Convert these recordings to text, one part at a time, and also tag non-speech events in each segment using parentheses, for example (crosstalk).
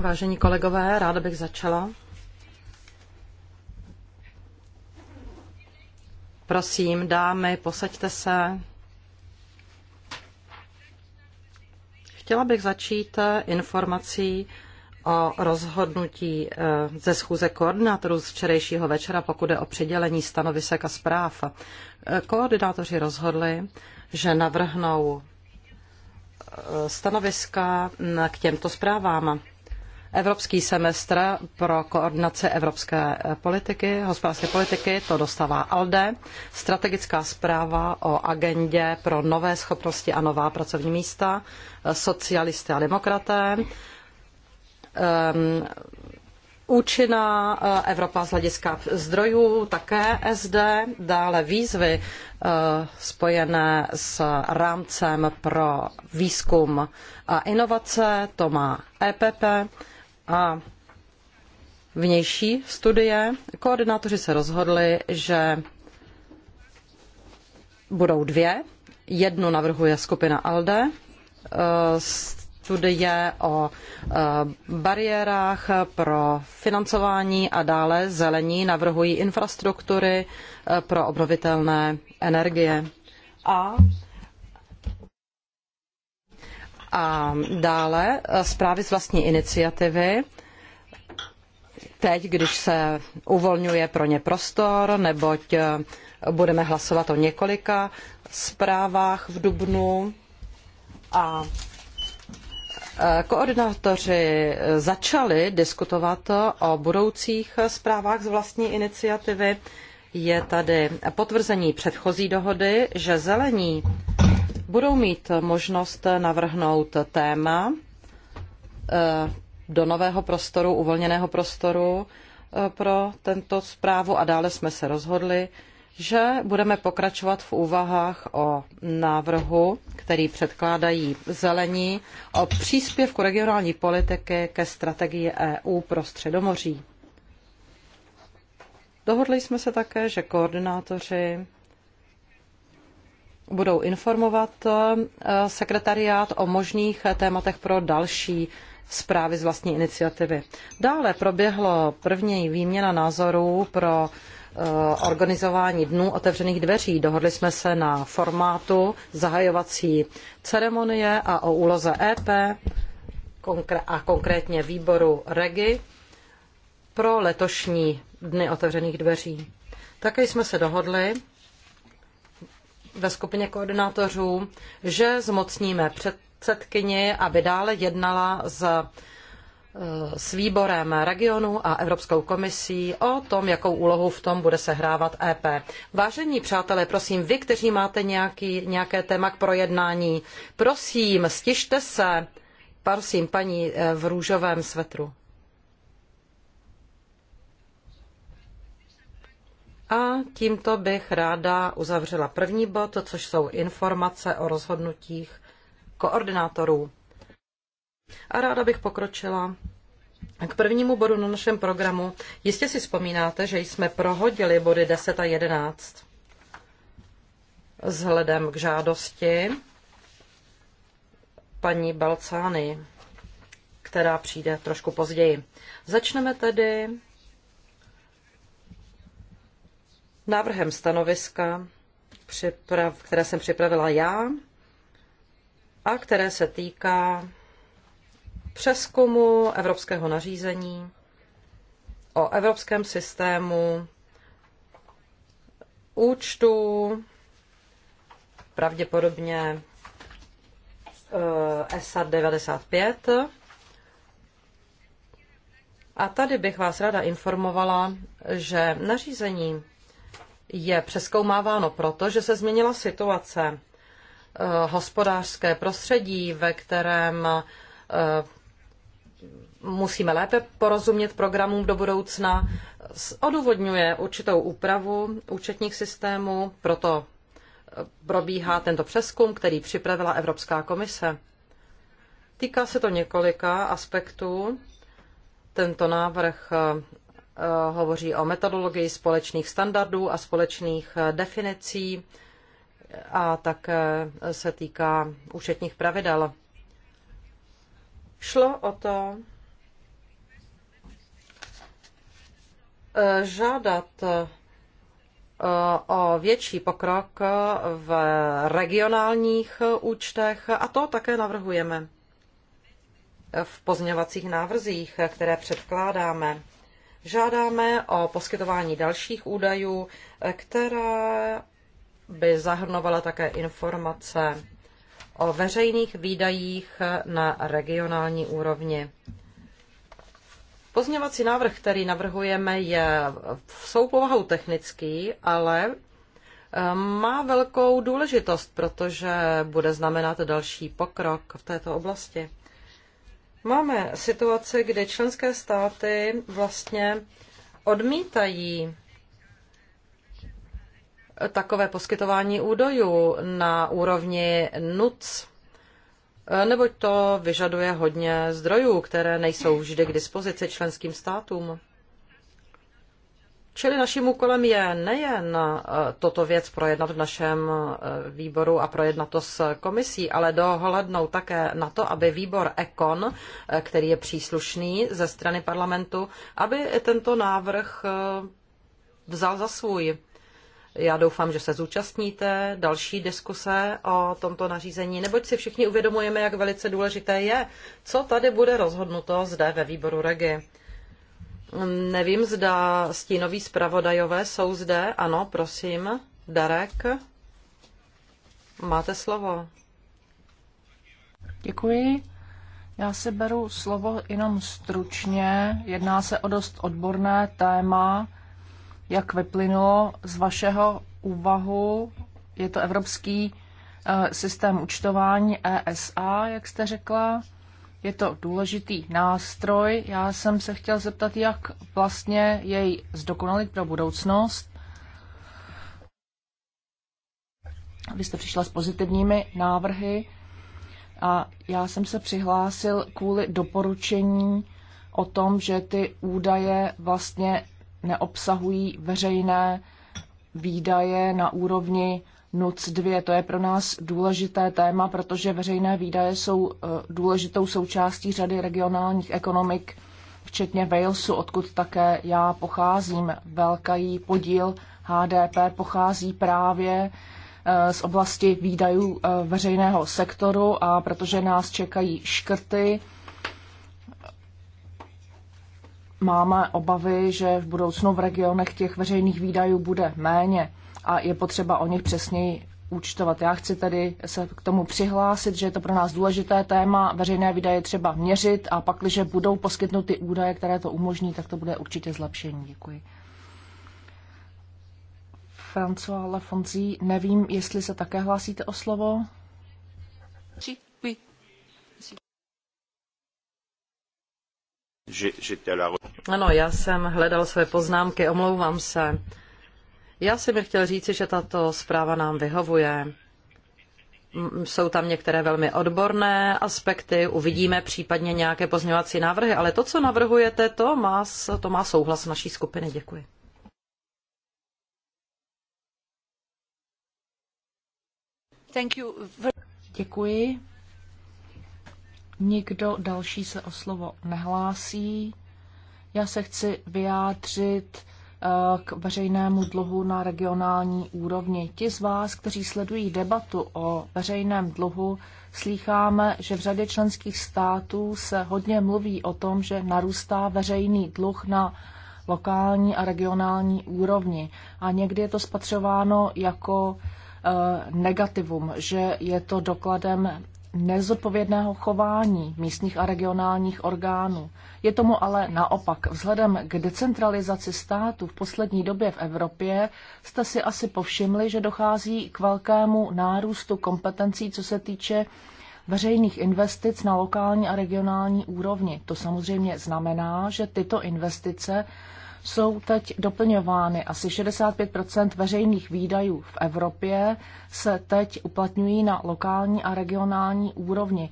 Vážení kolegové, ráda bych začala. Prosím, dámy, posaďte se. Chtěla bych začít eh, informací o rozhodnutí eh, ze schůze koordinátorů z včerejšího večera, pokud je o přidělení stanovisek a zpráv. Eh, koordinátoři rozhodli, že navrhnou stanoviska k těmto zprávám. Evropský semestr pro koordinaci evropské eh, politiky, hospodářské politiky, to dostává ALDE, strategická zpráva o agendě pro nové schopnosti a nová pracovní místa, eh, socialisté a demokraté, ehm, Účinná eh, Evropa z hlediska zdrojů, také SD, dále výzvy eh, spojené s rámcem pro výzkum a inovace, to má EPP a vnější studie. Koordinátoři se rozhodli, že budou dvě. Jednu navrhuje skupina ALDE eh, s studie o eh, bariérách pro financování a dále zelení navrhují infrastruktury eh, pro obnovitelné energie. A a dále eh, zprávy z vlastní iniciativy. Teď, když se uvolňuje pro ně prostor, neboť budeme hlasovat o několika zprávách v Dubnu a Koordinátoři začali diskutovat o budoucích zprávách z vlastní iniciativy. Je tady potvrzení předchozí dohody, že zelení budou mít možnost navrhnout téma eh, do nového prostoru, uvolněného prostoru eh, pro tento zprávu a dále jsme se rozhodli, že budeme pokračovat v úvahách o návrhu, který předkládají zelení, o příspěvku regionální politiky ke strategii EU pro Středomoří. Dohodli jsme se také, že koordinátoři budou informovat eh, sekretariát o možných tématech pro další zprávy z vlastní iniciativy. Dále proběhlo první výměna názorů pro Eh, organizování dnů otevřených dveří. Dohodli jsme se na formátu zahajovací ceremonie a o úloze EP a konkrétně výboru REGI pro letošní dny otevřených dveří. Také jsme se dohodli ve skupině koordinátorů, že zmocníme předsedkyni, aby dále jednala s s výborem regionu a Evropskou komisí o tom, jakou úlohu v tom bude sehrávat EP. Vážení přátelé, prosím, vy, kteří máte nějaký, nějaké téma k projednání, prosím, stižte se, prosím, paní eh, v růžovém svetru. A tímto bych ráda uzavřela první bod, což jsou informace o rozhodnutích koordinátorů. A ráda bych pokročila k prvnímu bodu na našem programu. Jistě si vzpomínáte, že jsme prohodili body 10 a 11 vzhledem k žádosti paní Balcány, která přijde trošku později. Začneme tedy návrhem stanoviska, které jsem připravila já a které se týká přeskumu evropského nařízení o evropském systému účtu, pravděpodobně eh, ESA 95. A tady bych vás ráda informovala, že nařízení je přeskoumáváno proto, že se změnila situace eh, hospodářské prostředí, ve kterém eh, musíme lépe porozumět programům do budoucna, odůvodňuje určitou úpravu účetních systémů, proto e, probíhá tento přeskum, který připravila Evropská komise. Týká se to několika aspektů. Tento návrh e, e, hovoří o metodologii společných standardů a společných definicí a také se týká účetních pravidel. Šlo o to žádat e, o větší pokrok v regionálních účtech a to také navrhujeme v pozměňovacích návrzích, které předkládáme. Žádáme o poskytování dalších údajů, které by zahrnovala také informace o veřejných výdajích na regionální úrovni. Pozměňovací návrh, který navrhujeme, je v soupovahu technický, ale eh, má velkou důležitost, protože bude znamenat další pokrok v této oblasti. Máme situaci, kdy členské státy vlastně odmítají takové poskytování údajů na úrovni NUC. Eh, neboť to vyžaduje hodně zdrojů, které nejsou vždy k dispozici členským státům. Čili naším úkolem je nejen eh, toto věc projednat v našem eh, výboru a projednat to s komisí, ale dohlednout také na to, aby výbor ECON, který je příslušný ze strany parlamentu, aby tento návrh vzal za svůj. Já doufám, že se zúčastníte další diskuse o tomto nařízení, neboť si všichni uvědomujeme, jak velice důležité je, co tady bude rozhodnuto zde ve výboru Regi. Nevím, zda stínoví zpravodajové jsou zde. Ano, prosím, Darek. Máte slovo. Děkuji. Já si beru slovo jenom stručně. Jedná se o dost odborné téma jak vyplynulo z vašeho úvahu, je to evropský eh, systém účtování ESA, jak jste řekla. Je to důležitý nástroj. Já jsem se chtěl zeptat, jak vlastně jej zdokonalit pro budoucnost. Vy jste přišla s pozitivními návrhy a já jsem se přihlásil kvůli doporučení o tom, že ty údaje vlastně neobsahují veřejné výdaje na úrovni NUC 2. To je pro nás důležité téma, protože veřejné výdaje jsou eh, důležitou součástí řady regionálních ekonomik, včetně Walesu, odkud také já pocházím. Velký podíl HDP pochází právě eh, z oblasti výdajů eh, veřejného sektoru a protože nás čekají škrty, máme obavy, že v budoucnu v regionech těch veřejných výdajů bude méně a je potřeba o nich přesněji účtovat. Já chci tedy se k tomu přihlásit, že je to pro nás důležité téma. Veřejné výdaje třeba měřit a pak, když budou poskytnuty údaje, které to umožní, tak to bude určitě zlepšení. Děkuji. François Lafonzi, nevím, jestli se také hlásíte o slovo. Či? Ano, já jsem hledal své poznámky, omlouvám se. Já jsem chtěl říci, že tato zpráva nám vyhovuje. Jsou tam některé velmi odborné aspekty, uvidíme případně nějaké pozměňovací návrhy, ale to, co navrhujete, to má, to má souhlas naší skupiny. Děkuji. Děkuji. Nikdo další se o slovo nehlásí. Já se chci vyjádřit eh, k veřejnému dluhu na regionální úrovni. Ti z vás, kteří sledují debatu o veřejném dluhu, slýcháme, že v řadě členských států se hodně mluví o tom, že narůstá veřejný dluh na lokální a regionální úrovni. A někdy je to spatřováno jako eh, negativum, že je to dokladem nezodpovědného chování místních a regionálních orgánů. Je tomu ale naopak. Vzhledem k decentralizaci státu v poslední době v Evropě jste si asi povšimli, že dochází k velkému nárůstu kompetencí, co se týče veřejných investic na lokální a regionální úrovni. To samozřejmě znamená, že tyto investice jsou teď doplňovány. Asi 65 veřejných výdajů v Evropě se teď uplatňují na lokální a regionální úrovni.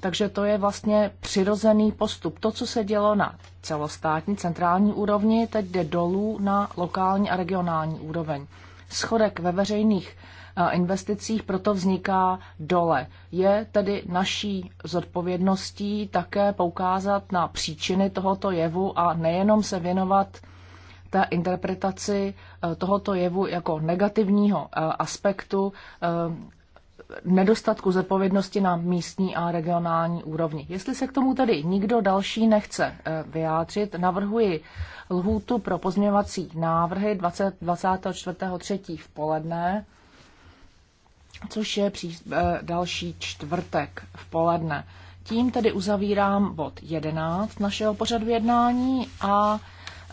Takže to je vlastně přirozený postup. To, co se dělo na celostátní, centrální úrovni, teď jde dolů na lokální a regionální úroveň. Schodek ve veřejných investicích, proto vzniká dole. Je tedy naší zodpovědností také poukázat na příčiny tohoto jevu a nejenom se věnovat té interpretaci e, tohoto jevu jako negativního e, aspektu e, nedostatku zodpovědnosti na místní a regionální úrovni. Jestli se k tomu tedy nikdo další nechce vyjádřit, navrhuji lhůtu pro pozměňovací návrhy 20, 24.3. v poledne což je pří, eh, další čtvrtek v poledne. Tím tedy uzavírám bod 11 našeho pořadu jednání a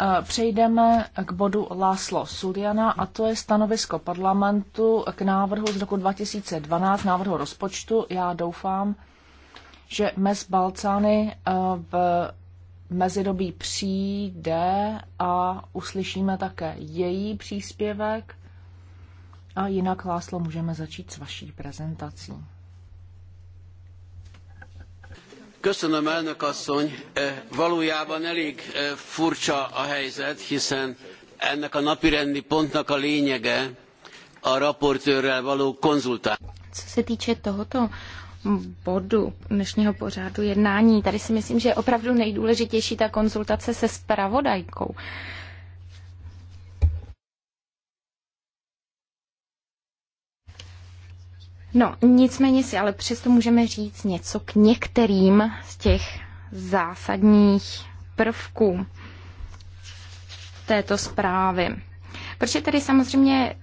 eh, Přejdeme k bodu Láslo Suliana a to je stanovisko parlamentu k návrhu z roku 2012, návrhu rozpočtu. Já doufám, že Mes Balcány eh, v mezidobí přijde a uslyšíme také její příspěvek. A jinak, Láslo, můžeme začít s vaší prezentací. Köszönöm, elnök asszony. E, valójában elég e, furcsa a helyzet, hiszen ennek a napirendi pontnak a lényege a raportőrrel való konzultáció. Co se týče tohoto bodu dnešního pořádu jednání, tady si myslím, že je opravdu nejdůležitější ta konzultace se spravodajkou. Uh, No, nicméně si ale přesto můžeme říct něco k některým z těch zásadních prvků této zprávy. Protože tedy samozřejmě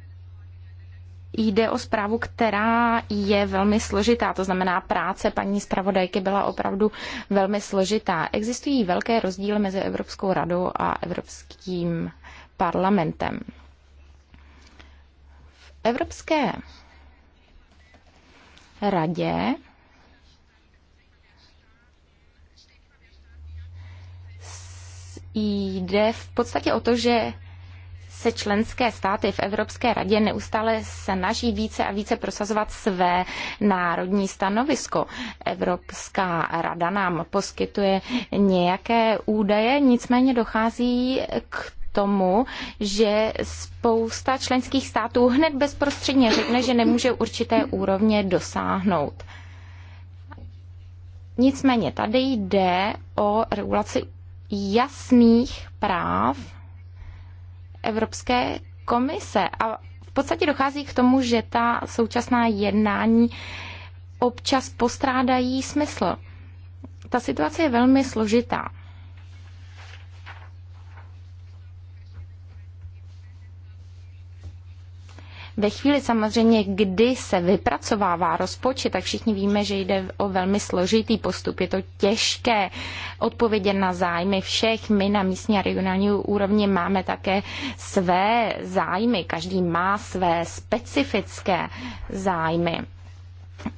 jde o zprávu, která je velmi složitá. To znamená, práce paní zpravodajky byla opravdu velmi složitá. Existují velké rozdíly mezi Evropskou radou a Evropským parlamentem. V Evropské radě jde v podstatě o to, že se členské státy v Evropské radě neustále snaží více a více prosazovat své národní stanovisko. Evropská rada nám poskytuje nějaké údaje, nicméně dochází k tomu, že spousta členských států hned bezprostředně řekne, že nemůže určité úrovně dosáhnout. Nicméně tady jde o regulaci jasných práv Evropské komise a v podstatě dochází k tomu, že ta současná jednání občas postrádají smysl. Ta situace je velmi složitá. Ve chvíli samozřejmě, kdy se vypracovává rozpočet, tak všichni víme, že jde o velmi složitý postup. Je to těžké odpovědět na zájmy všech. My na místní a regionální úrovni máme také své zájmy. Každý má své specifické zájmy.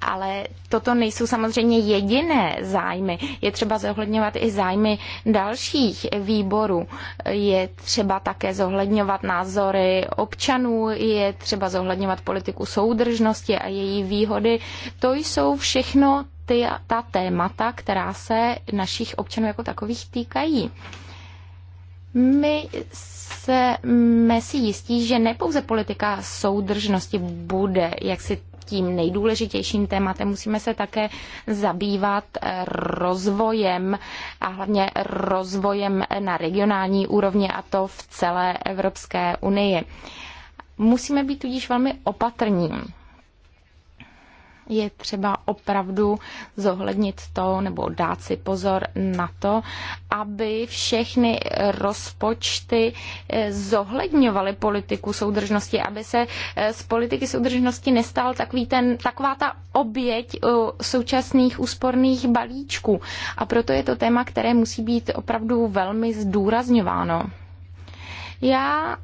Ale toto nejsou samozřejmě jediné zájmy. Je třeba zohledňovat i zájmy dalších výborů. Je třeba také zohledňovat názory občanů, je třeba zohledňovat politiku soudržnosti a její výhody. To jsou všechno ty, ta témata, která se našich občanů jako takových týkají. My jsme si jistí, že nepouze politika soudržnosti bude jaksi tím nejdůležitějším tématem. Musíme se také zabývat rozvojem a hlavně rozvojem na regionální úrovni a to v celé Evropské unii. Musíme být tudíž velmi opatrní je třeba opravdu zohlednit to nebo dát si pozor na to, aby všechny rozpočty eh, zohledňovaly politiku soudržnosti, aby se eh, z politiky soudržnosti nestal takový ten, taková ta oběť eh, současných úsporných balíčků. A proto je to téma, které musí být opravdu velmi zdůrazňováno. Já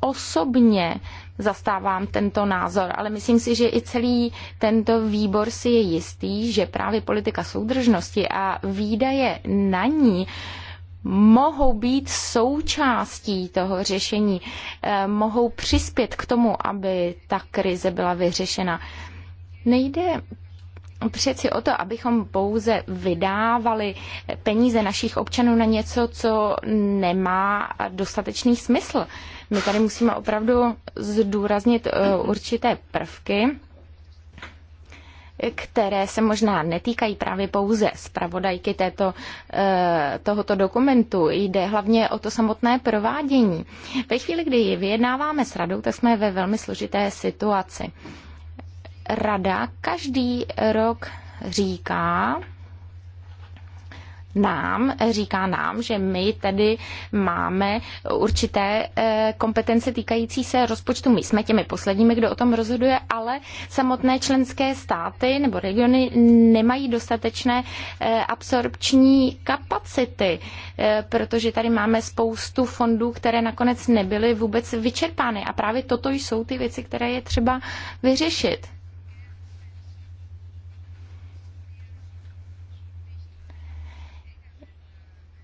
osobně zastávám tento názor, ale myslím si, že i celý tento výbor si je jistý, že právě politika soudržnosti a výdaje na ní mohou být součástí toho řešení, eh, mohou přispět k tomu, aby ta krize byla vyřešena. Nejde přeci o to, abychom pouze vydávali peníze našich občanů na něco, co nemá dostatečný smysl. My tady musíme opravdu zdůraznit eh, určité prvky, které se možná netýkají právě pouze zpravodajky této, eh, tohoto dokumentu. Jde hlavně o to samotné provádění. Ve chvíli, kdy vyjednáváme s radou, tak jsme ve velmi složité situaci. Rada každý rok říká, nám, říká nám, že my tedy máme určité eh, kompetence týkající se rozpočtu. My jsme těmi posledními, kdo o tom rozhoduje, ale samotné členské státy nebo regiony nemají dostatečné eh, absorpční kapacity, eh, protože tady máme spoustu fondů, které nakonec nebyly vůbec vyčerpány. A právě toto jsou ty věci, které je třeba vyřešit.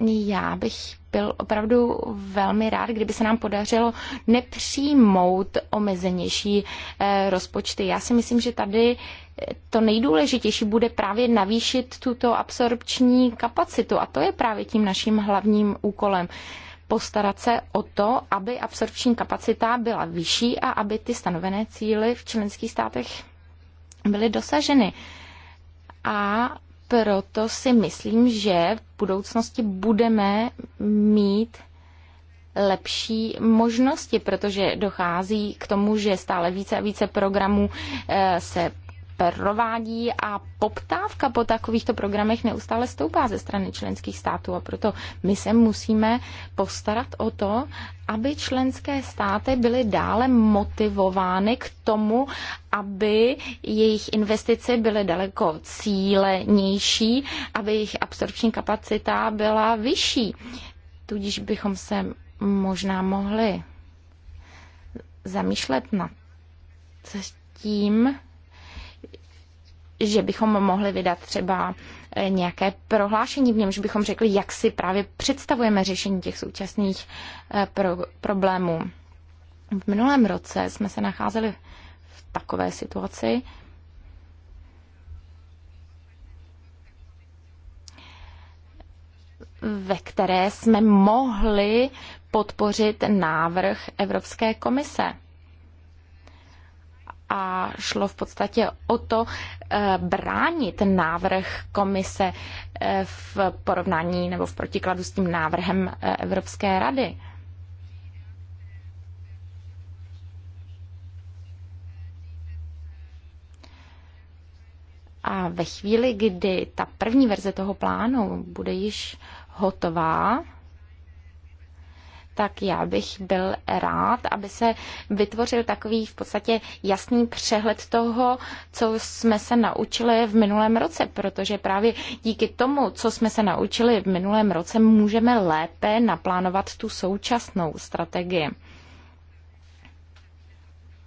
já bych byl opravdu velmi rád, kdyby se nám podařilo nepřijmout omezenější eh, rozpočty. Já si myslím, že tady eh, to nejdůležitější bude právě navýšit tuto absorpční kapacitu a to je právě tím naším hlavním úkolem postarat se o to, aby absorpční kapacita byla vyšší a aby ty stanovené cíly v členských státech byly dosaženy. A proto si myslím, že v budoucnosti budeme mít lepší možnosti, protože dochází k tomu, že stále více a více programů eh, se provádí a poptávka po takovýchto programech neustále stoupá ze strany členských států a proto my se musíme postarat o to, aby členské státy byly dále motivovány k tomu, aby jejich investice byly daleko cílenější, aby jejich absorpční kapacita byla vyšší. Tudíž bychom se možná mohli zamýšlet nad tím, že bychom mohli vydat třeba eh, nějaké prohlášení, v němž bychom řekli, jak si právě představujeme řešení těch současných eh, pro- problémů. V minulém roce jsme se nacházeli v takové situaci, ve které jsme mohli podpořit návrh Evropské komise a šlo v podstatě o to eh, bránit návrh komise eh, v porovnání nebo v protikladu s tím návrhem eh, Evropské rady. A ve chvíli, kdy ta první verze toho plánu bude již hotová, tak já bych byl rád, aby se vytvořil takový v podstatě jasný přehled toho, co jsme se naučili v minulém roce, protože právě díky tomu, co jsme se naučili v minulém roce, můžeme lépe naplánovat tu současnou strategii.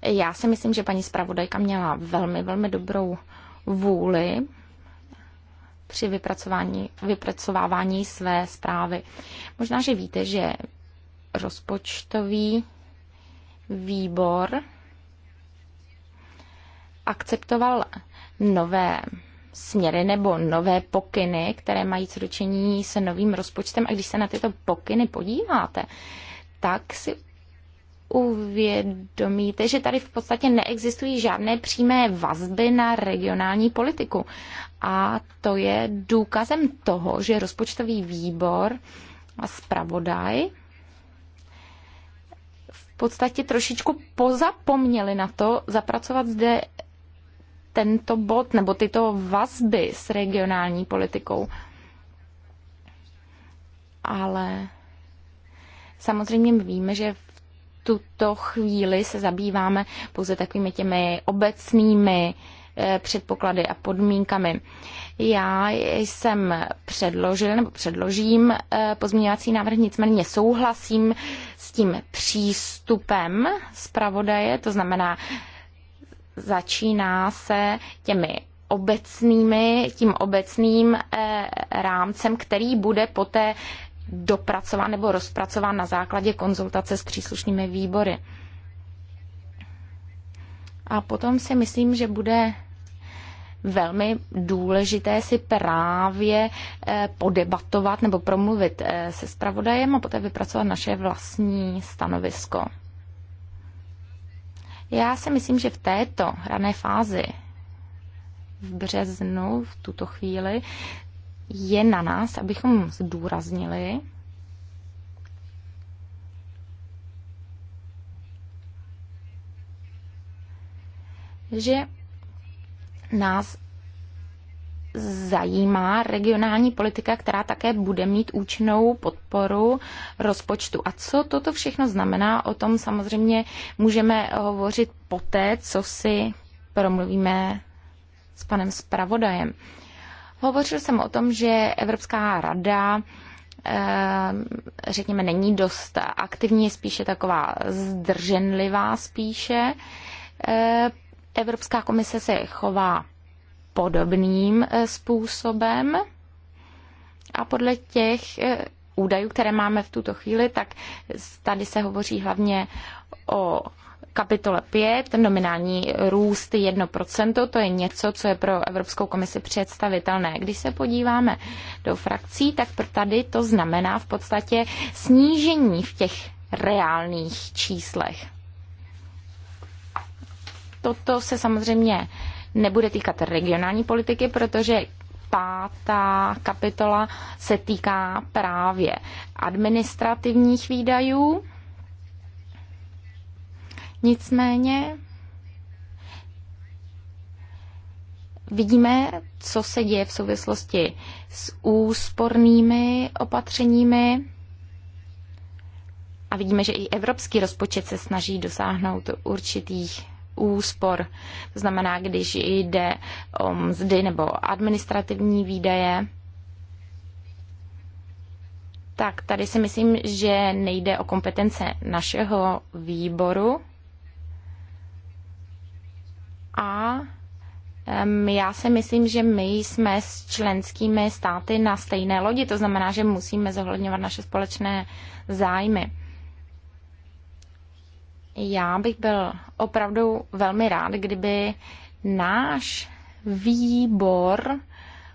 Já si myslím, že paní zpravodajka měla velmi, velmi dobrou vůli při vypracování, vypracovávání své zprávy. Možná, že víte, že rozpočtový výbor akceptoval nové směry nebo nové pokyny, které mají co se novým rozpočtem. A když se na tyto pokyny podíváte, tak si uvědomíte, že tady v podstatě neexistují žádné přímé vazby na regionální politiku. A to je důkazem toho, že rozpočtový výbor a zpravodaj podstatě trošičku pozapomněli na to zapracovat zde tento bod nebo tyto vazby s regionální politikou. Ale samozřejmě víme, že v tuto chvíli se zabýváme pouze takovými těmi obecnými eh, předpoklady a podmínkami. Já jsem předložil nebo předložím eh, pozměňovací návrh, nicméně souhlasím tím přístupem zpravodaje, to znamená, začíná se těmi obecnými, tím obecným eh, rámcem, který bude poté dopracován nebo rozpracován na základě konzultace s příslušnými výbory. A potom si myslím, že bude velmi důležité si právě eh, podebatovat nebo promluvit eh, se spravodajem a poté vypracovat naše vlastní stanovisko. Já si myslím, že v této rané fázi v březnu, v tuto chvíli, je na nás, abychom zdůraznili, že nás zajímá regionální politika, která také bude mít účinnou podporu rozpočtu. A co toto všechno znamená, o tom samozřejmě můžeme hovořit poté, co si promluvíme s panem zpravodajem. Hovořil jsem o tom, že Evropská rada eh, řekněme, není dost aktivní, je spíše taková zdrženlivá spíše eh, Evropská komise se chová podobným e, způsobem a podle těch e, údajů, které máme v tuto chvíli, tak tady se hovoří hlavně o kapitole 5, nominální růst 1%, to je něco, co je pro Evropskou komisi představitelné. Když se podíváme do frakcí, tak tady to znamená v podstatě snížení v těch reálných číslech. Toto se samozřejmě nebude týkat regionální politiky, protože pátá kapitola se týká právě administrativních výdajů. Nicméně vidíme, co se děje v souvislosti s úspornými opatřeními a vidíme, že i evropský rozpočet se snaží dosáhnout určitých úspor. To znamená, když jde o mzdy nebo administrativní výdaje, tak tady si myslím, že nejde o kompetence našeho výboru. A já si myslím, že my jsme s členskými státy na stejné lodi, to znamená, že musíme zohledňovat naše společné zájmy já bych byl opravdu velmi rád, kdyby náš výbor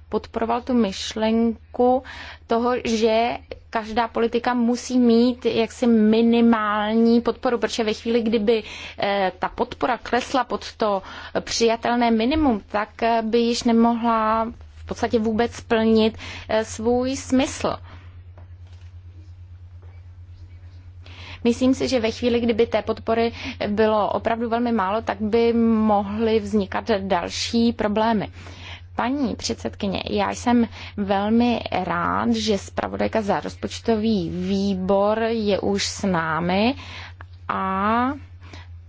podporoval tu myšlenku toho, že každá politika musí mít jaksi minimální podporu, protože ve chvíli, kdyby eh, ta podpora klesla pod to přijatelné minimum, tak eh, by již nemohla v podstatě vůbec splnit eh, svůj smysl. Myslím si, že ve chvíli, kdyby té podpory bylo opravdu velmi málo, tak by mohly vznikat další problémy. Paní předsedkyně, já jsem velmi rád, že zpravodajka za rozpočtový výbor je už s námi a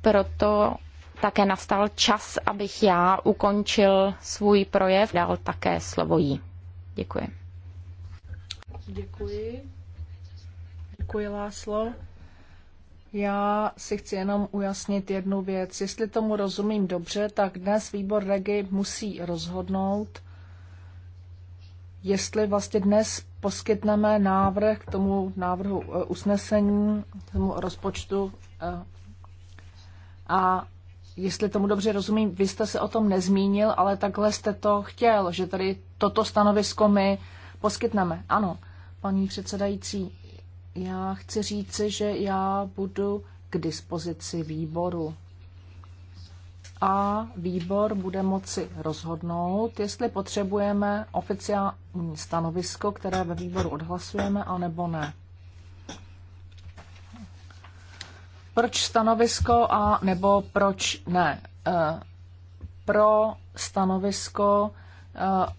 proto také nastal čas, abych já ukončil svůj projev, dal také slovo jí. Děkuji. Děkuji. Děkuji, Láslo. Já si chci jenom ujasnit jednu věc. Jestli tomu rozumím dobře, tak dnes výbor Regi musí rozhodnout, jestli vlastně dnes poskytneme návrh k tomu návrhu eh, usnesení, k tomu rozpočtu eh, a jestli tomu dobře rozumím, vy jste se o tom nezmínil, ale takhle jste to chtěl, že tady toto stanovisko my poskytneme. Ano, paní předsedající, já chci říci, že já budu k dispozici výboru. A výbor bude moci rozhodnout, jestli potřebujeme oficiální stanovisko, které ve výboru odhlasujeme, anebo ne. Proč stanovisko a nebo proč ne? Eh, pro stanovisko eh,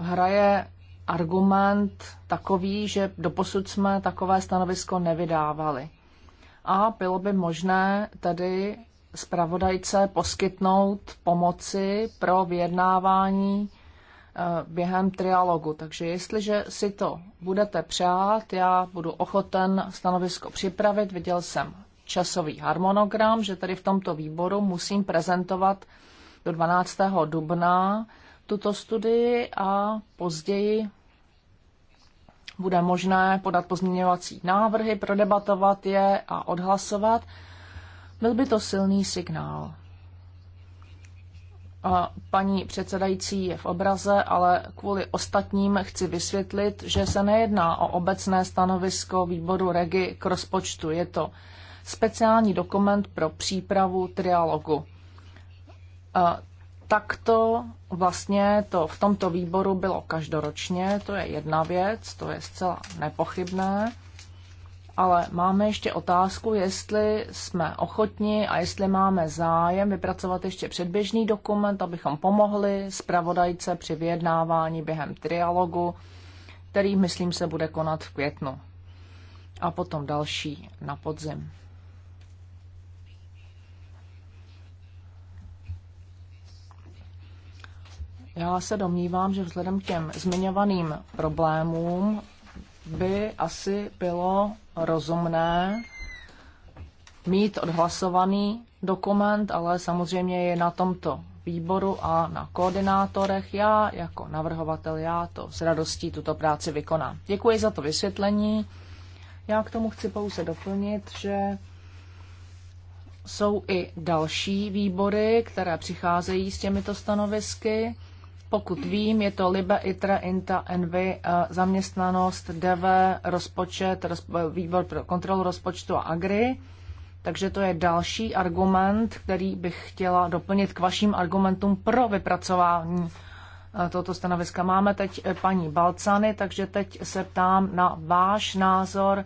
hraje argument takový, že doposud jsme takové stanovisko nevydávali. A bylo by možné tedy zpravodajce poskytnout pomoci pro vyjednávání eh, během trialogu. Takže jestliže si to budete přát, já budu ochoten stanovisko připravit. Viděl jsem časový harmonogram, že tady v tomto výboru musím prezentovat do 12. dubna tuto studii a později bude možné podat pozměňovací návrhy, prodebatovat je a odhlasovat. Byl by to silný signál. A paní předsedající je v obraze, ale kvůli ostatním chci vysvětlit, že se nejedná o obecné stanovisko výboru REGI k rozpočtu. Je to speciální dokument pro přípravu trialogu. A takto vlastně to v tomto výboru bylo každoročně, to je jedna věc, to je zcela nepochybné, ale máme ještě otázku, jestli jsme ochotni a jestli máme zájem vypracovat ještě předběžný dokument, abychom pomohli zpravodajce při vyjednávání během trialogu, který, myslím, se bude konat v květnu. A potom další na podzim. Já se domnívám, že vzhledem k těm zmiňovaným problémům by asi bylo rozumné mít odhlasovaný dokument, ale samozřejmě je na tomto výboru a na koordinátorech. Já jako navrhovatel, já to s radostí tuto práci vykonám. Děkuji za to vysvětlení. Já k tomu chci pouze doplnit, že jsou i další výbory, které přicházejí s těmito stanovisky pokud vím, je to Libe, ITRE, INTA, NV eh, zaměstnanost, DV, rozpočet, eh, výbor pro kontrolu rozpočtu a AGRI. Takže to je další argument, který bych chtěla doplnit k vašim argumentům pro vypracování eh, tohoto stanoviska. Máme teď paní Balcany, takže teď se ptám na váš názor.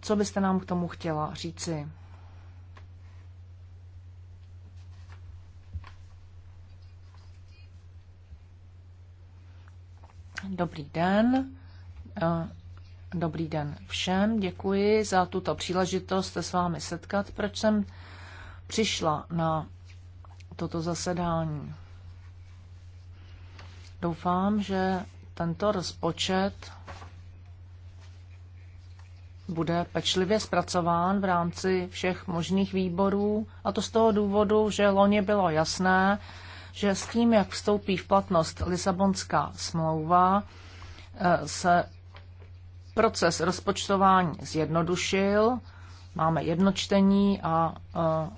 Co byste nám k tomu chtěla říci? Dobrý den. Eh, dobrý den všem. Děkuji za tuto příležitost se s vámi setkat. Proč jsem přišla na toto zasedání? Doufám, že tento rozpočet bude pečlivě zpracován v rámci všech možných výborů. A to z toho důvodu, že loni bylo jasné, že s tím, jak vstoupí v platnost Lisabonská smlouva, eh, se proces rozpočtování zjednodušil, máme jednočtení a eh,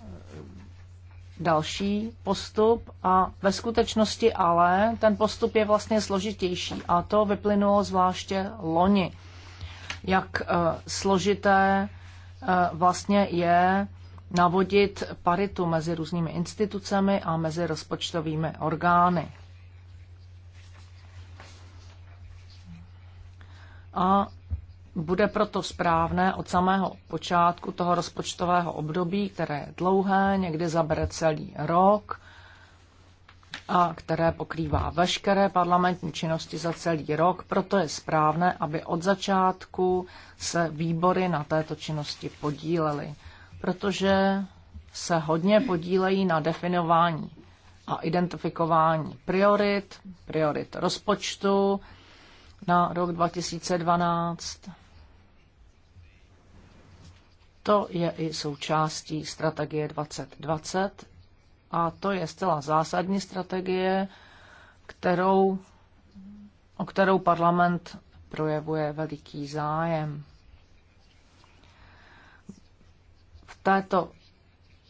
další postup a ve skutečnosti ale ten postup je vlastně složitější a to vyplynulo zvláště loni. Jak eh, složité vlastně je navodit paritu mezi různými institucemi a mezi rozpočtovými orgány. A bude proto správné od samého počátku toho rozpočtového období, které je dlouhé, někdy zabere celý rok a které pokrývá veškeré parlamentní činnosti za celý rok, proto je správné, aby od začátku se výbory na této činnosti podílely protože se hodně podílejí na definování a identifikování priorit, priorit rozpočtu na rok 2012. To je i součástí strategie 2020 a to je zcela zásadní strategie, kterou, o kterou parlament projevuje veliký zájem. této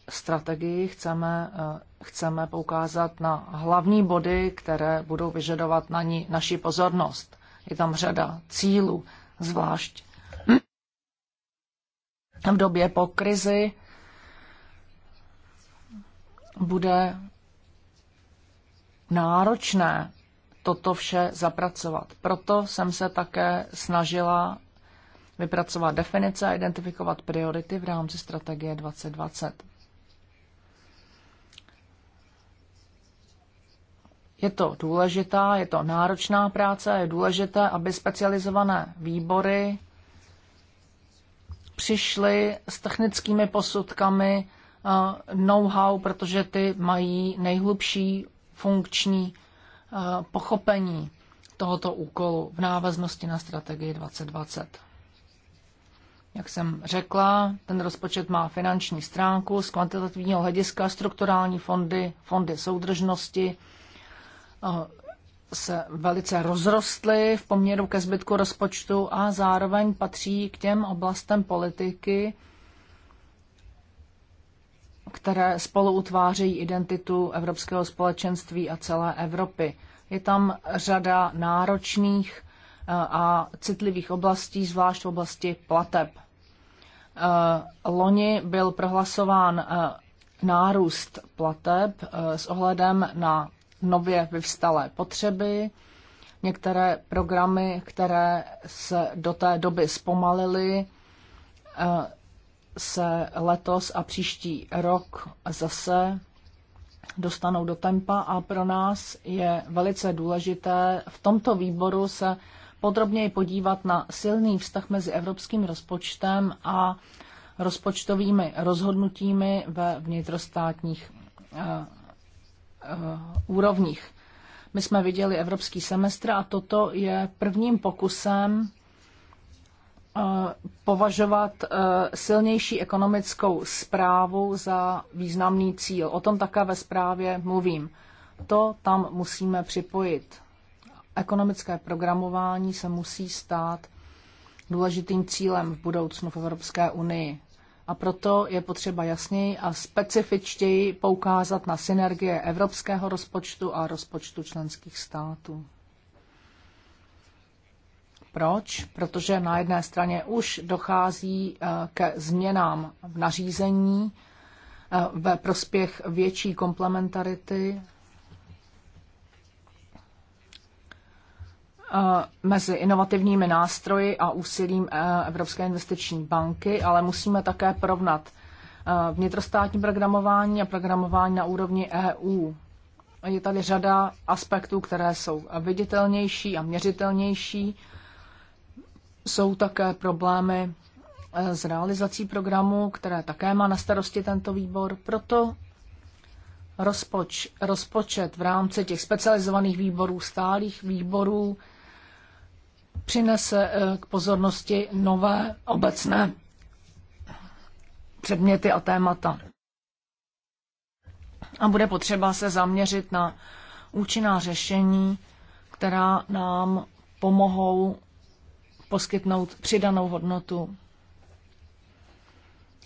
strategii chceme, eh, chceme poukázat na hlavní body, které budou vyžadovat na ní naši pozornost. Je tam řada cílů, zvlášť v době po krizi bude náročné toto vše zapracovat. Proto jsem se také snažila vypracovat definice a identifikovat priority v rámci strategie 2020. Je to důležitá, je to náročná práce je důležité, aby specializované výbory přišly s technickými posudkami eh, know-how, protože ty mají nejhlubší funkční eh, pochopení tohoto úkolu v návaznosti na strategii 2020. Jak jsem řekla, ten rozpočet má finanční stránku z kvantitativního hlediska, strukturální fondy, fondy soudržnosti eh, se velice rozrostly v poměru ke zbytku rozpočtu a zároveň patří k těm oblastem politiky, které spolu utvářejí identitu Evropského společenství a celé Evropy. Je tam řada náročných a citlivých oblastí, zvlášť v oblasti plateb. Eh, loni byl prohlasován eh, nárůst plateb eh, s ohledem na nově vyvstalé potřeby. Některé programy, které se do té doby zpomalily, se letos a příští rok zase dostanou do tempa a pro nás je velice důležité v tomto výboru se podrobněji podívat na silný vztah mezi evropským rozpočtem a rozpočtovými rozhodnutími ve vnitrostátních eh, eh, úrovních. My jsme viděli evropský semestr a toto je prvním pokusem eh, považovat silnější ekonomickou zprávu za významný cíl. O tom také ve zprávě mluvím. To tam musíme připojit ekonomické programování se musí stát důležitým cílem v budoucnu v Evropské unii. A proto je potřeba jasněji a specifičtěji poukázat na synergie evropského rozpočtu a rozpočtu členských států. Proč? Protože na jedné straně už dochází eh, ke změnám v nařízení eh, ve prospěch větší komplementarity Eh, mezi inovativními nástroji a úsilím eh, Evropské investiční banky, ale musíme také porovnat eh, vnitrostátní programování a programování na úrovni EU. Je tady řada aspektů, které jsou viditelnější a měřitelnější. Jsou také problémy s realizací programu, které také má na starosti tento výbor. Proto rozpoč, rozpočet v rámci těch specializovaných výborů, stálých výborů, přinese eh, k pozornosti nové obecné předměty a témata. A bude potřeba se zaměřit na účinná řešení, která nám pomohou poskytnout přidanou hodnotu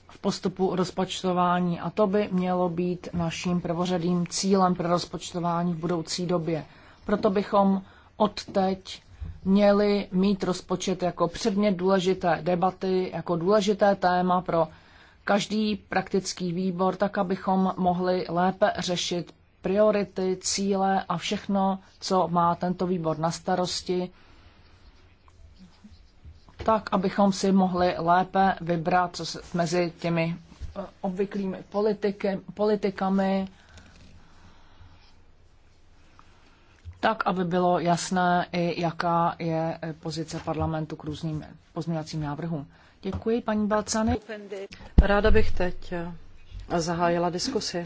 v postupu rozpočtování. A to by mělo být naším prvořadým cílem pro rozpočtování v budoucí době. Proto bychom odteď měli mít rozpočet jako předmět důležité debaty, jako důležité téma pro každý praktický výbor, tak abychom mohli lépe řešit priority, cíle a všechno, co má tento výbor na starosti, tak abychom si mohli lépe vybrat co se, mezi těmi eh, obvyklými politiky, politikami tak aby bylo jasné i jaká je e, pozice parlamentu k různým pozměňovacím návrhům. Děkuji, paní Balcany. Ráda bych teď e, zahájila diskusi.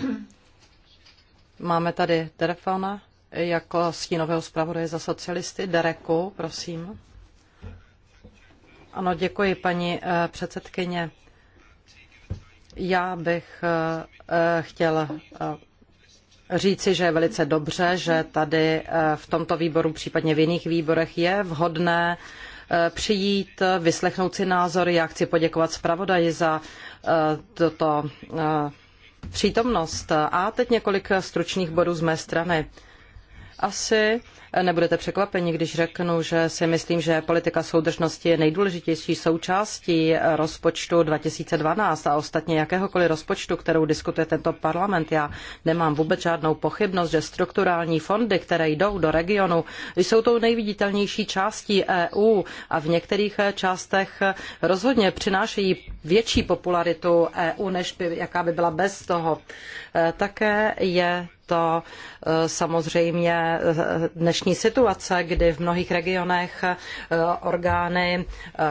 Máme tady telefon jako stínového zpravodaje za socialisty. Dereku, prosím. Ano, děkuji, paní e, předsedkyně. Já bych chtěl říci, že je velice dobře, že tady eh, v tomto výboru, případně v jiných výborech je vhodné eh, přijít, vyslechnout si názory. Já chci poděkovat zpravodaji za eh, toto přítomnost. A teď několik stručných bodů z mé strany. Asi Nebudete překvapeni, když řeknu, že si myslím, že politika soudržnosti je nejdůležitější součástí rozpočtu 2012 a ostatně jakéhokoliv rozpočtu, kterou diskutuje tento parlament. Já nemám vůbec žádnou pochybnost, že strukturální fondy, které jdou do regionu, jsou tou nejviditelnější částí EU a v některých částech rozhodně přinášejí větší popularitu EU, než by, jaká by byla bez toho. E, také je to eh, samozřejmě eh, dnešní situace, kdy v mnohých regionech eh, orgány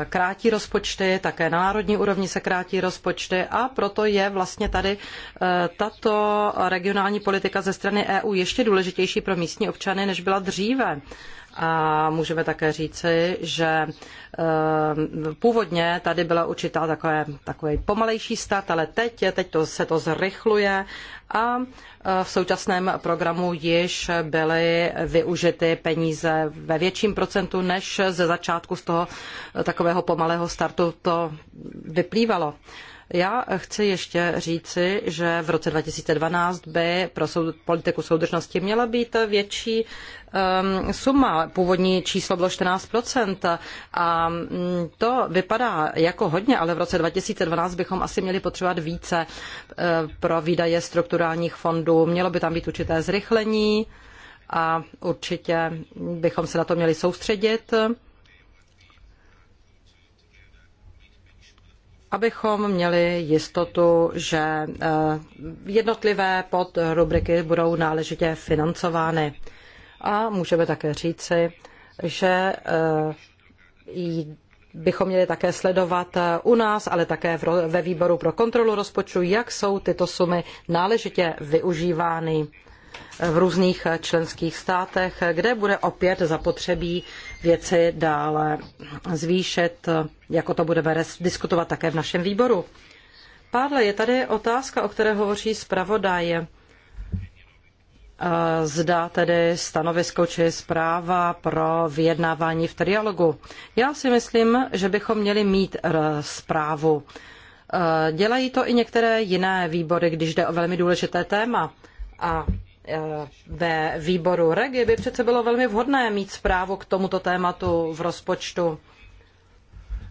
krátí rozpočty, také na národní úrovni se krátí rozpočty a proto je vlastně tady tato regionální politika ze strany EU ještě důležitější pro místní občany, než byla dříve a můžeme také říci, že eh, původně tady byla určitá takové, takový pomalejší start, ale teď, teď to, se to zrychluje a eh, v současném programu již byly využity peníze ve větším procentu, než ze začátku z toho eh, takového pomalého startu to vyplývalo. Já chci ještě říci, že v roce 2012 by pro politiku soudržnosti měla být větší ehm, suma. Původní číslo bylo 14% a mm, to vypadá jako hodně, ale v roce 2012 bychom asi měli potřebovat více eh, pro výdaje strukturálních fondů. Mělo by tam být určité zrychlení a určitě bychom se na to měli soustředit. abychom měli jistotu, že eh, jednotlivé podrubriky budou náležitě financovány. A můžeme také říci, že eh, bychom měli také sledovat eh, u nás, ale také ve výboru pro kontrolu rozpočtu, jak jsou tyto sumy náležitě využívány v různých členských státech, kde bude opět zapotřebí věci dále zvýšit, jako to budeme diskutovat také v našem výboru. Pádle, je tady otázka, o které hovoří zpravodaj. Eh, zda tedy stanovisko či zpráva pro vyjednávání v trialogu. Já si myslím, že bychom měli mít zprávu. Eh, dělají to i některé jiné výbory, když jde o velmi důležité téma. A ve výboru Regi by přece bylo velmi vhodné mít zprávu k tomuto tématu v rozpočtu.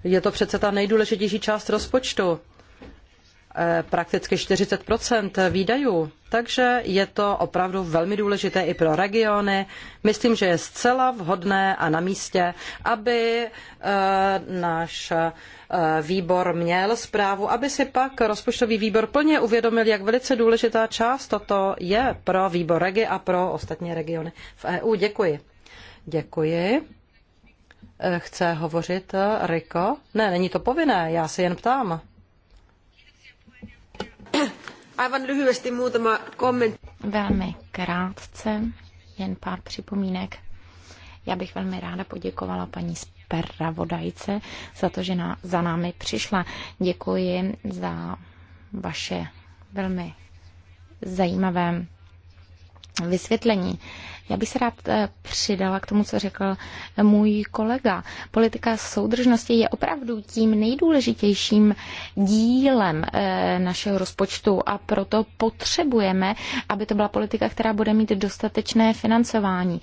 Je to přece ta nejdůležitější část rozpočtu. Eh, prakticky 40 výdajů. Takže je to opravdu velmi důležité i pro regiony. Myslím, že je zcela vhodné a na místě, aby eh, náš eh, výbor měl zprávu, aby si pak rozpočtový výbor plně uvědomil, jak velice důležitá část toto je pro výbor regi a pro ostatní regiony v EU. Děkuji. Děkuji. Chce hovořit Riko? Ne, není to povinné, já se jen ptám. (coughs) Aivan lyhyesti muutama kommentti. Velmi krátce, jen pár připomínek. Já bych velmi ráda poděkovala paní zpravodajce za to, že na, za námi přišla. Děkuji za vaše velmi zajímavé vysvětlení. Já bych se rád eh, přidala k tomu, co řekl eh, můj kolega. Politika soudržnosti je opravdu tím nejdůležitějším dílem eh, našeho rozpočtu a proto potřebujeme, aby to byla politika, která bude mít dostatečné financování.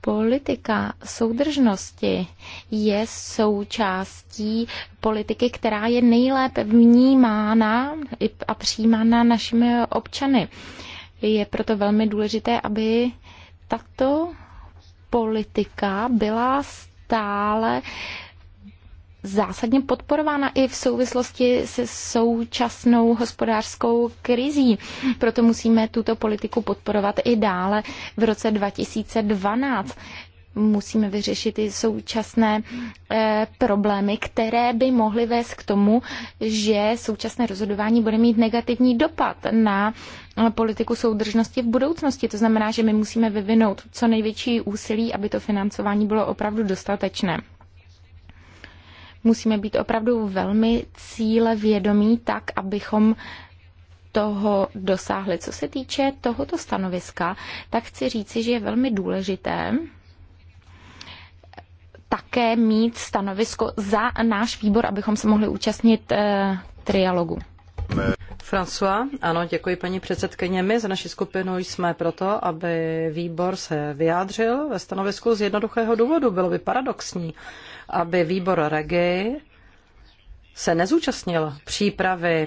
Politika soudržnosti je součástí politiky, která je nejlépe vnímána a přijímána našimi občany. Je proto velmi důležité, aby tato politika byla stále zásadně podporována i v souvislosti se současnou hospodářskou krizí. Proto musíme tuto politiku podporovat i dále v roce 2012 musíme vyřešit i současné eh, problémy, které by mohly vést k tomu, že současné rozhodování bude mít negativní dopad na eh, politiku soudržnosti v budoucnosti. To znamená, že my musíme vyvinout co největší úsilí, aby to financování bylo opravdu dostatečné musíme být opravdu velmi cíle vědomí, tak, abychom toho dosáhli. Co se týče tohoto stanoviska, tak chci říci, že je velmi důležité, také mít stanovisko za náš výbor, abychom se mohli účastnit e, trialogu. François, ano, děkuji paní předsedkyně. My za naši skupinu jsme proto, aby výbor se vyjádřil ve stanovisku z jednoduchého důvodu. Bylo by paradoxní, aby výbor Regi se nezúčastnil přípravy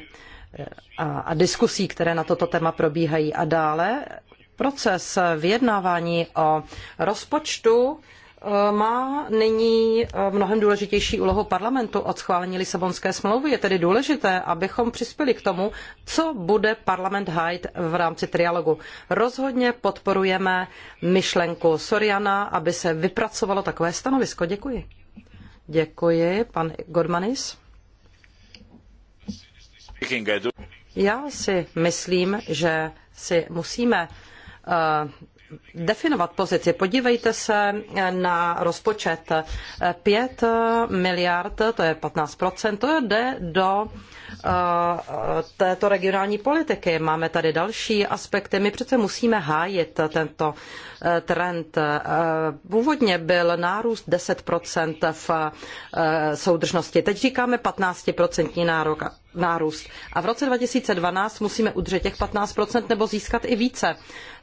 eh, a, a diskusí, které na toto téma probíhají. A dále proces vyjednávání o rozpočtu má nyní eh, mnohem důležitější úlohu parlamentu od schválení Lisabonské smlouvy. Je tedy důležité, abychom přispěli k tomu, co bude parlament hájit v rámci trialogu. Rozhodně podporujeme myšlenku Soriana, aby se vypracovalo takové stanovisko. Děkuji. Děkuji, pan Godmanis. Já si myslím, že si musíme eh, definovat pozici. Podívejte se na rozpočet. 5 miliard, to je 15%, to jde do eh, této regionální politiky. Máme tady další aspekty. My přece musíme hájit tento eh, trend. Eh, původně byl nárůst 10% v soudržnosti. Teď říkáme 15% nárok, nárůst. A v roce 2012 musíme udržet těch 15% nebo získat i více.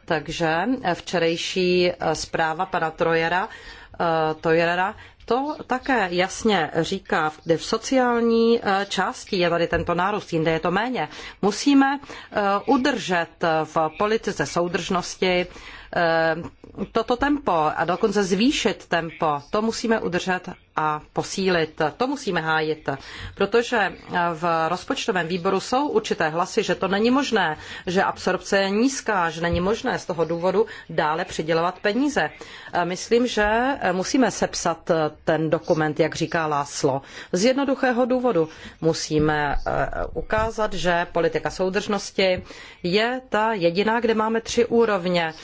Takže včerejší eh, zpráva pana Trojera, eh, Tojera to také jasně říká, kde v sociální eh, části je tady tento nárůst, jinde je to méně. Musíme udržet v politice soudržnosti Eh, toto tempo a dokonce zvýšit tempo, to musíme udržet a posílit. To musíme hájit, protože eh, v rozpočtovém výboru jsou určité hlasy, že to není možné, že absorpce je nízká, že není možné z toho důvodu dále přidělovat peníze. Eh, myslím, že musíme sepsat ten dokument, jak říká Láslo. Z jednoduchého důvodu musíme ukázat, že politika soudržnosti je ta jediná, kde máme tři úrovně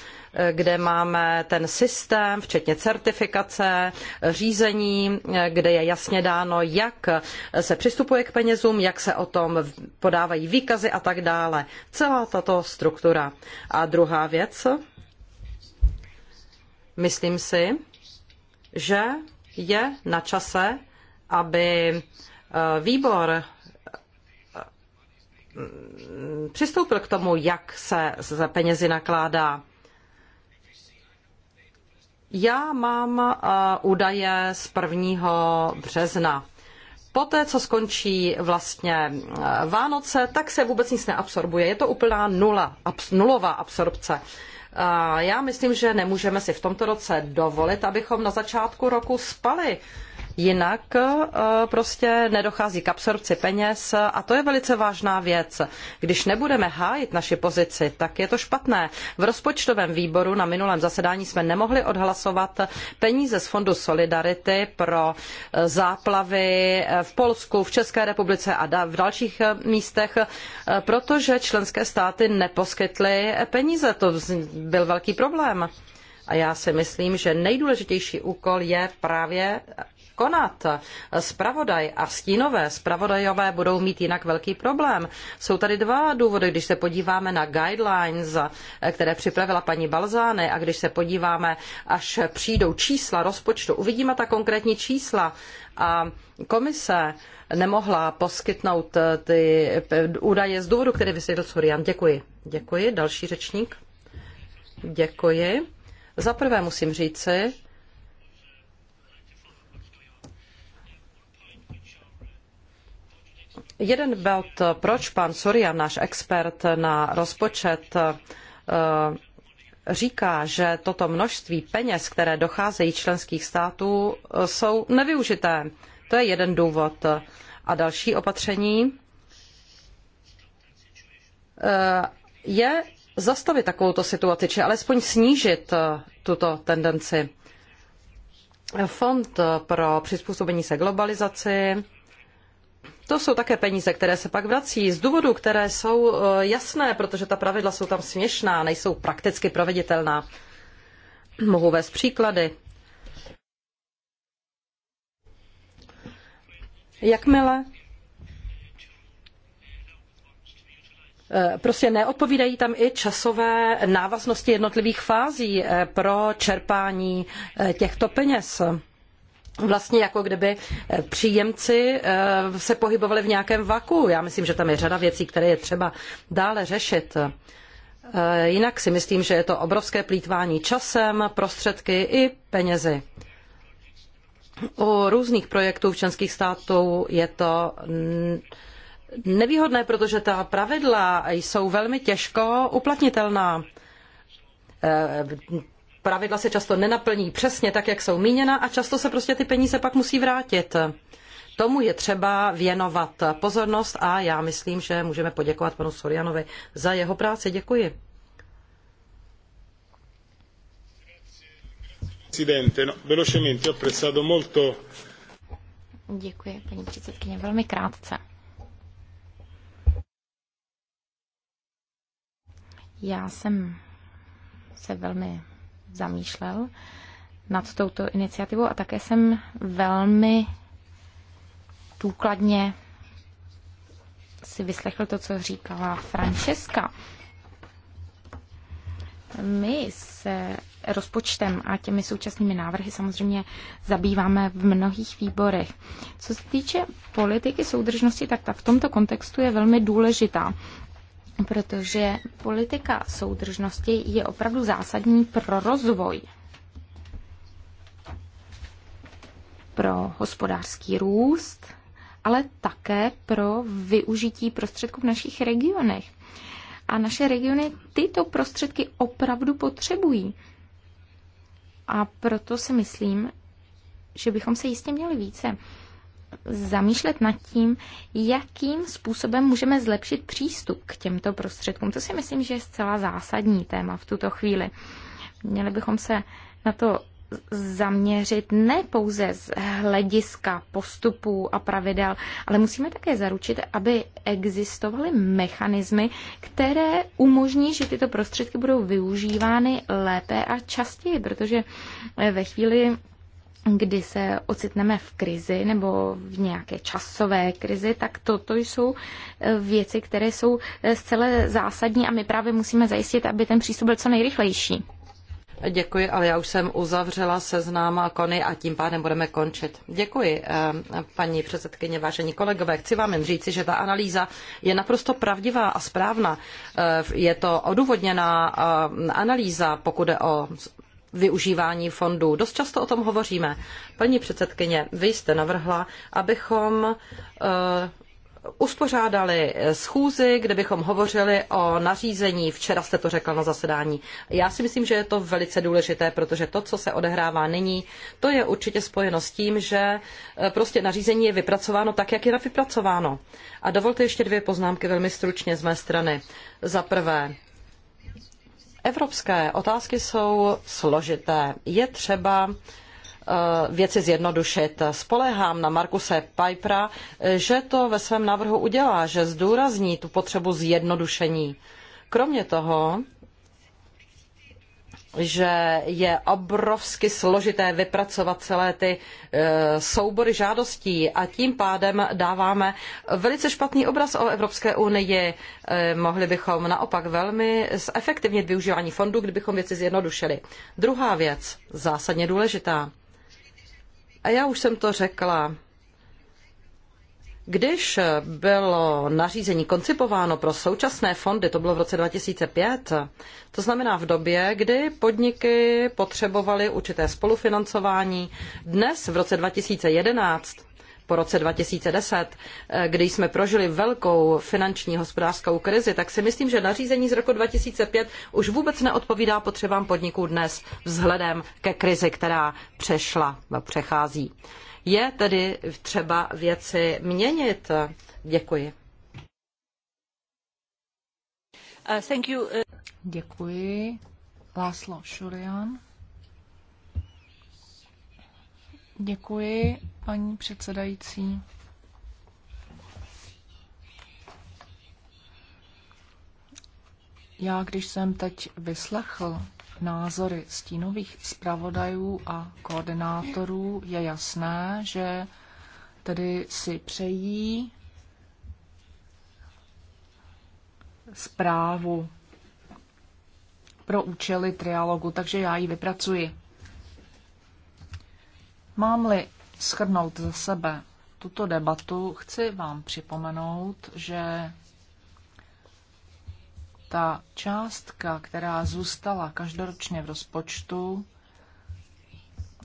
kde máme ten systém, včetně certifikace, řízení, kde je jasně dáno, jak se přistupuje k penězům, jak se o tom podávají výkazy a tak dále. Celá tato struktura. A druhá věc, myslím si, že je na čase, aby eh, výbor eh, přistoupil k tomu, jak se za penězi nakládá. Já mám eh, údaje z 1. března. Poté, co skončí vlastně eh, Vánoce, tak se vůbec nic neabsorbuje. Je to úplná nula, abs, nulová absorpce. Eh, já myslím, že nemůžeme si v tomto roce dovolit, abychom na začátku roku spali Jinak eh, prostě nedochází k absorpci peněz a to je velice vážná věc. Když nebudeme hájit naši pozici, tak je to špatné. V rozpočtovém výboru na minulém zasedání jsme nemohli odhlasovat peníze z Fondu Solidarity pro eh, záplavy eh, v Polsku, v České republice a v dalších místech, protože členské státy neposkytly peníze. To byl velký problém. A já si myslím, že nejdůležitější úkol je právě konat. Spravodaj a stínové spravodajové budou mít jinak velký problém. Jsou tady dva důvody, když se podíváme na guidelines, které připravila paní Balzány a když se podíváme, až přijdou čísla rozpočtu, uvidíme ta konkrétní čísla a komise nemohla poskytnout eh, ty eh, údaje z důvodu, který vysvětlil Surian. Děkuji. Děkuji. Další řečník. Děkuji. Za prvé musím říci, Jeden bod, proč pan Soria, náš expert na rozpočet, eh, říká, že toto množství peněz, které docházejí členských států, eh, jsou nevyužité. To je jeden důvod. A další opatření eh, je zastavit takovouto situaci, či alespoň snížit tuto tendenci. Fond pro přizpůsobení se globalizaci to jsou také peníze, které se pak vrací z důvodů, které jsou eh, jasné, protože ta pravidla jsou tam směšná, nejsou prakticky proveditelná. Mohu vést příklady. Jakmile eh, prostě neodpovídají tam i časové návaznosti jednotlivých fází eh, pro čerpání těchto peněz vlastně jako kdyby eh, příjemci eh, se pohybovali v nějakém vaku. Já myslím, že tam je řada věcí, které je třeba dále řešit. Eh, jinak si myslím, že je to obrovské plítvání časem, prostředky i penězi. U různých projektů v členských států je to nevýhodné, protože ta pravidla jsou velmi těžko uplatnitelná pravidla se často nenaplní přesně tak, jak jsou míněna a často se prostě ty peníze pak musí vrátit. Tomu je třeba věnovat pozornost a já myslím, že můžeme poděkovat panu Sorianovi za jeho práci. Děkuji. No, Děkuji, paní předsedkyně, velmi krátce. Já jsem se velmi zamýšlel nad touto iniciativou a také jsem velmi důkladně si vyslechl to, co říkala Francesca. My se rozpočtem a těmi současnými návrhy samozřejmě zabýváme v mnohých výborech. Co se týče politiky soudržnosti, tak ta v tomto kontextu je velmi důležitá protože politika soudržnosti je opravdu zásadní pro rozvoj, pro hospodářský růst, ale také pro využití prostředků v našich regionech. A naše regiony tyto prostředky opravdu potřebují. A proto si myslím, že bychom se jistě měli více zamýšlet nad tím, jakým způsobem můžeme zlepšit přístup k těmto prostředkům. To si myslím, že je zcela zásadní téma v tuto chvíli. Měli bychom se na to zaměřit ne pouze z hlediska postupů a pravidel, ale musíme také zaručit, aby existovaly mechanismy, které umožní, že tyto prostředky budou využívány lépe a častěji, protože ve chvíli, kdy se ocitneme v krizi nebo v nějaké časové krizi, tak toto jsou eh, věci, které jsou eh, zcela zásadní a my právě musíme zajistit, aby ten přístup byl co nejrychlejší. Děkuji, ale já už jsem uzavřela seznám Kony a tím pádem budeme končit. Děkuji, eh, paní předsedkyně, vážení kolegové. Chci vám jen říci, že ta analýza je naprosto pravdivá a správná. Je to odůvodněná analýza, pokud je o využívání fondů. Dost často o tom hovoříme. Paní předsedkyně, vy jste navrhla, abychom eh, uspořádali schůzi, kde bychom hovořili o nařízení. Včera jste to řekla na zasedání. Já si myslím, že je to velice důležité, protože to, co se odehrává nyní, to je určitě spojeno s tím, že eh, prostě nařízení je vypracováno tak, jak je vypracováno. A dovolte ještě dvě poznámky velmi stručně z mé strany. Za prvé, Evropské otázky jsou složité. Je třeba eh, věci zjednodušit. Spolehám na Markuse Pipera, že to ve svém návrhu udělá, že zdůrazní tu potřebu zjednodušení. Kromě toho že je obrovsky složité vypracovat celé ty e, soubory žádostí a tím pádem dáváme velice špatný obraz o Evropské unii. E, mohli bychom naopak velmi zefektivnit využívání fondů, kdybychom věci zjednodušili. Druhá věc, zásadně důležitá. A já už jsem to řekla když bylo nařízení koncipováno pro současné fondy, to bylo v roce 2005, to znamená v době, kdy podniky potřebovaly určité spolufinancování, dnes v roce 2011 po roce 2010, eh, kdy jsme prožili velkou finanční hospodářskou krizi, tak si myslím, že nařízení z roku 2005 už vůbec neodpovídá potřebám podniků dnes vzhledem ke krizi, která přešla, no, přechází. Je tedy třeba věci měnit. Děkuji. Uh, uh, Děkuji. Láslo Šurian. Děkuji, paní předsedající. Já, když jsem teď vyslechl názory stínových zpravodajů a koordinátorů, je jasné, že tedy si přejí zprávu pro účely trialogu, takže já ji vypracuji. Mám-li schrnout za sebe tuto debatu, chci vám připomenout, že ta částka, která zůstala každoročně v rozpočtu,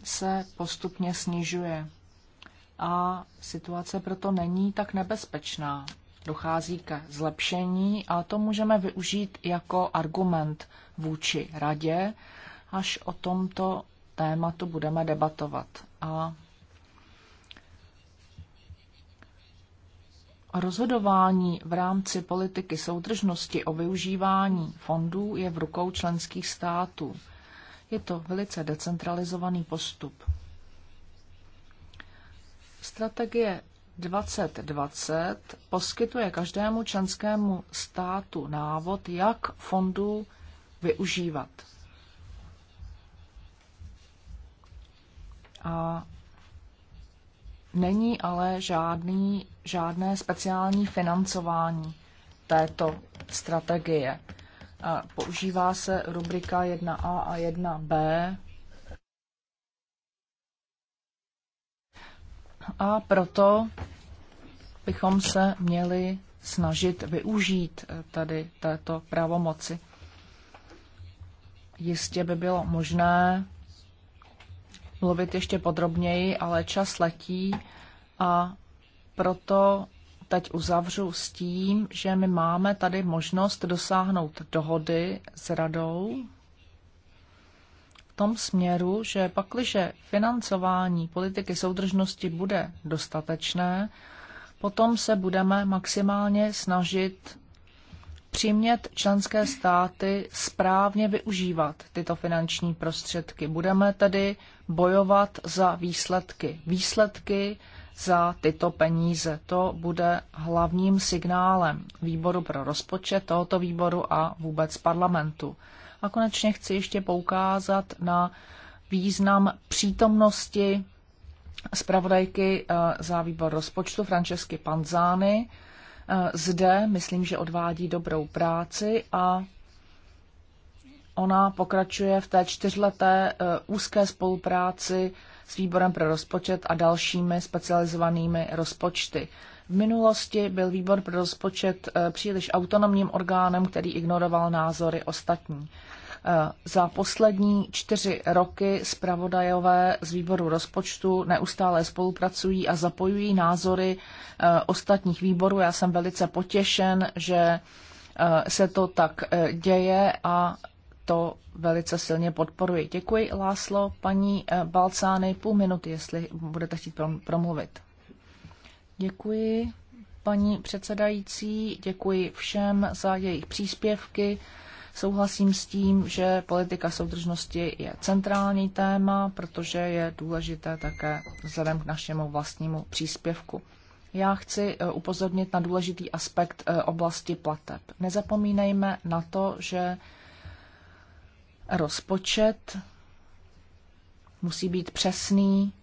se postupně snižuje a situace proto není tak nebezpečná. Dochází ke zlepšení, ale to můžeme využít jako argument vůči radě, až o tomto tématu budeme debatovat a Rozhodování v rámci politiky soudržnosti o využívání fondů je v rukou členských států. Je to velice decentralizovaný postup. Strategie 2020 poskytuje každému členskému státu návod, jak fondů využívat. A není ale žádný, žádné speciální financování této strategie. Používá se rubrika 1a a 1b. A proto bychom se měli snažit využít eh, tady této pravomoci. Jistě by bylo možné mluvit ještě podrobněji, ale čas letí a proto teď uzavřu s tím, že my máme tady možnost dosáhnout dohody s radou v tom směru, že pakliže financování politiky soudržnosti bude dostatečné, potom se budeme maximálně snažit přimět členské státy správně využívat tyto finanční prostředky. Budeme tedy bojovat za výsledky. Výsledky za tyto peníze. To bude hlavním signálem výboru pro rozpočet tohoto výboru a vůbec parlamentu. A konečně chci ještě poukázat na význam přítomnosti zpravodajky eh, za výbor rozpočtu Francesky Panzány. Eh, zde myslím, že odvádí dobrou práci a Ona pokračuje v té čtyřleté eh, úzké spolupráci s výborem pro rozpočet a dalšími specializovanými rozpočty. V minulosti byl výbor pro rozpočet eh, příliš autonomním orgánem, který ignoroval názory ostatní. Eh, za poslední čtyři roky zpravodajové z výboru rozpočtu neustále spolupracují a zapojují názory ostatních výborů. Já jsem velice potěšen, že se to tak děje a to velice silně podporuji. Děkuji, Láslo. Paní eh, Balcány, půl minuty, jestli budete chtít promluvit. Děkuji, paní předsedající, děkuji všem za jejich příspěvky. Souhlasím s tím, že politika soudržnosti je centrální téma, protože je důležité také vzhledem k našemu vlastnímu příspěvku. Já chci eh, upozornit na důležitý aspekt eh, oblasti plateb. Nezapomínejme na to, že rozpočet musí být přesný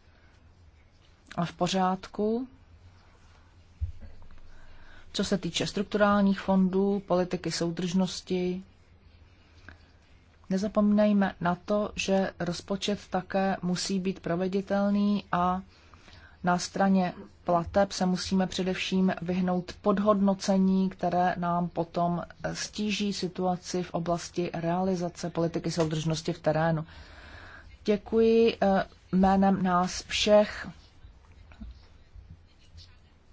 a v pořádku. Co se týče strukturálních fondů, politiky soudržnosti, nezapomínejme na to, že rozpočet také musí být proveditelný a na straně plateb se musíme především vyhnout podhodnocení, které nám potom stíží situaci v oblasti realizace politiky soudržnosti v terénu. Děkuji eh, jménem nás všech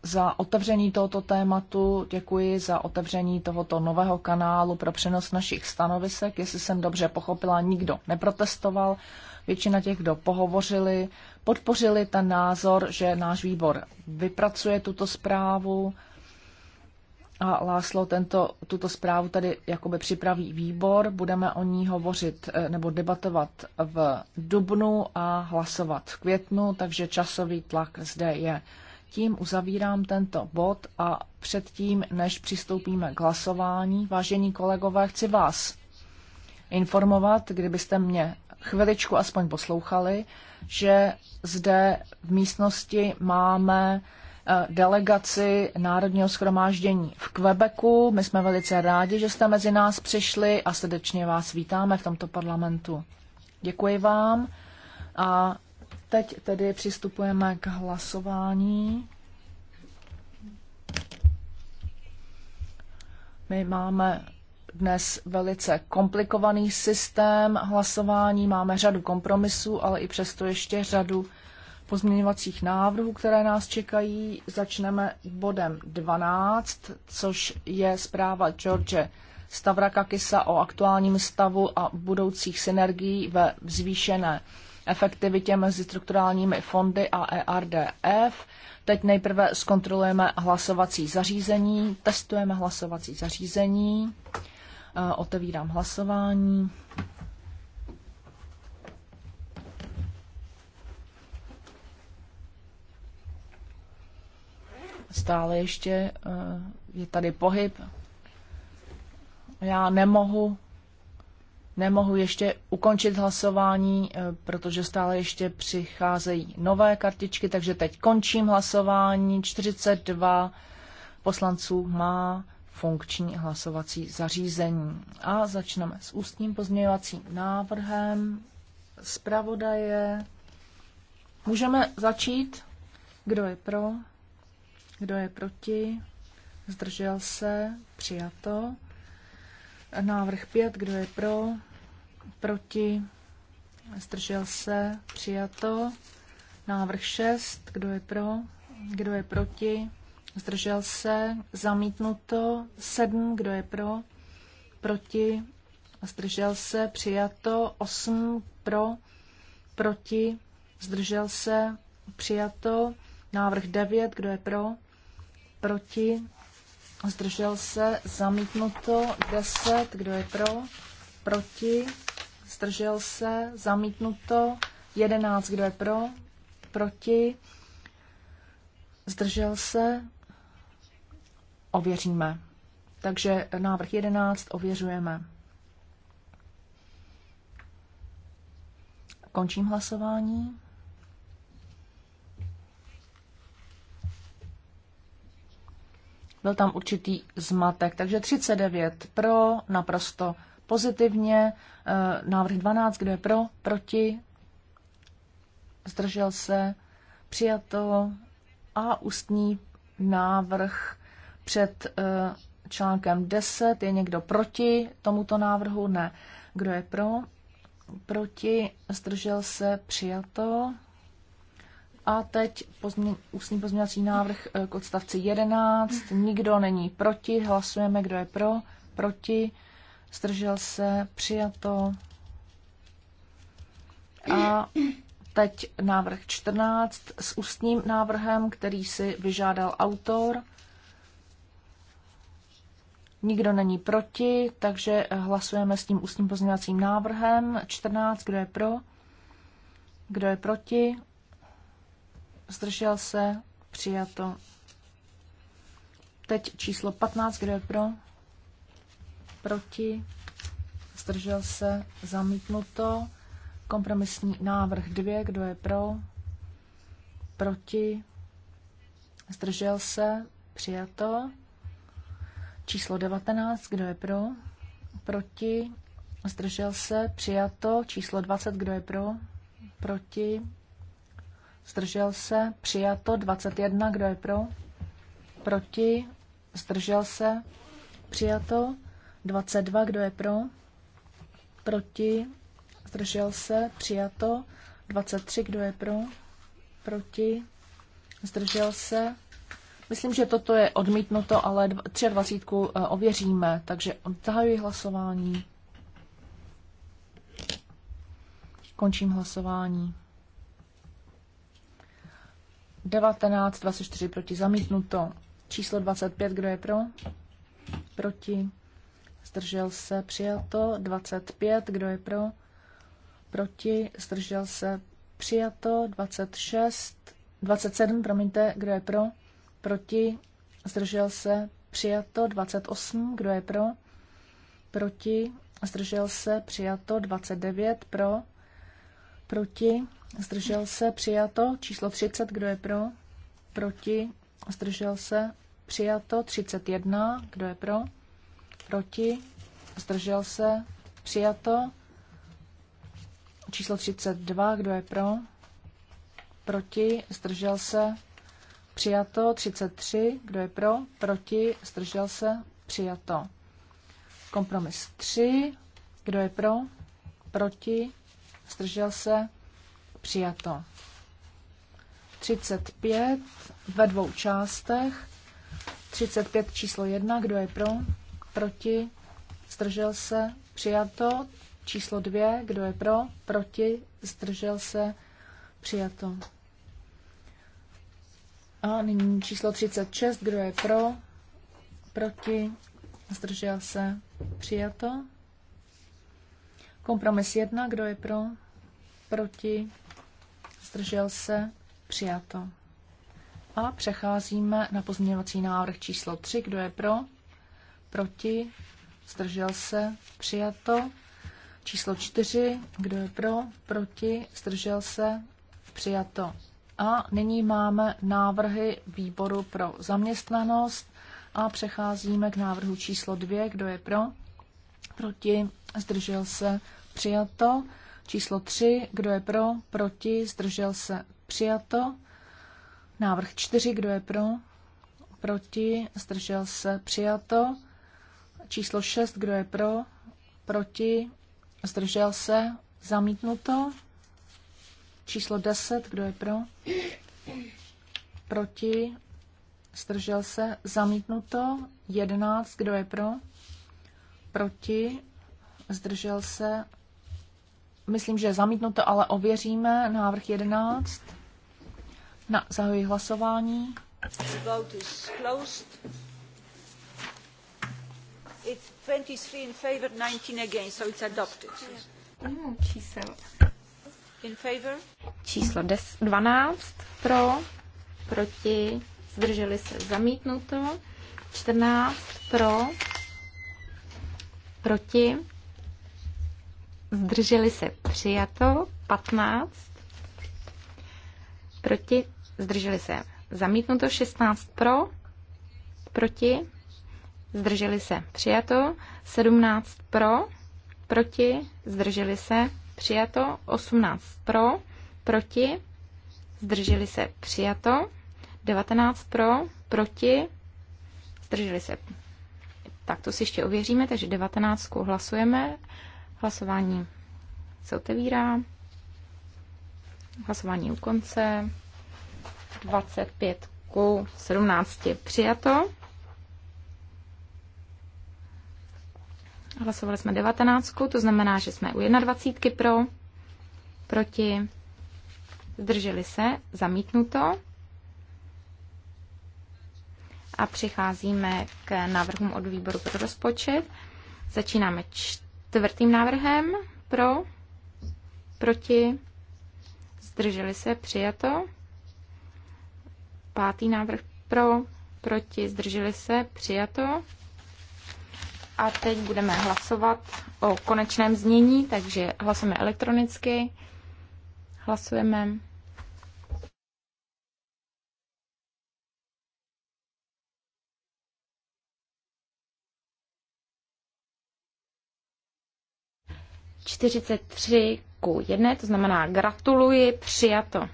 za otevření tohoto tématu, děkuji za otevření tohoto nového kanálu pro přenos našich stanovisek. Jestli jsem dobře pochopila, nikdo neprotestoval většina těch, kdo pohovořili, podpořili ten názor, že náš výbor vypracuje tuto zprávu a Láslo tento, tuto zprávu tady jakoby připraví výbor. Budeme o ní hovořit eh, nebo debatovat v dubnu a hlasovat v květnu, takže časový tlak zde je. Tím uzavírám tento bod a předtím, než přistoupíme k hlasování, vážení kolegové, chci vás informovat, kdybyste mě chviličku aspoň poslouchali, že zde v místnosti máme eh, delegaci Národního schromáždění v Quebecu. My jsme velice rádi, že jste mezi nás přišli a srdečně vás vítáme v tomto parlamentu. Děkuji vám a teď tedy přistupujeme k hlasování. My máme dnes velice komplikovaný systém hlasování, máme řadu kompromisů, ale i přesto ještě řadu pozměňovacích návrhů, které nás čekají. Začneme bodem 12, což je zpráva George Stavrakakisa o aktuálním stavu a budoucích synergií ve zvýšené efektivitě mezi strukturálními fondy a ERDF. Teď nejprve zkontrolujeme hlasovací zařízení, testujeme hlasovací zařízení. Eh, otevírám hlasování. Stále ještě eh, je tady pohyb. Já nemohu nemohu ještě ukončit hlasování, eh, protože stále ještě přicházejí nové kartičky, takže teď končím hlasování. 42 poslanců má funkční hlasovací zařízení. A začneme s ústním pozměňovacím návrhem zpravodaje. Můžeme začít. Kdo je pro? Kdo je proti? Zdržel se? Přijato. Návrh 5. Kdo je pro? Proti? Zdržel se? Přijato. Návrh 6. Kdo je pro? Kdo je proti? Zdržel se? Zamítnuto. Sedm. Kdo je pro? Proti? Zdržel se? Přijato. Osm. Pro? Proti? Zdržel se? Přijato. Návrh devět, Kdo je pro? Proti? Zdržel se? Zamítnuto. deset, Kdo je pro? Proti? Zdržel se? Zamítnuto. jedenáct, Kdo je pro? Proti? Zdržel se? ověříme. Takže návrh 11 ověřujeme. Končím hlasování. Byl tam určitý zmatek, takže 39 pro, naprosto pozitivně. Eh, návrh 12, kdo je pro, proti, zdržel se, přijato a ústní návrh před eh, článkem 10. Je někdo proti tomuto návrhu? Ne. Kdo je pro? Proti? Zdržel se? Přijato. A teď pozměn, ústní pozměňovací návrh eh, k odstavci 11. Nikdo není proti. Hlasujeme, kdo je pro? Proti? Zdržel se? Přijato. A teď návrh 14 s ústním návrhem, který si vyžádal autor. Nikdo není proti, takže hlasujeme s tím ústním pozměňovacím návrhem. 14, kdo je pro? Kdo je proti? Zdržel se? Přijato. Teď číslo 15, kdo je pro? Proti? Zdržel se? Zamítnuto. Kompromisní návrh 2, kdo je pro? Proti? Zdržel se? Přijato. Číslo 19, kdo je pro? Proti? Zdržel se? Přijato. Číslo 20, kdo je pro? Proti? Zdržel se? Přijato. 21, kdo je pro? Proti? Zdržel se? Přijato. 22, kdo je pro? Proti? Zdržel se? Přijato. 23, kdo je pro? Proti? Zdržel se? Myslím, že toto je odmítnuto, ale 23 eh, ověříme, takže odtahuji hlasování. Končím hlasování. 19, 24 proti zamítnuto. Číslo 25, kdo je pro? Proti. Zdržel se, přijato. 25, kdo je pro? Proti. Zdržel se, přijato. 26, 27, promiňte, kdo je pro? Proti? Zdržel se? Přijato 28. Kdo je pro? Proti? Zdržel se? Přijato 29. Pro? Proti? Zdržel se? Přijato číslo 30. Kdo je pro? Proti? Zdržel se? Přijato 31. Kdo je pro? Proti? Zdržel se? Přijato číslo 32. Kdo je pro? Proti? Zdržel se? Přijato 33. Kdo je pro? Proti? Zdržel se? Přijato. Kompromis 3. Kdo je pro? Proti? Zdržel se? Přijato. 35 ve dvou částech. 35 číslo 1. Kdo je pro? Proti? Zdržel se? Přijato. Číslo 2. Kdo je pro? Proti? Zdržel se? Přijato. A nyní číslo 36, kdo je pro, proti, zdržel se, přijato. Kompromis 1, kdo je pro, proti, zdržel se, přijato. A přecházíme na pozměňovací návrh číslo 3, kdo je pro, proti, zdržel se, přijato. Číslo 4, kdo je pro, proti, zdržel se, přijato. A nyní máme návrhy výboru pro zaměstnanost a přecházíme k návrhu číslo dvě. Kdo je pro? Proti? Zdržel se? Přijato. Číslo tři. Kdo je pro? Proti? Zdržel se? Přijato. Návrh čtyři. Kdo je pro? Proti? Zdržel se? Přijato. Číslo šest. Kdo je pro? Proti? Zdržel se? Zamítnuto. Číslo 10, kdo je pro? Proti? Zdržel se? Zamítnuto. 11, kdo je pro? Proti? Zdržel se? Myslím, že je zamítnuto, ale ověříme. Návrh 11. Na, zahoji hlasování. Vote is closed. It's 23 in favor, 19 against, so it's adopted. Yeah. Čísel. In favor. Číslo 12 pro, proti, zdrželi se zamítnuto. 14 pro, proti, zdrželi se přijato. 15 proti, zdrželi se zamítnuto. 16 pro, proti, zdrželi se přijato. 17 pro, proti, zdrželi se přijato, 18 pro, proti, zdrželi se přijato, 19 pro, proti, zdrželi se. Tak to si ještě ověříme, takže 19 hlasujeme. Hlasování se otevírá. Hlasování u konce. 25 ku 17 přijato. Hlasovali jsme 19, to znamená, že jsme u 21 pro, proti, zdrželi se, zamítnuto. A přicházíme k návrhům od výboru pro rozpočet. Začínáme čtvrtým návrhem pro, proti, zdrželi se, přijato. Pátý návrh pro, proti, zdrželi se, přijato a teď budeme hlasovat o konečném znění, takže hlasujeme elektronicky. Hlasujeme. Čtyřicet tři ku jedné, to znamená gratuluji, přijato.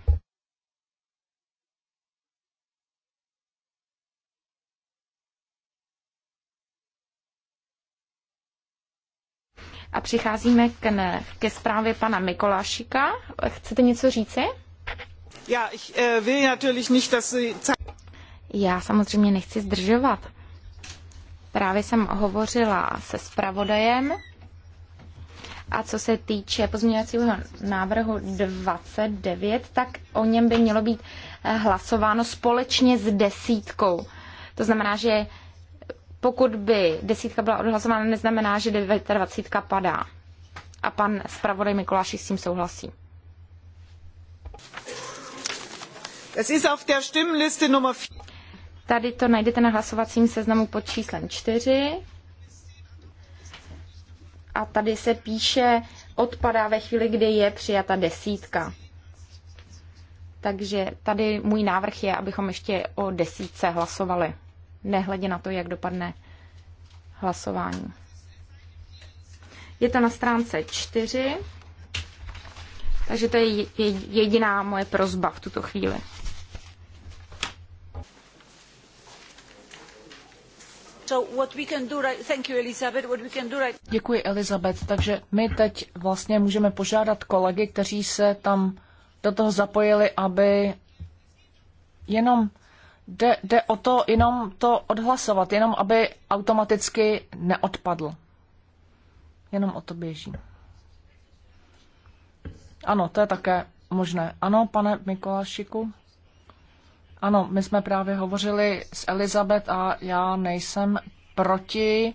A přicházíme k, ne, ke zprávě pana Mikolášika. Chcete něco říci? Já, ich, uh, will natürlich nicht, dass Sie... Já samozřejmě nechci zdržovat. Právě jsem hovořila se zpravodajem. A co se týče pozměňovacího návrhu 29, tak o něm by mělo být eh, hlasováno společně s desítkou. To znamená, že pokud by desítka byla odhlasována, neznamená, že 29 padá. A pan zpravodaj Mikuláši s tím souhlasí. Es ist auf der Stimmliste Nummer Tady to najdete na hlasovacím seznamu pod číslem 4. A tady se píše, odpadá ve chvíli, kdy je přijata desítka. Takže tady můj návrh je, abychom ještě o desítce hlasovali nehledě na to, jak dopadne hlasování. Je to na stránce 4, takže to je jediná moje prozba v tuto chvíli. Děkuji, Elizabeth. Takže my teď vlastně můžeme požádat kolegy, kteří se tam do toho zapojili, aby jenom Jde, jde o to jenom to odhlasovat, jenom aby automaticky neodpadl. Jenom o to běží. Ano, to je také možné. Ano, pane Mikolášiku? Ano, my jsme právě hovořili s Elizabet a já nejsem proti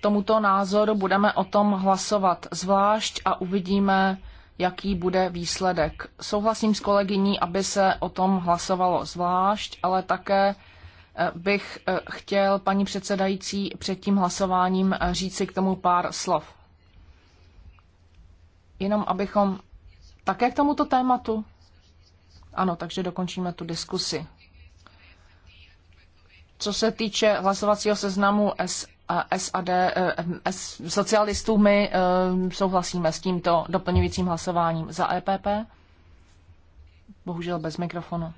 tomuto názoru. Budeme o tom hlasovat zvlášť a uvidíme, jaký bude výsledek. Souhlasím s kolegyní, aby se o tom hlasovalo zvlášť, ale také eh, bych eh, chtěl, paní předsedající, před tím hlasováním eh, říci k tomu pár slov. Jenom abychom také k tomuto tématu. Ano, takže dokončíme tu diskusi. Co se týče hlasovacího seznamu S SAD, eh, S, socialistů my eh, souhlasíme s tímto doplňujícím hlasováním za EPP. Bohužel bez mikrofonu.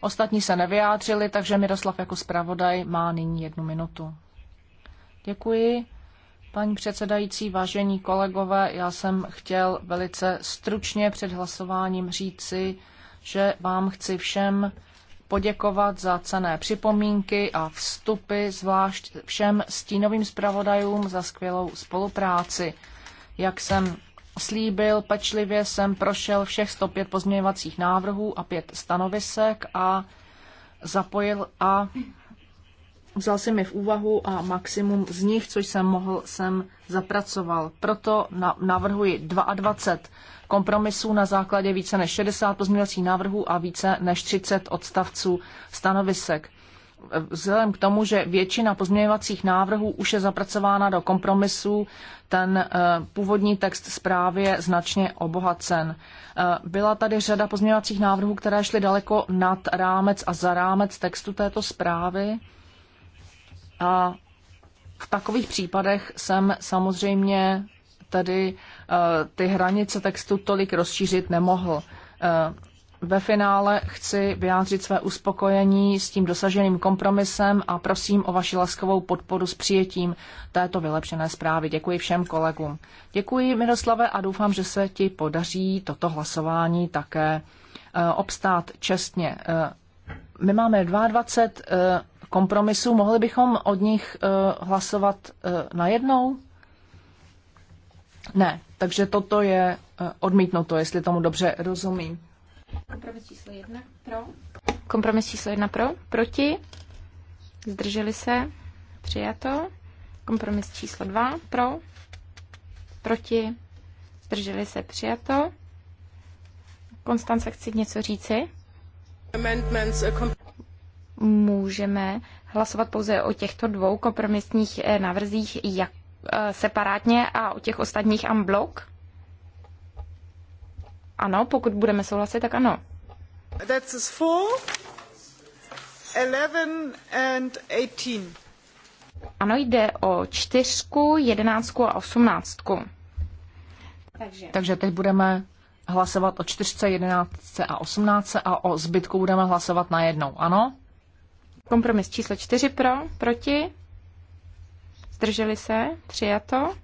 Ostatní se nevyjádřili, takže Miroslav jako zpravodaj má nyní jednu minutu. Děkuji. Paní předsedající, vážení kolegové, já jsem chtěl velice stručně před hlasováním říci, že vám chci všem poděkovat za cené připomínky a vstupy, zvlášť všem stínovým zpravodajům za skvělou spolupráci. Jak jsem slíbil, pečlivě jsem prošel všech 105 pozměňovacích návrhů a pět stanovisek a zapojil a vzal si je v úvahu a maximum z nich, což jsem mohl, jsem zapracoval. Proto navrhuji 22 kompromisů na základě více než 60 pozměňovacích návrhů a více než 30 odstavců stanovisek. Vzhledem k tomu, že většina pozměňovacích návrhů už je zapracována do kompromisů, ten eh, původní text zprávy je značně obohacen. Eh, byla tady řada pozměňovacích návrhů, které šly daleko nad rámec a za rámec textu této zprávy. A v takových případech jsem samozřejmě tedy eh, ty hranice textu tolik rozšířit nemohl. Eh, ve finále chci vyjádřit své uspokojení s tím dosaženým kompromisem a prosím o vaši laskovou podporu s přijetím této vylepšené zprávy. Děkuji všem kolegům. Děkuji Miroslave a doufám, že se ti podaří toto hlasování také eh, obstát čestně. My máme 22 kompromisů, mohli bychom od nich hlasovat najednou? Ne, takže toto je eh, odmítnuto, jestli tomu dobře rozumím. Kompromis číslo jedna pro. Kompromis číslo jedna pro. Proti. Zdrželi se. Přijato. Kompromis číslo dva pro. Proti. Zdrželi se. Přijato. Konstance, chci něco říci? Eh, Můžeme hlasovat pouze o těchto dvou kompromisních eh, návrzích jako Eh, separátně a o těch ostatních unblock? Ano, pokud budeme souhlasit, tak ano. That's four, 11 and 18. Ano, jde o čtyřku, jedenáctku a osmnáctku. Takže. Takže teď budeme hlasovat o čtyřce, jedenáctce a osmnáctce a o zbytku budeme hlasovat na jednou ano? Kompromis číslo čtyři pro, proti, zdrželi se, přijato.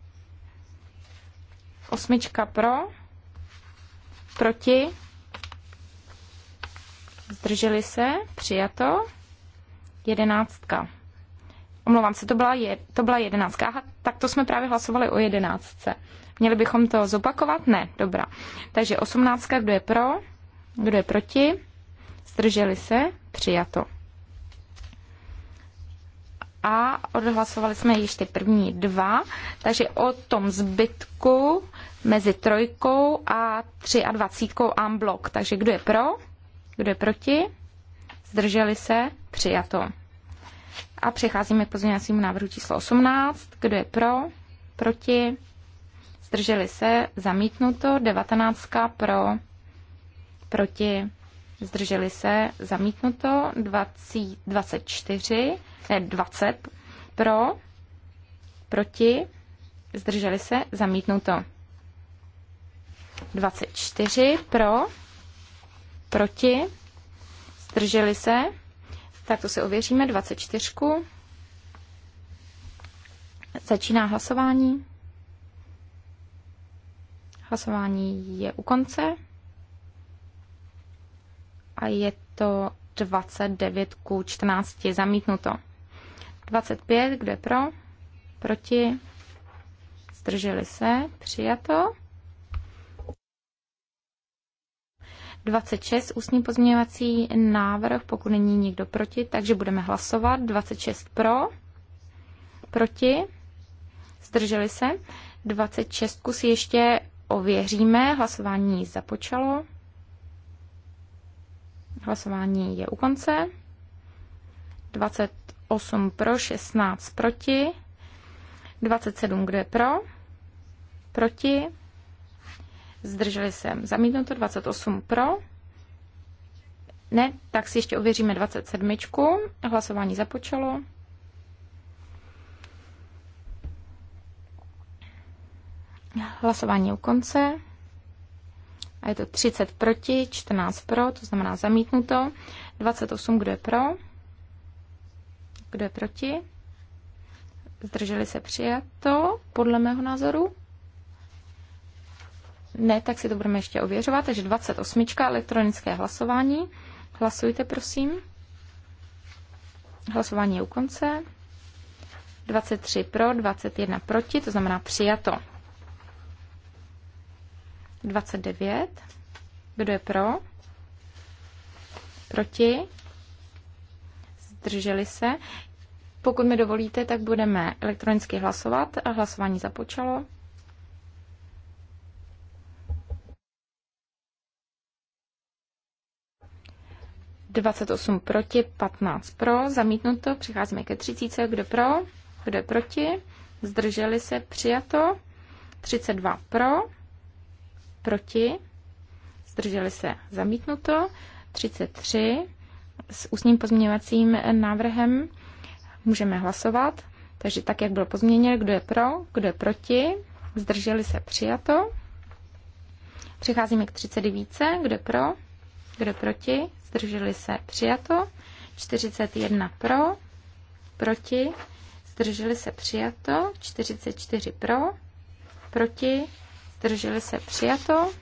Osmička pro, proti, zdrželi se, přijato. Jedenáctka. Omlouvám se, to byla, je, to byla jedenáctka. Aha, tak to jsme právě hlasovali o jedenáctce. Měli bychom to zopakovat? Ne, dobrá. Takže osmnáctka, kdo je pro, kdo je proti, zdrželi se, přijato a odhlasovali jsme již ty první dva, takže o tom zbytku mezi trojkou a tři a dvacítkou unblock. Takže kdo je pro, kdo je proti, zdrželi se, přijato. A přecházíme k pozměňovacímu návrhu číslo 18. Kdo je pro, proti, zdrželi se, zamítnuto, 19 pro, proti, zdrželi se, zamítnuto, 20, 24, ne 20, pro, proti, zdrželi se, zamítnuto. 24 pro, proti, zdrželi se. Tak to si ověříme, 24. Začíná hlasování. Hlasování je u konce a je to 29 ku 14 zamítnuto. 25, kde pro, proti, zdrželi se, přijato. 26 ústní pozměňovací návrh, pokud není nikdo proti, takže budeme hlasovat. 26 pro, proti, zdrželi se. 26 kus ještě ověříme, hlasování započalo. Hlasování je u konce. 28 pro, 16 proti. 27, kdo je pro? Proti. Zdrželi se. Zamítnuto 28 pro. Ne, tak si ještě ověříme 27. Hlasování započalo. Hlasování u konce. A je to 30 proti, 14 pro, to znamená zamítnuto. 28, kdo je pro? Kdo je proti? Zdrželi se přijato, podle mého názoru. Ne, tak si to budeme ještě ověřovat. Takže 28. elektronické hlasování. Hlasujte, prosím. Hlasování je u konce. 23 pro, 21 proti, to znamená přijato. 29. Kdo je pro? Proti? Zdrželi se? Pokud mi dovolíte, tak budeme elektronicky hlasovat. A hlasování započalo. Dvacet osm proti, patnáct pro, zamítnuto, přicházíme ke třicíce, kdo pro, kdo je proti, zdrželi se, přijato, třicet dva pro, proti, zdrželi se zamítnuto, 33 s ústním pozměňovacím návrhem můžeme hlasovat, takže tak, jak bylo pozměněn, kdo je pro, kdo je proti, zdrželi se přijato. Přecházíme k 39, kdo je pro, kdo je proti, zdrželi se přijato, 41 pro, proti, zdrželi se přijato, 44 pro, proti, zdrželi se přijato.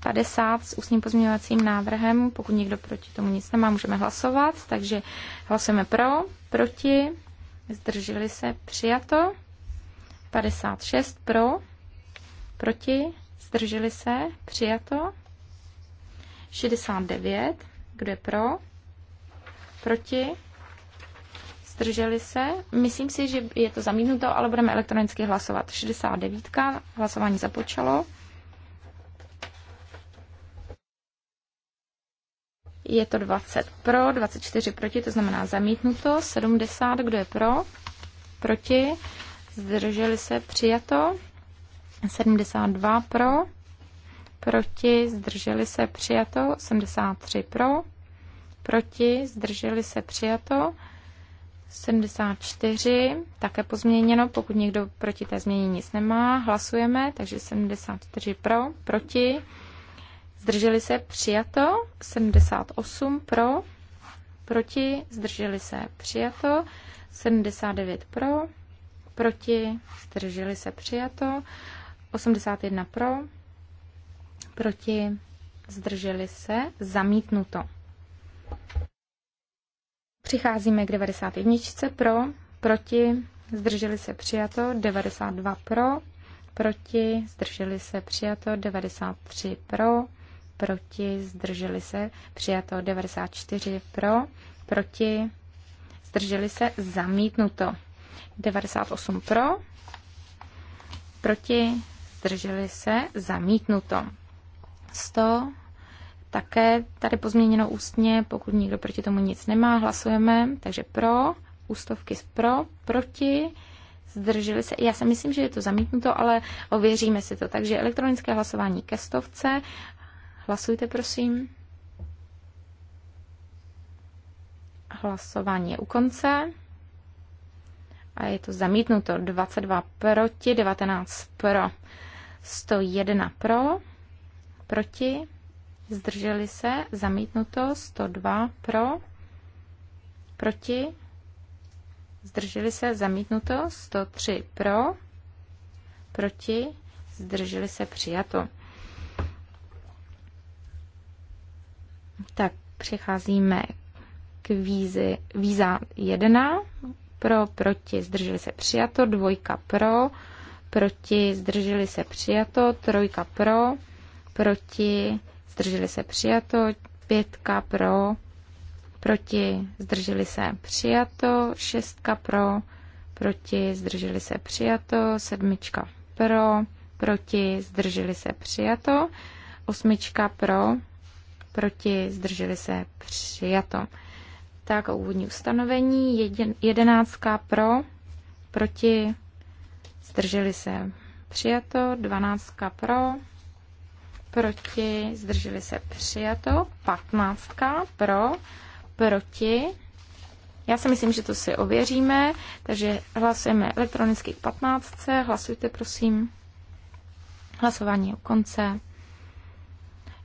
50 s ústním pozměňovacím návrhem, pokud někdo proti tomu nic nemá, můžeme hlasovat, takže hlasujeme pro, proti, zdrželi se přijato. 56 pro, proti, zdrželi se přijato. 69, kdo je pro, proti, zdrželi se. Myslím si, že je to zamítnuto, ale budeme elektronicky hlasovat. 69. Hlasování započalo. Je to 20 pro, 24 proti, to znamená zamítnuto. 70, kdo je pro? Proti. Zdrželi se, přijato. 72 pro, proti, zdrželi se, přijato. 73 pro, proti, zdrželi se, přijato. 74, také pozměněno, pokud někdo proti té změně nic nemá, hlasujeme, takže 74 pro, proti, zdrželi se, přijato, 78 pro, proti, zdrželi se, přijato, 79 pro, proti, zdrželi se, přijato, 81 pro, proti, zdrželi se, zamítnuto. Přicházíme k 91. pro, proti, zdrželi se přijato, 92 pro, proti, zdrželi se přijato, 93 pro, proti, zdrželi se přijato, 94 pro, proti, zdrželi se zamítnuto, 98 pro, proti, zdrželi se zamítnuto, 100 také tady pozměněno ústně, pokud nikdo proti tomu nic nemá, hlasujeme, takže pro, ústovky pro, proti, zdrželi se. Já si myslím, že je to zamítnuto, ale ověříme si to. Takže elektronické hlasování ke stovce. Hlasujte, prosím. Hlasování je u konce. A je to zamítnuto. 22 proti, 19 pro. 101 pro, proti zdrželi se, zamítnuto 102 pro, proti, zdrželi se, zamítnuto 103 pro, proti, zdrželi se, přijato. Tak přecházíme k vízi, víza 1 pro, proti, zdrželi se, přijato, dvojka pro, proti, zdrželi se, přijato, trojka pro, proti, zdrželi se přijato, pětka pro, proti, zdrželi se přijato, šestka pro, proti, zdrželi se přijato, sedmička pro, proti, zdrželi se přijato, osmička pro, proti, zdrželi se přijato. Tak a úvodní ustanovení, jeden, jedenáctka pro, proti, zdrželi se přijato, dvanáctka pro, proti, zdrželi se přijato, patnáctka pro, proti. Já si myslím, že to si ověříme, takže hlasujeme elektronicky k patnáctce, hlasujte prosím. Hlasování je u konce.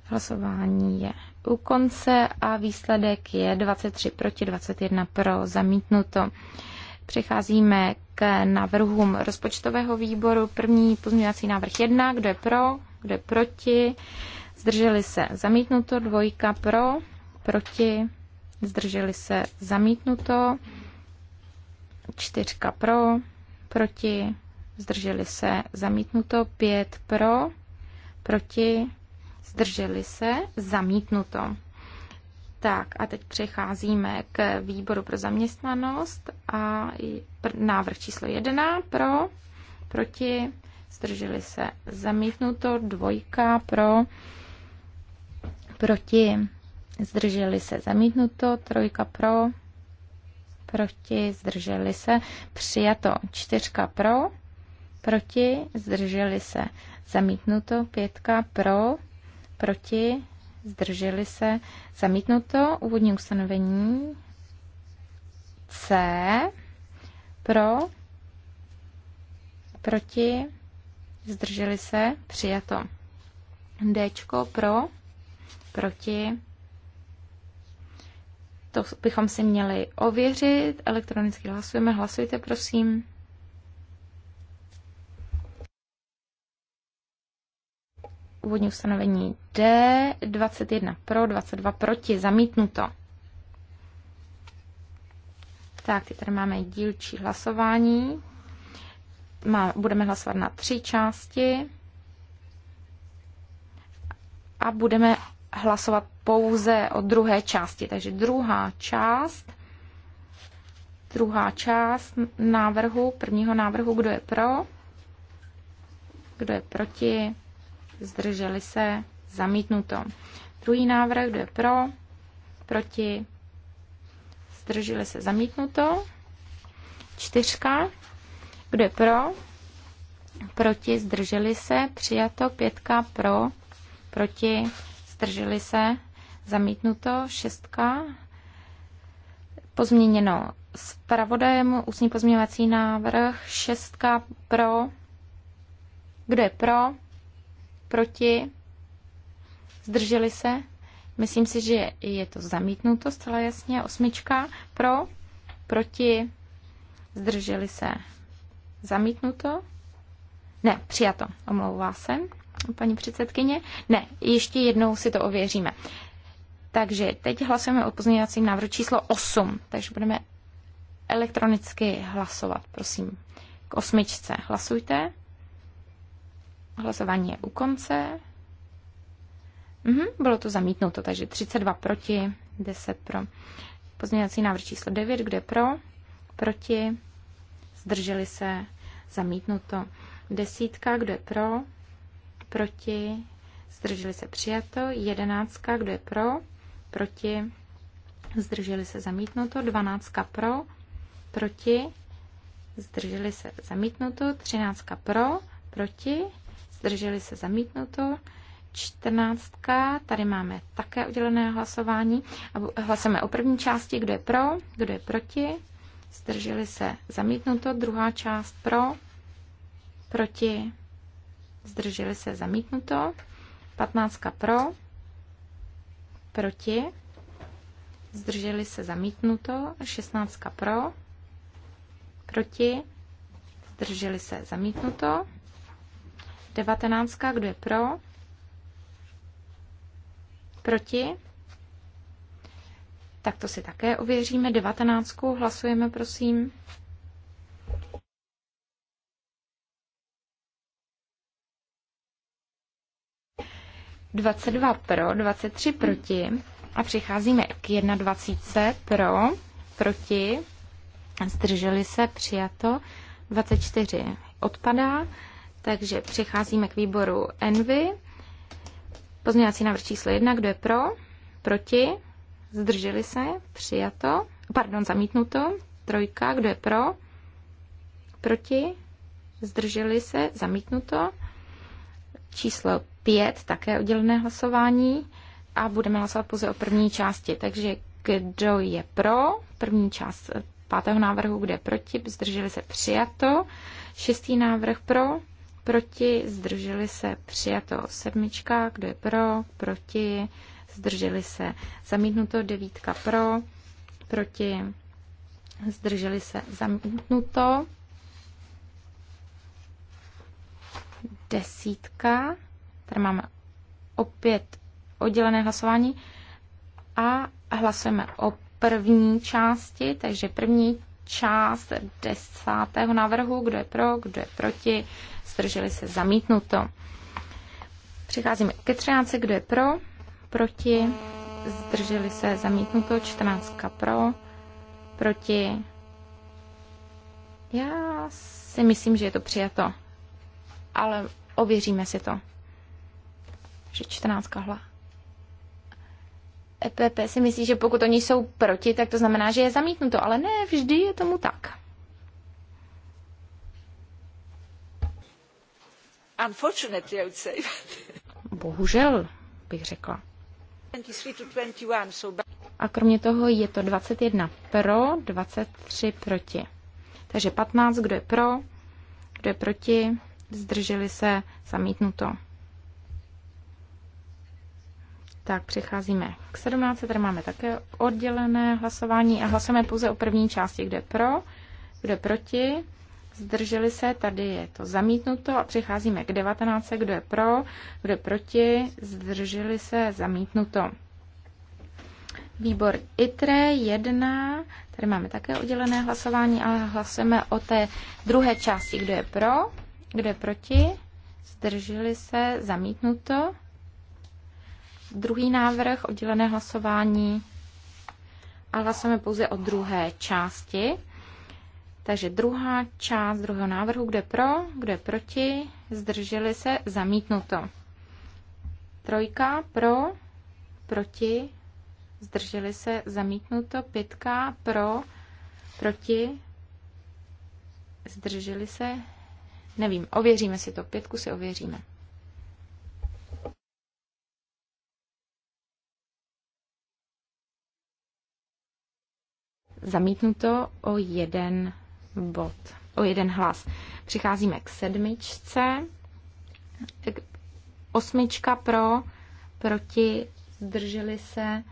Hlasování je u konce a výsledek je 23 proti 21 pro zamítnuto. Přicházíme k návrhům rozpočtového výboru. První pozměňovací návrh 1, kdo je pro? kde proti, zdrželi se zamítnuto, dvojka pro, proti, zdrželi se zamítnuto, čtyřka pro, proti, zdrželi se zamítnuto, pět pro, proti, zdrželi se zamítnuto. Tak a teď přecházíme k výboru pro zaměstnanost a návrh číslo jedna pro, proti, zdrželi se zamítnuto, dvojka pro, proti, zdrželi se zamítnuto, trojka pro, proti, zdrželi se, přijato čtyřka pro, proti, zdrželi se, zamítnuto, pětka pro, proti, zdrželi se, zamítnuto, úvodní ustanovení C, pro, proti, zdrželi se, přijato. D pro, proti. To bychom si měli ověřit. Elektronicky hlasujeme. Hlasujte, prosím. Úvodní ustanovení D, 21 pro, 22 proti, zamítnuto. Tak, teď tady máme dílčí hlasování má, budeme hlasovat na tři části a budeme hlasovat pouze o druhé části. Takže druhá část, druhá část návrhu, prvního návrhu, kdo je pro, kdo je proti, zdrželi se, zamítnuto. Druhý návrh, kdo je pro, proti, zdrželi se, zamítnuto. Čtyřka, kdo je pro? Proti, zdrželi se, přijato. Pětka pro, proti, zdrželi se, zamítnuto. Šestka, pozměněno zpravodajem, ústní pozměňovací návrh, šestka pro, kdo je pro, proti, zdrželi se, myslím si, že je to zamítnuto zcela jasně, osmička pro, proti, zdrželi se, Zamítnuto? Ne, přijato. Omlouvá se paní předsedkyně. Ne, ještě jednou si to ověříme. Takže teď hlasujeme o pozměňovacím návrhu číslo 8, takže budeme elektronicky hlasovat, prosím. K osmičce hlasujte. Hlasování je u konce. Mhm, bylo to zamítnuto, takže 32 proti, 10 pro. Pozměňovací návrh číslo 9, kde pro, proti, zdrželi se, zamítnuto. Desítka, kdo je pro, proti, zdrželi se přijato. Jedenáctka, kdo je pro, proti, zdrželi se zamítnuto. Dvanáctka pro, proti, zdrželi se zamítnuto. Třináctka pro, proti, zdrželi se zamítnuto. Čtrnáctka, tady máme také udělené hlasování. Hlasujeme o první části, kdo je pro, kdo je proti, zdrželi se zamítnuto. Druhá část pro, proti, zdrželi se zamítnuto, 15 pro, proti, zdrželi se zamítnuto, 16 pro, proti, zdrželi se zamítnuto, 19 kdo je pro, proti, tak to si také ověříme, 19 hlasujeme prosím. 22 pro, 23 proti. A přicházíme k 21 pro, proti. Zdrželi se, přijato. 24 odpadá. Takže přicházíme k výboru Envy. Pozměňovací návrh číslo 1, kdo je pro, proti, zdrželi se, přijato, pardon, zamítnuto, trojka, kdo je pro, proti, zdrželi se, zamítnuto, číslo Pět také oddělené hlasování a budeme hlasovat pouze o první části. Takže kdo je pro první část pátého návrhu, kde proti, zdrželi se přijato. Šestý návrh pro, proti, zdrželi se přijato. Sedmička, kdo je pro, proti, zdrželi se zamítnuto. Devítka pro, proti, zdrželi se zamítnuto. Desítka Tady máme opět oddělené hlasování a hlasujeme o první části, takže první část desátého návrhu, kdo je pro, kdo je proti, zdrželi se zamítnuto. Přicházíme ke 13, kdo je pro, proti, zdrželi se zamítnuto, čtrnáctka pro, proti. Já si myslím, že je to přijato, ale ověříme si to že 14 kahla. EPP si myslí, že pokud oni jsou proti, tak to znamená, že je zamítnuto, ale ne vždy je tomu tak. Unfortunately, I would say. Bohužel, bych řekla. A kromě toho je to 21 pro, 23 proti. Takže 15, kdo je pro, kdo je proti, zdrželi se, zamítnuto. Tak přecházíme k 17. Tady máme také oddělené hlasování a hlasujeme pouze o první části, kde pro, kde proti. Zdrželi se, tady je to zamítnuto a přecházíme k 19. Kdo je pro, kdo je proti, zdrželi se, zamítnuto. Výbor ITRE 1, tady máme také oddělené hlasování, ale hlasujeme o té druhé části, kdo je pro, kdo je proti, zdrželi se, zamítnuto. Druhý návrh, oddělené hlasování. A hlasujeme pouze o druhé části. Takže druhá část druhého návrhu, kde pro, kde proti, zdrželi se, zamítnuto. Trojka pro, proti, zdrželi se, zamítnuto. Pětka pro, proti, zdrželi se, nevím, ověříme si to, pětku si ověříme. zamítnuto o jeden bod, o jeden hlas. Přicházíme k sedmičce. Osmička pro, proti, zdrželi se.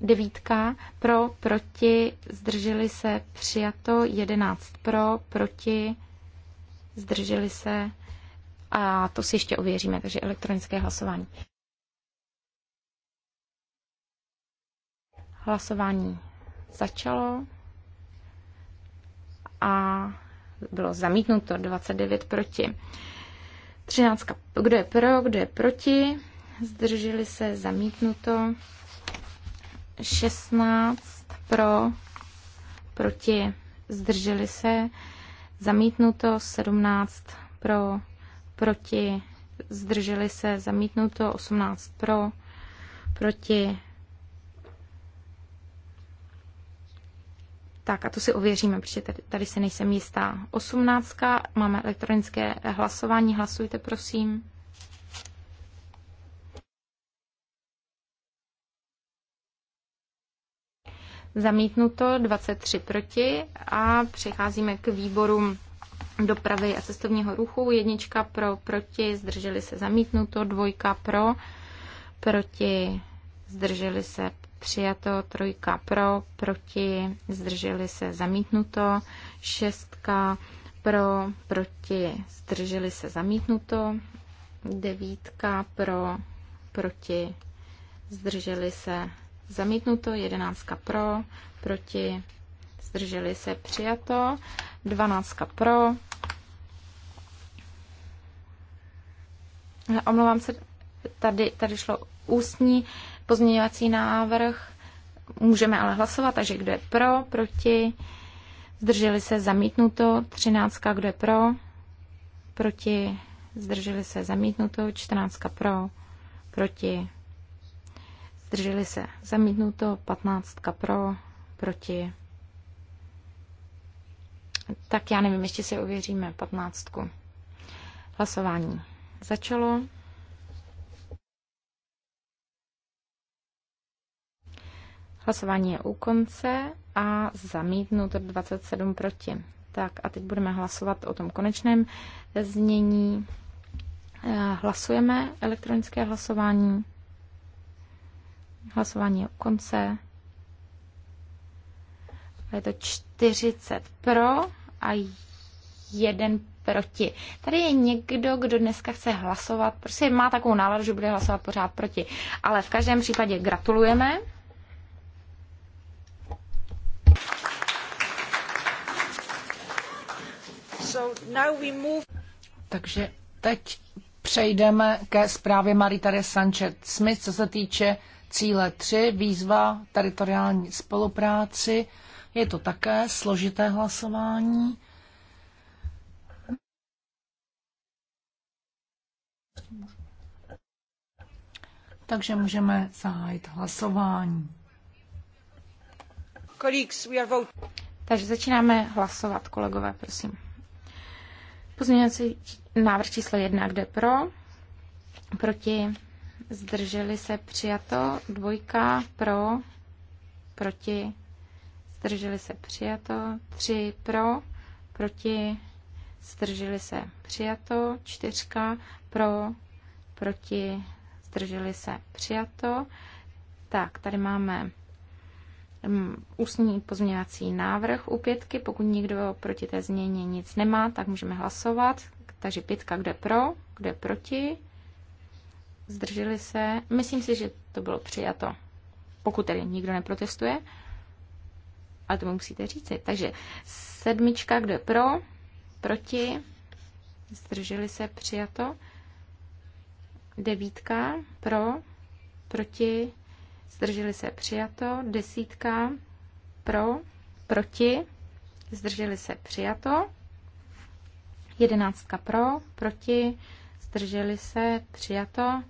Devítka pro, proti, zdrželi se, přijato. Jedenáct pro, proti, zdrželi se. A to si ještě ověříme, takže elektronické hlasování. Hlasování začalo a bylo zamítnuto 29 proti. 13. Kdo je pro, kdo je proti? Zdrželi se zamítnuto. 16 pro, proti, zdrželi se. Zamítnuto 17 pro, proti, zdrželi se. Zamítnuto 18 pro, proti, Tak a to si ověříme, protože tady, tady si nejsem jistá. Osmnáctka, máme elektronické hlasování, hlasujte prosím. Zamítnuto 23 proti a přecházíme k výborům dopravy a cestovního ruchu. Jednička pro, proti, zdrželi se zamítnuto, dvojka pro, proti, zdrželi se přijato, trojka pro, proti, zdrželi se, zamítnuto, šestka pro, proti, zdrželi se, zamítnuto, devítka pro, proti, zdrželi se, zamítnuto, jedenáctka pro, proti, zdrželi se, přijato, dvanáctka pro, omlouvám se, tady, tady šlo ústní pozměňovací návrh. Můžeme ale hlasovat, takže kdo je pro, proti, zdrželi se zamítnuto, 13, kdo je pro, proti, zdrželi se zamítnuto, 14 pro, proti, zdrželi se zamítnuto, 15 pro, proti. Tak já nevím, ještě si ověříme 15. Hlasování začalo. Hlasování je u konce a zamítnut 27 proti. Tak a teď budeme hlasovat o tom konečném znění. Eh, hlasujeme elektronické hlasování. Hlasování je u konce. je to 40 pro a jeden proti. Tady je někdo, kdo dneska chce hlasovat, prostě má takovou náladu, že bude hlasovat pořád proti. Ale v každém případě gratulujeme. Takže teď přejdeme ke zprávě Marie-Tare Sanchez-Smith, co se týče cíle 3, výzva teritoriální spolupráci. Je to také složité hlasování. Takže můžeme zahájit hlasování. Takže začínáme hlasovat, kolegové, prosím. Pozměňovací návrh číslo 1, kde pro, proti, zdrželi se přijato, dvojka pro, proti, zdrželi se přijato, tři pro, proti, zdrželi se přijato, čtyřka pro, proti, zdrželi se přijato. Tak, tady máme ústní pozměňovací návrh u pětky. Pokud nikdo proti té změně nic nemá, tak můžeme hlasovat. Takže pětka, kde pro, kde proti. Zdrželi se. Myslím si, že to bylo přijato. Pokud tedy nikdo neprotestuje. Ale to musíte říci. Takže sedmička, kde pro, proti. Zdrželi se, přijato. Devítka, pro, proti zdrželi se přijato, desítka pro, proti, zdrželi se přijato, jedenáctka pro, proti, zdrželi se přijato,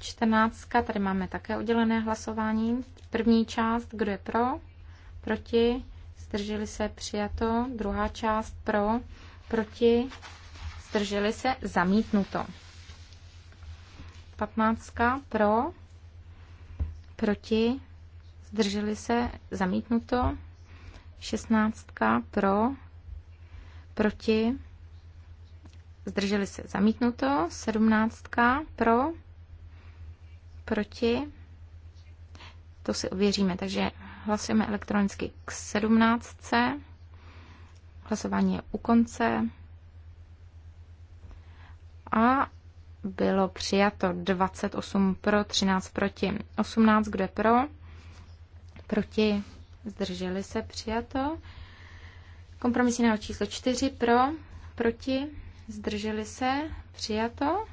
čtrnáctka, tady máme také oddělené hlasování, první část, kdo je pro, proti, zdrželi se přijato, druhá část pro, proti, zdrželi se zamítnuto. Patnáctka pro, proti, zdrželi se, zamítnuto. 16 pro, proti, zdrželi se, zamítnuto. 17 pro, proti, to si ověříme, takže hlasujeme elektronicky k 17. Hlasování je u konce. A bylo přijato 28 pro, 13 proti, 18 kde pro, proti, zdrželi se přijato. Kompromisní návrh číslo 4 pro, proti, zdrželi se přijato.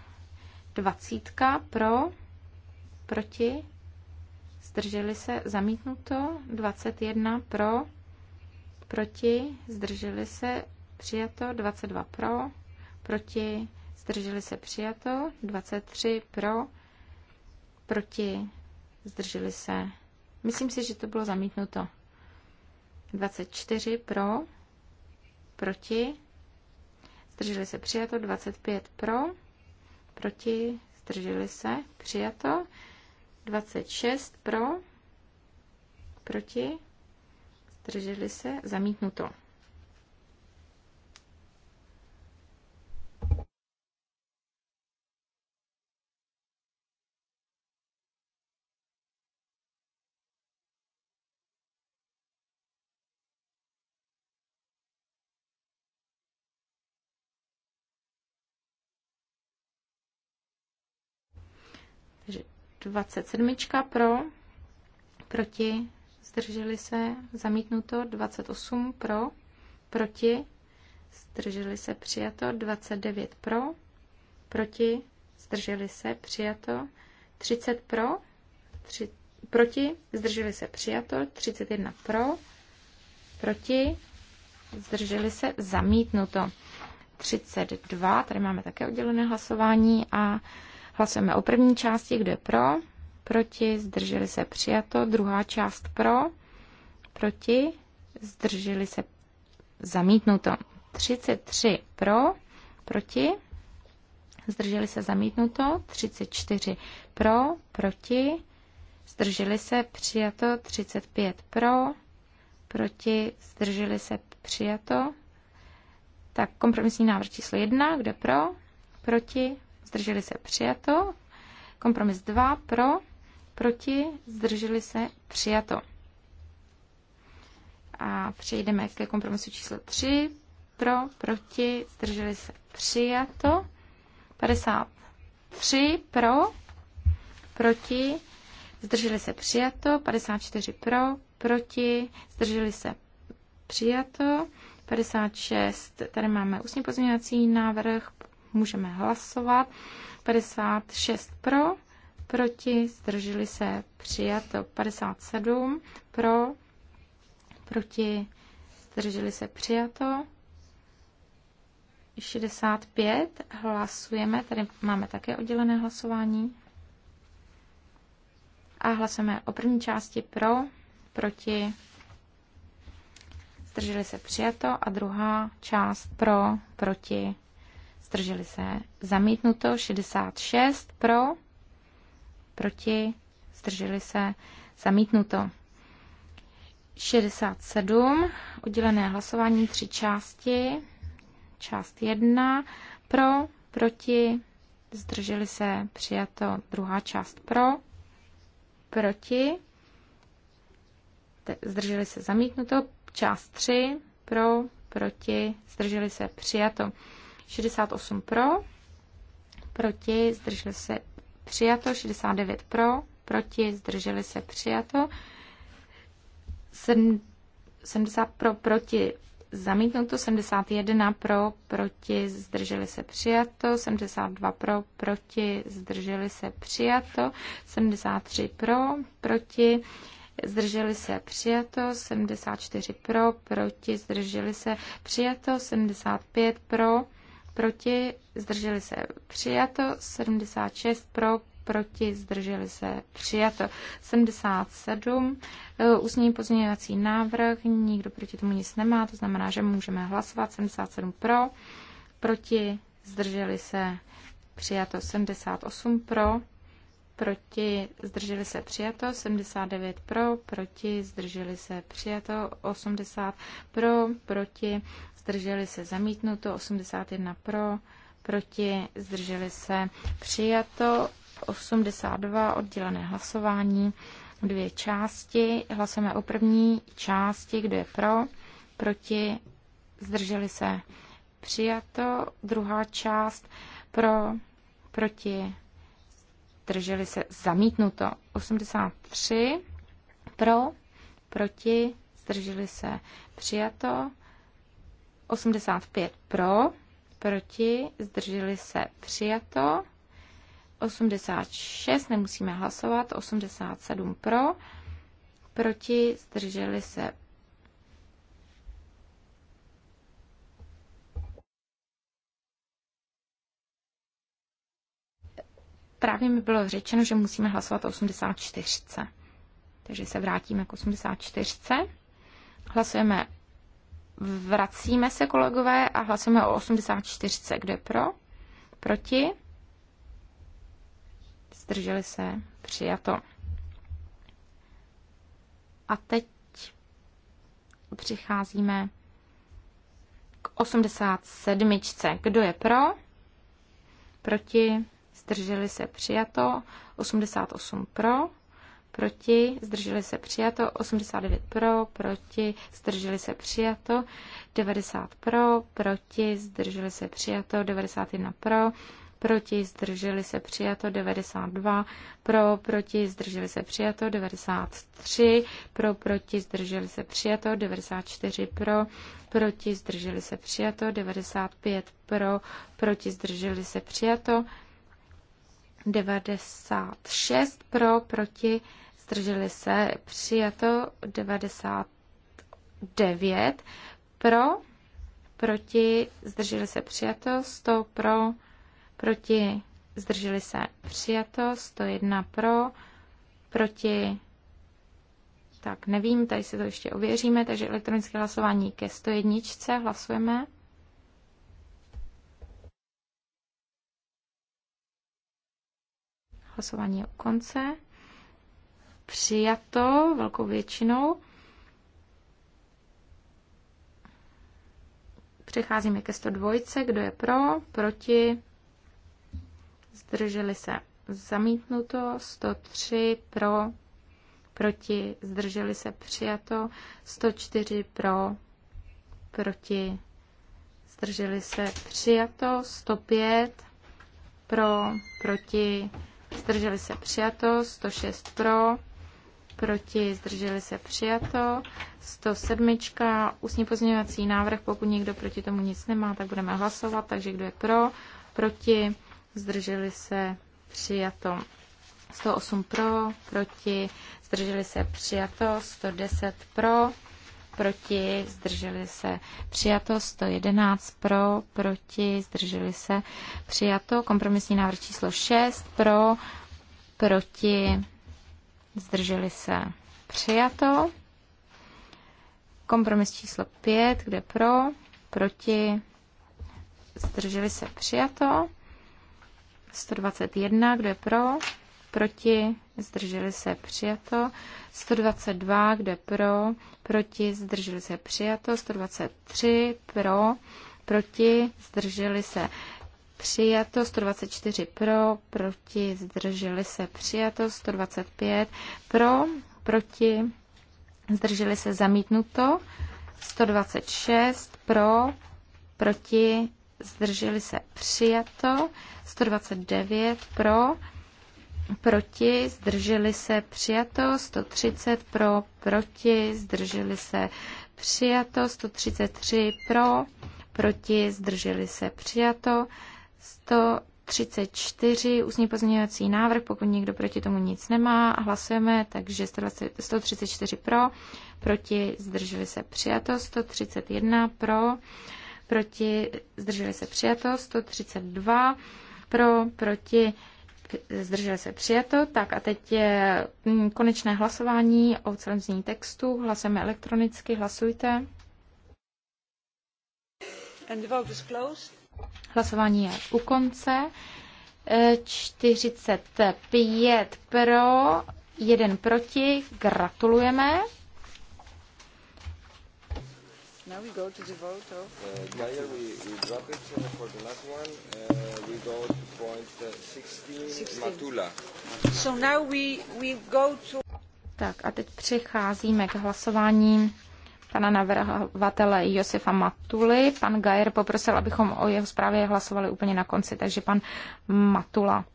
20 pro, proti, zdrželi se zamítnuto. 21 pro, proti, zdrželi se přijato. 22 pro, proti, zdrželi se přijato, 23 pro, proti, zdrželi se. Myslím si, že to bylo zamítnuto. 24 pro, proti, zdrželi se přijato, 25 pro, proti, zdrželi se, přijato, 26 pro, proti, zdrželi se, zamítnuto. 27 pro, proti, zdrželi se, zamítnuto 28 pro, proti, zdrželi se, přijato 29 pro, proti, zdrželi se, přijato 30 pro, tři, proti, zdrželi se, přijato 31 pro, proti, zdrželi se, zamítnuto 32, tady máme také oddělené hlasování a Hlasujeme o první části, kdo je pro, proti, zdrželi se přijato. Druhá část pro, proti, zdrželi se zamítnuto. 33 pro, proti, zdrželi se zamítnuto. 34 pro, proti, zdrželi se přijato. 35 pro, proti, zdrželi se přijato. Tak kompromisní návrh číslo 1, kde pro, proti, zdrželi se přijato. Kompromis 2 pro, proti, zdrželi se přijato. A přejdeme ke kompromisu číslo 3 pro, proti, zdrželi se přijato. 53 pro, proti, zdrželi se přijato. 54 pro, proti, zdrželi se přijato. 56, tady máme ústní pozměňovací návrh Můžeme hlasovat. 56 pro, proti, zdrželi se, přijato. 57 pro, proti, zdrželi se, přijato. 65 hlasujeme, tady máme také oddělené hlasování. A hlasujeme o první části pro, proti, zdrželi se přijato a druhá část pro, proti, zdrželi se, zamítnuto 66 pro, proti, zdrželi se, zamítnuto 67, oddělené hlasování tři části, část 1 pro, proti, zdrželi se, přijato druhá část pro, proti, zdrželi se zamítnuto, část 3 pro, proti, zdrželi se přijato. 68 pro, proti, zdrželi se přijato, 69 pro, proti, zdrželi se přijato, 70 pro, proti, zamítnuto, 71 pro, proti, zdrželi se přijato, 72 pro, proti, zdrželi se přijato, 73 pro, proti, zdrželi se přijato, 74 pro, proti, zdrželi se přijato, 75 pro, proti, zdrželi se přijato, 76 pro, proti, zdrželi se přijato, 77 e, ústní pozměňovací návrh, nikdo proti tomu nic nemá, to znamená, že můžeme hlasovat, 77 pro, proti, zdrželi se přijato, 78 pro, proti, zdrželi se přijato, 79 pro, proti, zdrželi se přijato, 80 pro, proti, zdrželi se zamítnuto, 81 pro, proti, zdrželi se přijato, 82 oddělené hlasování, dvě části. Hlasujeme o první části, kdo je pro, proti, zdrželi se přijato, druhá část pro, proti, zdrželi se zamítnuto, 83 pro, proti, zdrželi se přijato, 85 pro, proti, zdrželi se přijato. 86 nemusíme hlasovat, 87 pro, proti, zdrželi se Právě mi bylo řečeno, že musíme hlasovat o 84. Takže se vrátíme k 84. Hlasujeme Vracíme se, kolegové, a hlasujeme o 84. Kdo je pro? Proti? Zdrželi se? Přijato. A teď přicházíme k 87. Kdo je pro? Proti? Zdrželi se? Přijato. 88 pro? proti, zdrželi se přijato, 89 pro, proti, zdrželi se přijato, 90 pro, proti, zdrželi se přijato, 91 pro, proti, zdrželi se přijato 92, pro, proti, zdrželi se přijato 93, pro, proti, zdrželi se přijato 94, pro, proti, zdrželi se přijato 95, pro, proti, zdrželi se přijato 96, pro, proti, zdrželi se, přijato 99 pro, proti, zdrželi se, přijato 100 pro, proti, zdrželi se, přijato 101 pro, proti, tak nevím, tady se to ještě ověříme, takže elektronické hlasování ke 101 hlasujeme. Hlasování je u konce přijato velkou většinou. Přecházíme ke 102. Kdo je pro? Proti? Zdrželi se. Zamítnuto. 103 pro. Proti? Zdrželi se. Přijato. 104 pro. Proti? Zdrželi se. Přijato. 105 pro. Proti? Zdrželi se. Přijato. 106 pro proti, zdrželi se přijato. 107. Ústní pozměňovací návrh, pokud někdo proti tomu nic nemá, tak budeme hlasovat. Takže kdo je pro, proti, zdrželi se přijato. 108 pro, proti, zdrželi se přijato. 110 pro, proti, zdrželi se přijato. 111 pro, proti, zdrželi se přijato. Kompromisní návrh číslo 6 pro, proti, zdrželi se přijato. Kompromis číslo 5, kde pro, proti, zdrželi se přijato. 121, kdo je pro, proti, zdrželi se přijato. 122, kdo je pro, proti, zdrželi se přijato. 123, pro, proti, zdrželi se přijato, 124 pro, proti, zdrželi se, přijato, 125 pro, proti, zdrželi se, zamítnuto, 126 pro, proti, zdrželi se, přijato, 129 pro, proti, zdrželi se, přijato, 130 pro, proti, zdrželi se, přijato, 133 pro, proti, zdrželi se, přijato, 134, ústní pozměňovací návrh, pokud někdo proti tomu nic nemá a hlasujeme, takže 134 pro, proti zdrželi se přijato, 131 pro, proti zdrželi se přijato, 132 pro, proti zdrželi se přijato. Tak a teď je mm, konečné hlasování o celém znění textu. Hlasujeme elektronicky, hlasujte. And the vote is closed. Hlasování je u konce. 45 e, pro, 1 proti. Gratulujeme. Tak a teď přecházíme k hlasování pana navrhovatele Josefa Matuly. Pan Gajer poprosil, abychom o jeho zprávě hlasovali úplně na konci, takže pan Matula.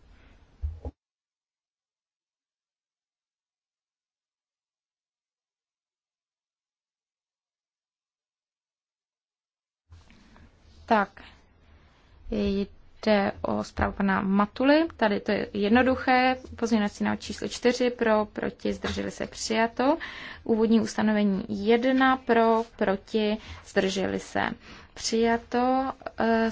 Tak, jde o zprávu pana Matuly. Tady to je jednoduché. Pozměňovací návrh číslo 4 pro, proti, zdrželi se přijato. Úvodní ustanovení 1 pro, proti, zdrželi se přijato. Eh,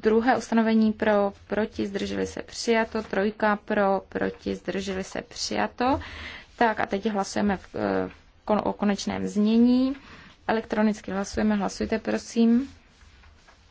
druhé ustanovení pro, proti, zdrželi se přijato. Trojka pro, proti, zdrželi se přijato. Tak a teď hlasujeme v, eh, o konečném znění. Elektronicky hlasujeme. Hlasujte, prosím.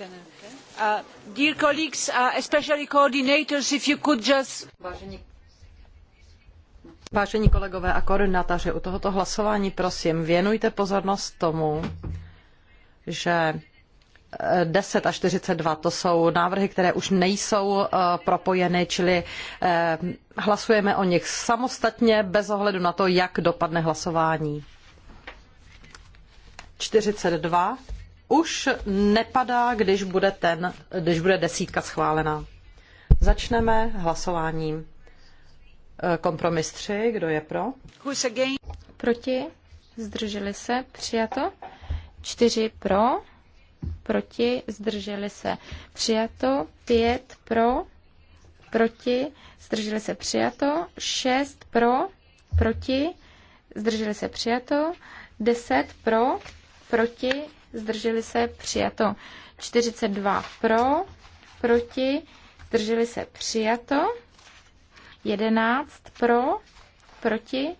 Uh, uh, especially Vážení, kolegové a koordinátoři, u tohoto hlasování prosím věnujte pozornost tomu, že 10 eh, a 42, to jsou návrhy, které už nejsou eh, propojeny, čili eh, hlasujeme o nich samostatně, bez ohledu na to, jak dopadne hlasování. 42 už nepadá, když bude, ten, když bude desítka schválená. Začneme hlasováním. Eh, kompromis 3, kdo je pro? Proti, zdrželi se, přijato. 4 pro, proti, zdrželi se, přijato. 5 pro, proti, zdrželi se, přijato. 6 pro, proti, zdrželi se, přijato. 10 pro, proti, zdrželi se, přijato. 42 pro, proti, zdrželi se, přijato. 11 pro, proti,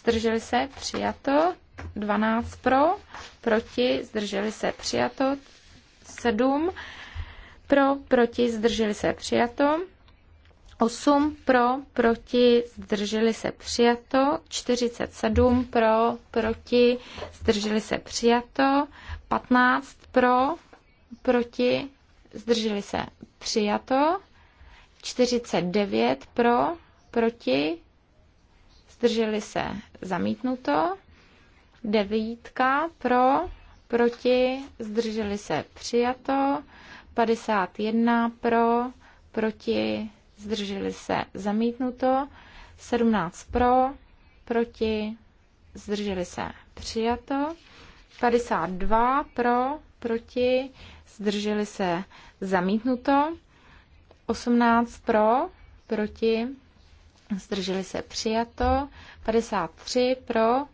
zdrželi se, přijato. 12 pro, proti, zdrželi se, přijato. 7 pro, proti, zdrželi se, přijato. 8 pro, proti, zdrželi se přijato, 47 pro, proti, zdrželi se přijato, 15 pro, proti, zdrželi se přijato. 49 pro, proti, zdrželi se zamítnuto. 9 pro, proti, zdrželi se přijato. 51 pro, proti, zdrželi se zamítnuto. 17 pro, proti, zdrželi se přijato. 52 pro, proti, zdrželi se zamítnuto. 18 pro, proti, zdrželi se přijato. 53 pro,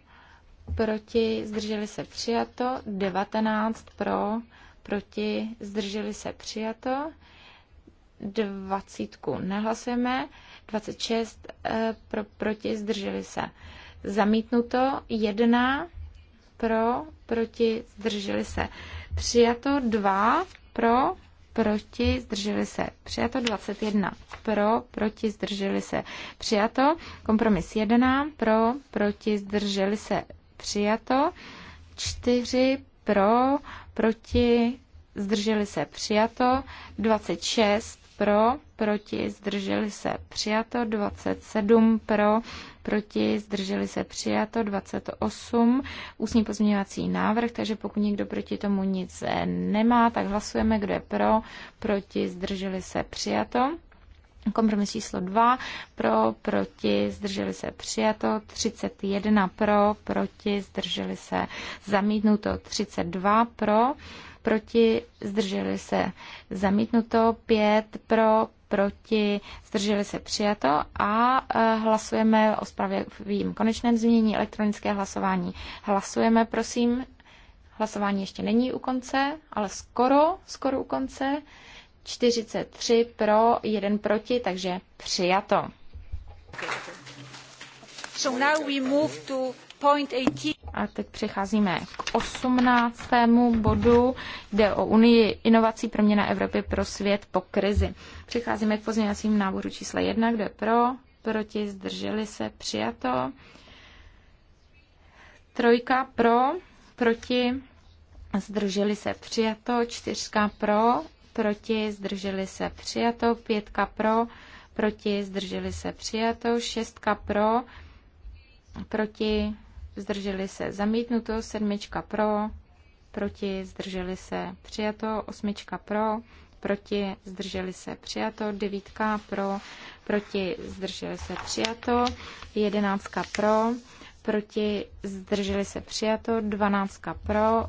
proti, zdrželi se přijato. 19 pro, proti, zdrželi se přijato. 20 nehlasujeme. 26 eh, pro, proti, zdrželi se zamítnuto. 1 pro, proti, zdrželi se. Přijato 2 pro, proti, zdrželi se. Přijato 21 pro, proti, zdrželi se. Přijato kompromis 1 pro, proti, zdrželi se. Přijato 4 pro, proti, zdrželi se. Přijato 26 pro, proti, zdrželi se. Přijato 27 pro, proti, zdrželi se přijato 28, ústní pozměňovací návrh, takže pokud někdo proti tomu nic eh, nemá, tak hlasujeme, kdo je pro, proti, zdrželi se přijato. Kompromis číslo 2 pro, proti, zdrželi se přijato, 31 pro, proti, zdrželi se zamítnuto, 32 pro, proti, zdrželi se zamítnuto, 5 pro, proti, zdrželi se přijato a e, hlasujeme o zprávě v jejím konečném změní elektronické hlasování. Hlasujeme, prosím. Hlasování ještě není u konce, ale skoro, skoro u konce. 43 pro, 1 proti, takže přijato. So now we move to point 18. A teď přecházíme k osmnáctému bodu. Jde o Unii inovací pro mě na Evropě pro svět po krizi. Přecházíme k pozměňovacím návrhu čísla 1. Kdo je pro? Proti? Zdrželi se? Přijato. Trojka pro? Proti? Zdrželi se? Přijato. Čtyřka pro? Proti? Zdrželi se? Přijato. Pětka pro? Proti? Zdrželi se? Přijato. Šestka pro? Proti? zdrželi se zamítnuto, sedmička pro, proti, zdrželi se přijato, osmička pro, proti, zdrželi se přijato, devítka pro, proti, zdrželi se přijato, jedenáctka pro, proti, zdrželi se přijato, dvanáctka pro,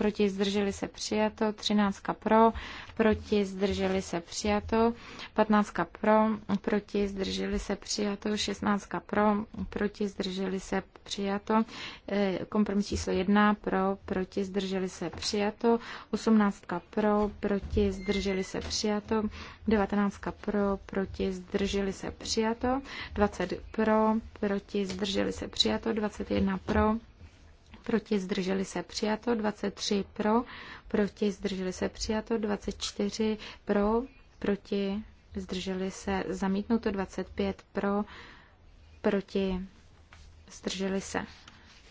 proti zdrželi se přijato, 13 pro, proti zdrželi se přijato, 15 pro, proti zdrželi se přijato, 16 pro, proti zdrželi se přijato, e, kompromis číslo 1 pro, proti zdrželi se přijato, 18 pro, proti zdrželi se přijato, 19 pro, proti zdrželi se přijato, 20 pro, proti zdrželi se přijato, 21 pro, proti zdrželi se přijato, 23 pro, proti zdrželi se přijato, 24 pro, proti zdrželi se zamítnuto, 25 pro, proti zdrželi se.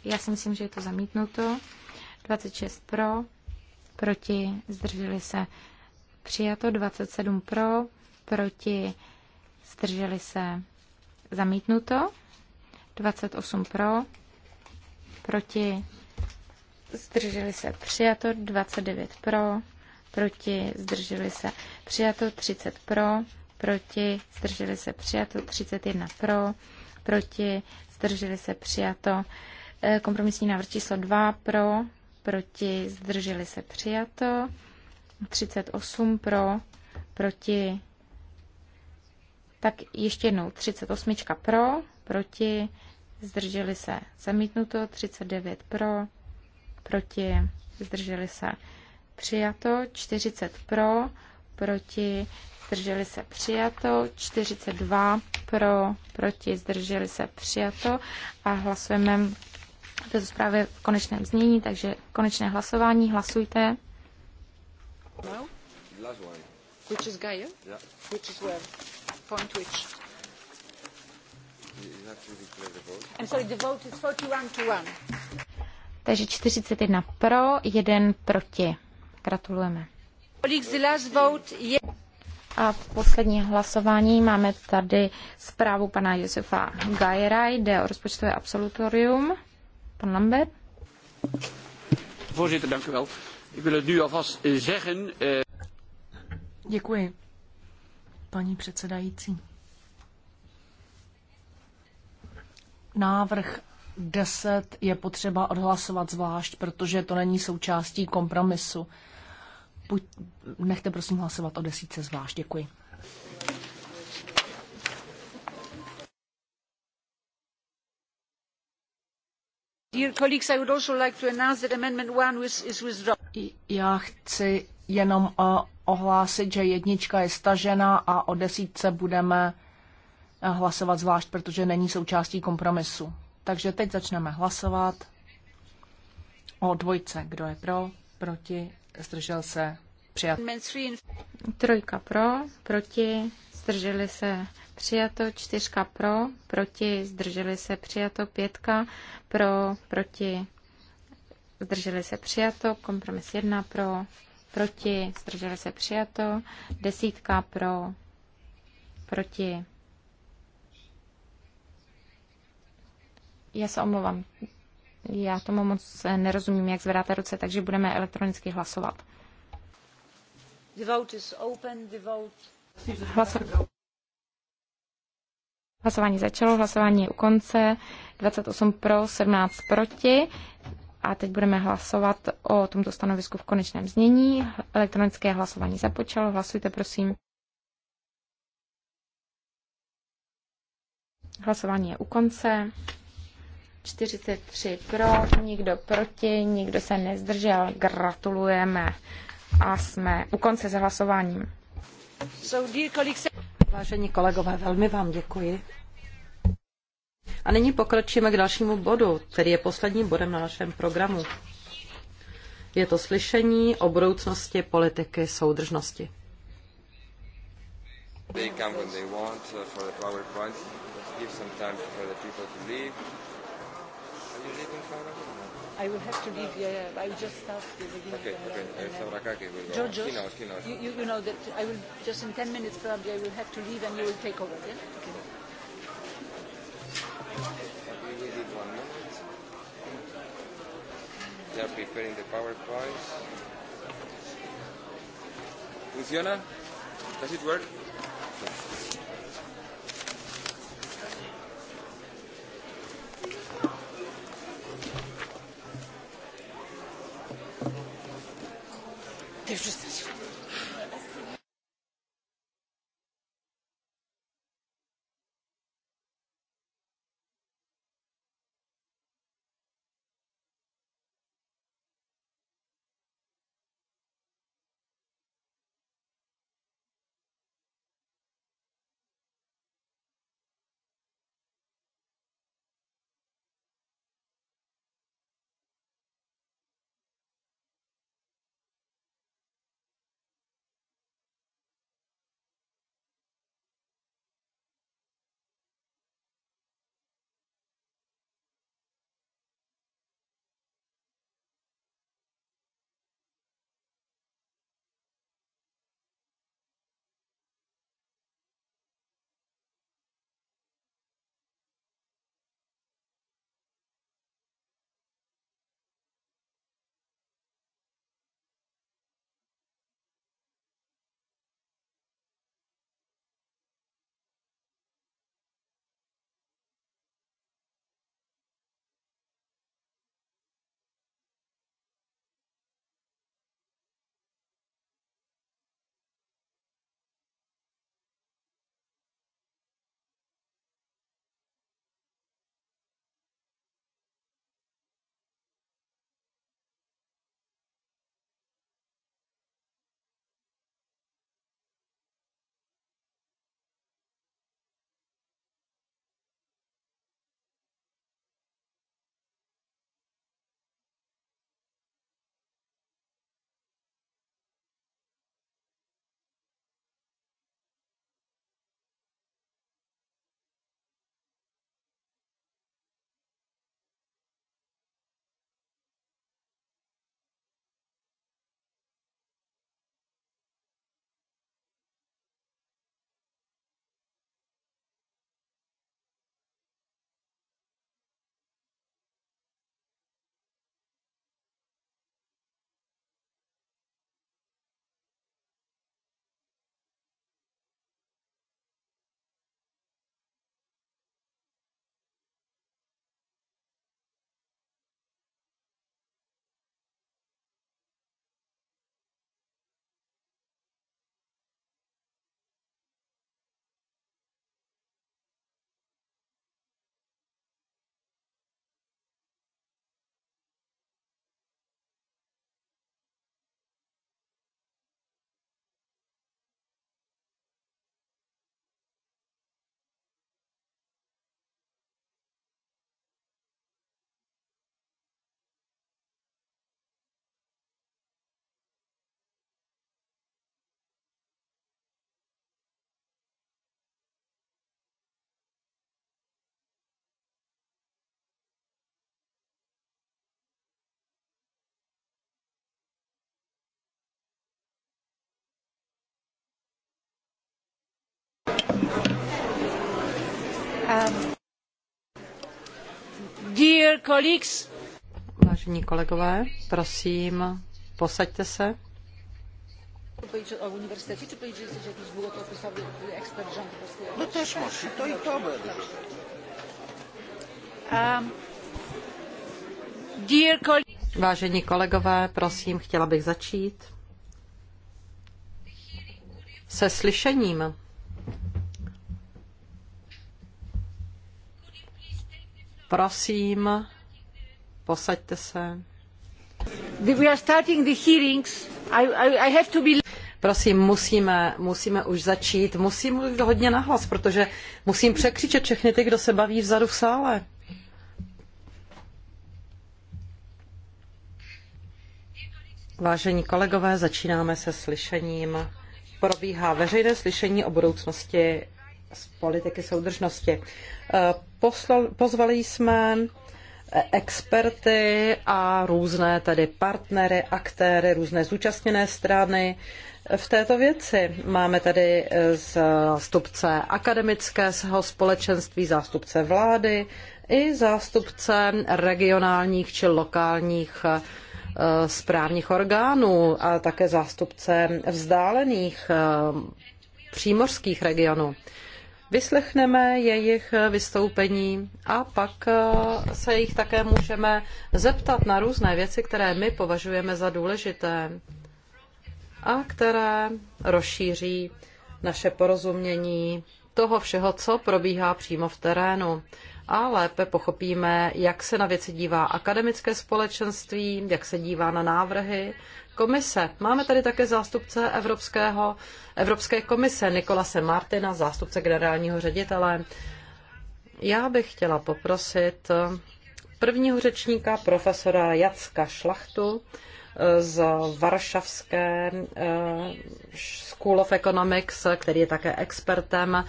Já si myslím, že je to zamítnuto. 26 pro, proti zdrželi se přijato, 27 pro, proti zdrželi se zamítnuto, 28 pro, proti, zdrželi se přijato 29 pro, proti, zdrželi se přijato 30 pro, proti, zdrželi se přijato 31 pro, proti, zdrželi se přijato eh, kompromisní návrh číslo 2 pro, proti, zdrželi se přijato 38 pro, proti, tak ještě jednou 38 pro, proti, zdrželi se zamítnuto, 39 pro, proti, zdrželi se přijato, 40 pro, proti, zdrželi se přijato, 42 pro, proti, zdrželi se přijato a hlasujeme je zprávě v konečném znění, takže konečné hlasování, hlasujte. Which is Gaia? Yeah. Which is where? Point which? Takže 41 pro, 1 proti. Gratulujeme. A v poslední hlasování máme tady zprávu pana Josefa Gajera. Jde o rozpočtové absolutorium. Pan Lambert. Voorzitter, dank u wel. Ik wil het nu alvast eh, zeggen. Eh, Děkuji, paní předsedající. návrh 10 je potřeba odhlasovat zvlášť, protože to není součástí kompromisu. Buď, nechte prosím hlasovat o desíce zvlášť. Děkuji. Já chci jenom eh, ohlásit, že jednička je stažena a o desítce budeme hlasovat zvlášť, protože není součástí kompromisu. Takže teď začneme hlasovat o dvojce. Kdo je pro, proti, zdržel se, přijat. Trojka pro, proti, zdrželi se, přijato. Čtyřka pro, proti, zdrželi se, přijato. Pětka pro, proti, zdrželi se, přijato. Kompromis jedna pro, proti, zdrželi se, přijato. Desítka pro, proti, Já se omlouvám. Já tomu moc nerozumím, jak zvedáte ruce, takže budeme elektronicky hlasovat. The vote is open, the vote... Hlasování začalo, hlasování je u konce. 28 pro, 17 proti. A teď budeme hlasovat o tomto stanovisku v konečném znění. Elektronické hlasování započalo. Hlasujte, prosím. Hlasování je u konce. 43 pro, nikdo proti, nikdo se nezdržel. Gratulujeme a jsme u konce s hlasováním. Vážení kolegové, velmi vám děkuji. A nyní pokročíme k dalšímu bodu, který je posledním bodem na našem programu. Je to slyšení o budoucnosti politiky soudržnosti. They come when they want uh, for the PowerPoint. give some time for the people to leave. I will have to leave. Yeah, yeah. I will just start the beginning. Okay, okay. Uh, will go. Georgios, he knows, he knows. You, you, you know that I will just in ten minutes probably I will have to leave and you will take over. Yeah. Okay. Okay, They are preparing the power PowerPoints. Funciona? Does it work? ty Um, Vážení kolegové, prosím, posaďte se. No też to i to um, Vážení kolegové, prosím, chtěla bych začít se slyšením. Prosím, posaďte se. We are starting the hearings. I, I, I have to be... Prosím, musíme, musíme už začít. Musím mluvit hodně nahlas, protože musím překřičet všechny ty, kdo se baví vzadu v sále. Vážení kolegové, začínáme se slyšením. Probíhá veřejné slyšení o budoucnosti z politiky soudržnosti. Eh, poslal, pozvali jsme experty a různé tedy partnery, aktéry, různé zúčastněné strany v této věci. Máme tady eh, zástupce akademického společenství, zástupce vlády i zástupce regionálních či lokálních eh, správních orgánů a také zástupce vzdálených přímořských regionů. Vyslechneme jejich vystoupení a pak eh, se jich také můžeme zeptat na různé věci, které my považujeme za důležité a které rozšíří naše porozumění toho všeho, co probíhá přímo v terénu a lépe pochopíme, jak se na věci dívá akademické společenství, jak se dívá na návrhy komise. Máme tady také zástupce Evropského, Evropské komise Nikolase Martina, zástupce generálního ředitele. Já bych chtěla poprosit prvního řečníka, profesora Jacka Šlachtu, z Varšavské eh, School of Economics, který je také expertem eh,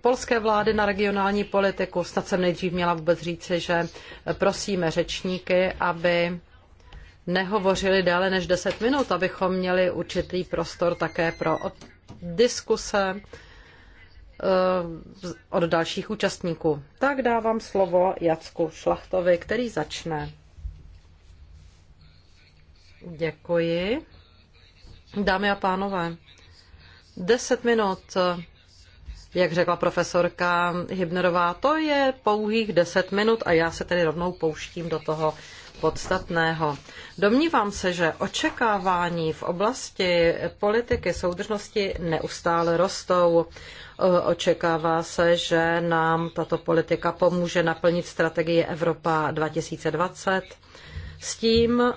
polské vlády na regionální politiku. Snad jsem nejdřív měla vůbec říci, že prosíme řečníky, aby nehovořili déle než 10 minut, abychom měli určitý prostor také pro diskuse eh, od dalších účastníků. Tak dávám slovo Jacku Šlachtovi, který začne. Děkuji. Dámy a pánové, deset minut, jak řekla profesorka Hybnerová, to je pouhých deset minut a já se tedy rovnou pouštím do toho podstatného. Domnívám se, že očekávání v oblasti politiky soudržnosti neustále rostou. Očekává se, že nám tato politika pomůže naplnit strategii Evropa 2020 s tím,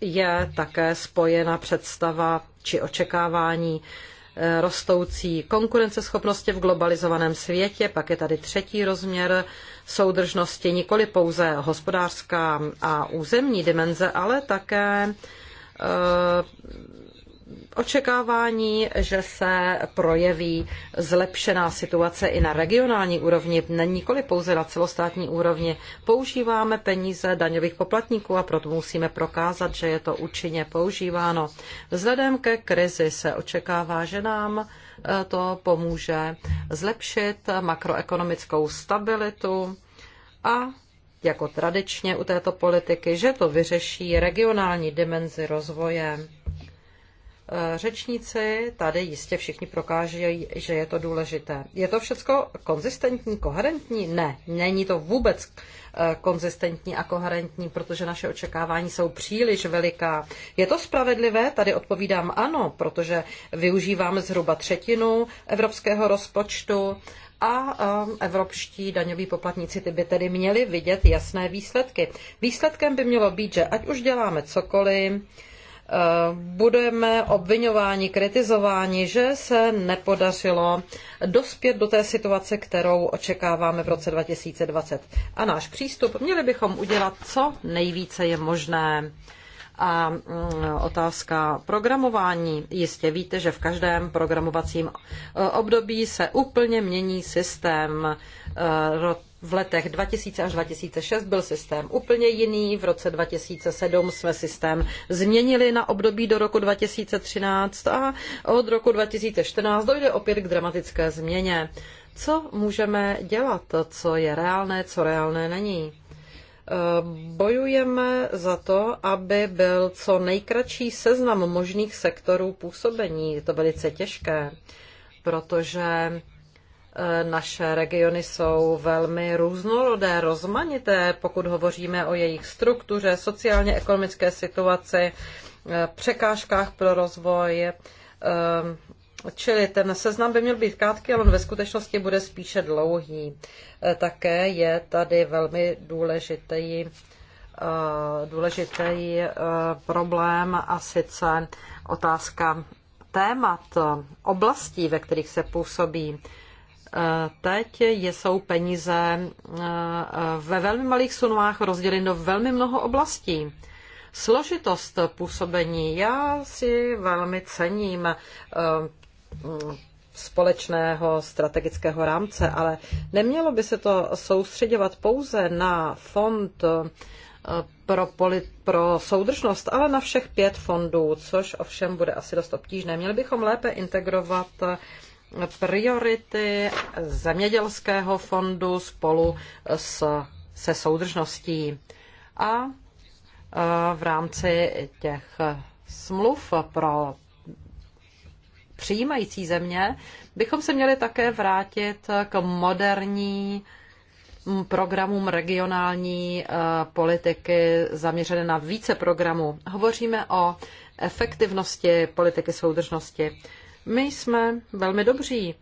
je také spojena představa či očekávání e, rostoucí konkurenceschopnosti v globalizovaném světě, pak je tady třetí rozměr soudržnosti, nikoli pouze hospodářská a územní dimenze, ale také e, očekávání, že se projeví zlepšená situace i na regionální úrovni, nikoli pouze na celostátní úrovni. Používáme peníze daňových poplatníků a proto musíme prokázat, že je to účinně používáno. Vzhledem ke krizi se očekává, že nám eh, to pomůže zlepšit makroekonomickou stabilitu a jako tradičně u této politiky, že to vyřeší regionální dimenzi rozvoje Eh, řečníci tady jistě všichni prokážejí, že je to důležité. Je to všecko konzistentní, koherentní? Ne, není to vůbec eh, konzistentní a koherentní, protože naše očekávání jsou příliš veliká. Je to spravedlivé? Tady odpovídám ano, protože využíváme zhruba třetinu evropského rozpočtu a eh, evropští daňoví poplatníci ty by tedy měli vidět jasné výsledky. Výsledkem by mělo být, že ať už děláme cokoliv, budeme obvinováni, kritizováni, že se nepodařilo dospět do té situace, kterou očekáváme v roce 2020. A náš přístup měli bychom udělat, co nejvíce je možné. A mm, otázka programování. Jistě víte, že v každém programovacím e, období se úplně mění systém. E, v letech 2000 až 2006 byl systém úplně jiný, v roce 2007 jsme systém změnili na období do roku 2013 a od roku 2014 dojde opět k dramatické změně. Co můžeme dělat, co je reálné, co reálné není? Eh, bojujeme za to, aby byl co nejkratší seznam možných sektorů působení. Je to velice těžké, protože Eh, naše regiony jsou velmi různorodé, rozmanité, pokud hovoříme o jejich struktuře, sociálně-ekonomické situaci, eh, překážkách pro rozvoj. Eh, čili ten seznam by měl být krátký, ale on ve skutečnosti bude spíše dlouhý. Také je tady velmi důležitý, důležitý problém a sice otázka témat, oblastí, ve kterých se působí. E, teď jsou peníze e, ve velmi malých sumách rozděleny do velmi mnoho oblastí. Složitost působení. Já si velmi cením e, společného strategického rámce, ale nemělo by se to soustředovat pouze na fond pro, polit, pro soudržnost, ale na všech pět fondů, což ovšem bude asi dost obtížné. Měli bychom lépe integrovat priority zemědělského fondu spolu s, se soudržností. A e, v rámci těch smluv pro přijímající země bychom se měli také vrátit k moderní programům regionální e, politiky zaměřené na více programů. Hovoříme o efektivnosti politiky soudržnosti. My jsme velmi dobří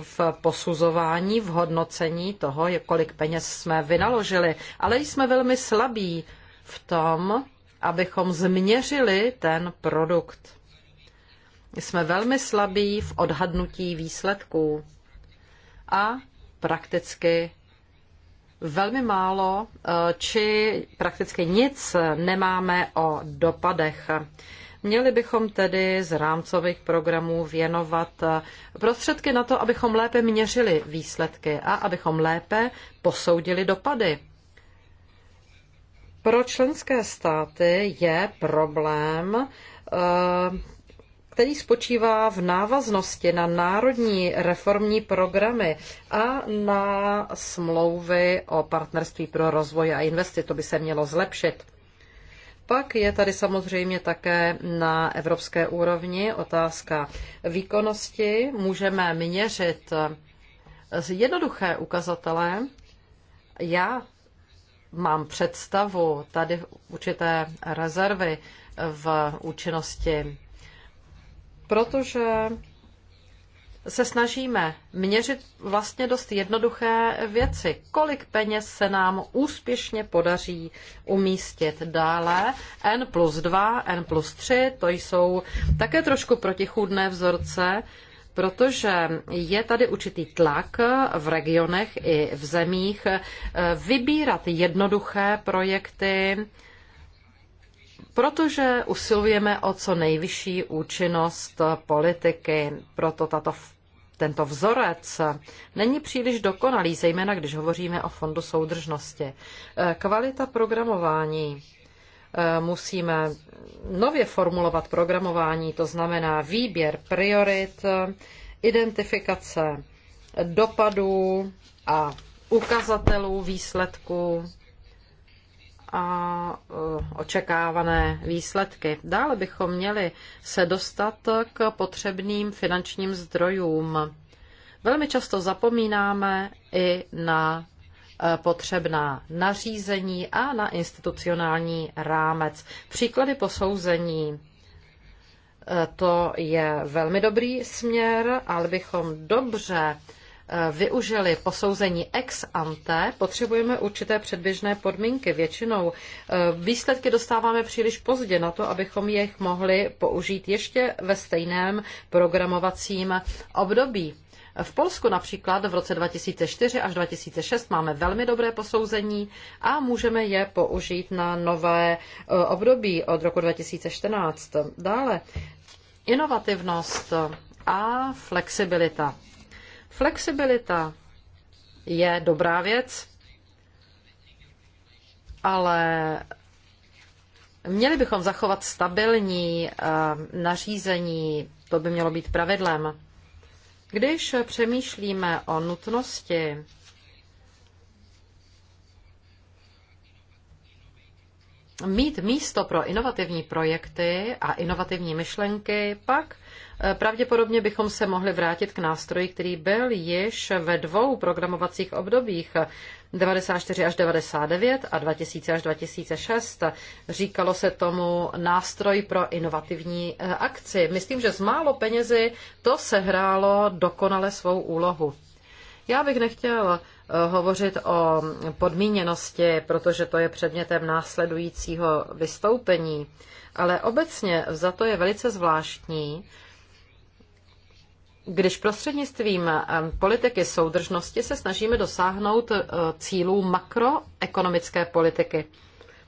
v posuzování, v hodnocení toho, kolik peněz jsme vynaložili, ale jsme velmi slabí v tom, abychom změřili ten produkt. Jsme velmi slabí v odhadnutí výsledků a prakticky velmi málo, eh, či prakticky nic nemáme o dopadech. Měli bychom tedy z rámcových programů věnovat eh, prostředky na to, abychom lépe měřili výsledky a abychom lépe posoudili dopady. Pro členské státy je problém eh, který spočívá v návaznosti na národní reformní programy a na smlouvy o partnerství pro rozvoj a investice. To by se mělo zlepšit pak je tady samozřejmě také na evropské úrovni otázka výkonnosti. Můžeme měřit jednoduché ukazatele. Já mám představu tady určité rezervy v účinnosti, protože se snažíme měřit vlastně dost jednoduché věci. Kolik peněz se nám úspěšně podaří umístit dále? N plus 2, N plus 3, to jsou také trošku protichůdné vzorce, protože je tady určitý tlak v regionech i v zemích eh, vybírat jednoduché projekty, Protože usilujeme o co nejvyšší účinnost politiky, proto tato, tento vzorec není příliš dokonalý, zejména když hovoříme o fondu soudržnosti. E, kvalita programování e, musíme nově formulovat programování, to znamená výběr priorit, identifikace dopadů a ukazatelů výsledků a eh, očekávané výsledky. Dále bychom měli se dostat k potřebným finančním zdrojům. Velmi často zapomínáme i na eh, potřebná nařízení a na institucionální rámec. Příklady posouzení. Eh, to je velmi dobrý směr, ale bychom dobře využili posouzení ex ante, potřebujeme určité předběžné podmínky. Většinou eh, výsledky dostáváme příliš pozdě na to, abychom jich mohli použít ještě ve stejném programovacím období. V Polsku například v roce 2004 až 2006 máme velmi dobré posouzení a můžeme je použít na nové eh, období od roku 2014. Dále inovativnost a flexibilita. Flexibilita je dobrá věc, ale měli bychom zachovat stabilní eh, nařízení, to by mělo být pravidlem. Když přemýšlíme o nutnosti mít místo pro inovativní projekty a inovativní myšlenky, pak Pravděpodobně bychom se mohli vrátit k nástroji, který byl již ve dvou programovacích obdobích 94 až 99 a 2000 až 2006. Říkalo se tomu nástroj pro inovativní eh, akci. Myslím, že s málo penězi to sehrálo dokonale svou úlohu. Já bych nechtěl eh, hovořit o podmíněnosti, protože to je předmětem následujícího vystoupení, ale obecně za to je velice zvláštní, když prostřednictvím politiky soudržnosti se snažíme dosáhnout e, cílů makroekonomické politiky,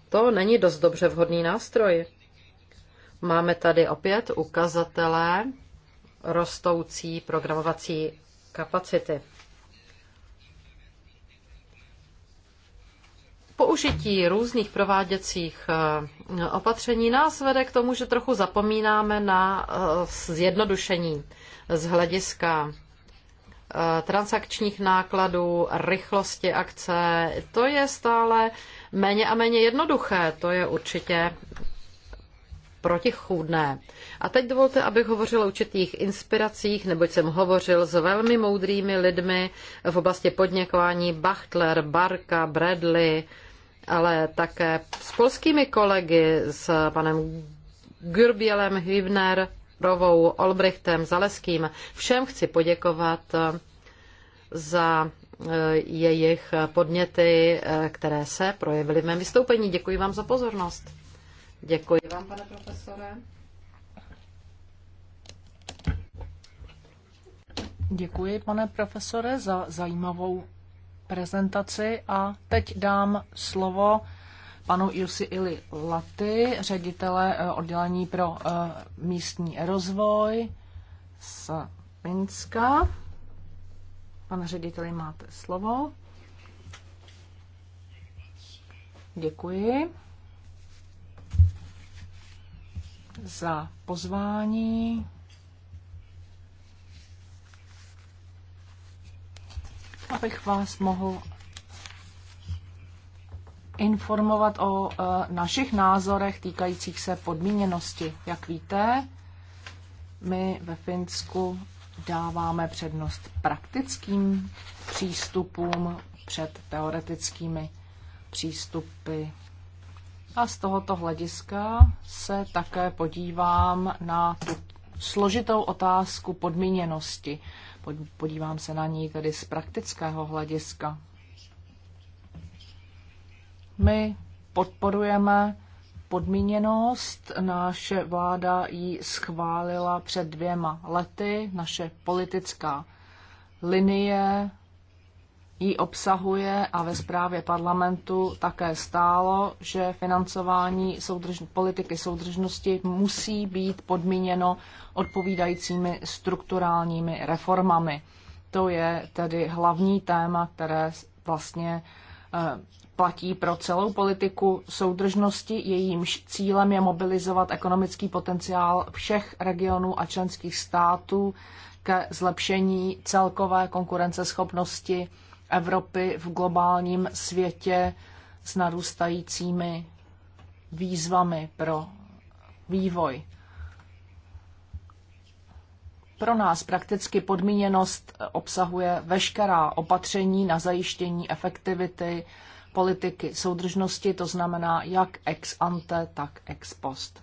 to není dost dobře vhodný nástroj. Máme tady opět ukazatele rostoucí programovací kapacity. Použití různých prováděcích e, opatření nás vede k tomu, že trochu zapomínáme na e, zjednodušení z hlediska eh, transakčních nákladů, rychlosti akce, to je stále méně a méně jednoduché. To je určitě protichůdné. A teď dovolte, abych hovořil o určitých inspiracích, neboť jsem hovořil s velmi moudrými lidmi v oblasti podnikování Bachtler, Barka, Bradley, ale také s polskými kolegy, s panem Gürbielem Hübner, Rovou, Olbrichtem, Zaleským. Všem chci poděkovat eh, za eh, jejich podněty, eh, které se projevily v mém vystoupení. Děkuji vám za pozornost. Děkuji vám, pane profesore. Děkuji, pane profesore, za zajímavou prezentaci a teď dám slovo panu Jusi Ili Laty, ředitele eh, oddělení pro eh, místní rozvoj z Minska. Pane řediteli, máte slovo. Děkuji za pozvání. Abych vás mohl informovat o e, našich názorech týkajících se podmíněnosti. Jak víte, my ve Finsku dáváme přednost praktickým přístupům před teoretickými přístupy. A z tohoto hlediska se také podívám na tu složitou otázku podmíněnosti. Podívám se na ní tedy z praktického hlediska. My podporujeme podmíněnost. Naše vláda ji schválila před dvěma lety. Naše politická linie ji obsahuje a ve zprávě parlamentu také stálo, že financování soudrž- politiky soudržnosti musí být podmíněno odpovídajícími strukturálními reformami. To je tedy hlavní téma, které vlastně eh, platí pro celou politiku soudržnosti, jejímž cílem je mobilizovat ekonomický potenciál všech regionů a členských států ke zlepšení celkové konkurenceschopnosti Evropy v globálním světě s narůstajícími výzvami pro vývoj. Pro nás prakticky podmíněnost obsahuje veškerá opatření na zajištění efektivity politiky soudržnosti, to znamená jak ex ante, tak ex post.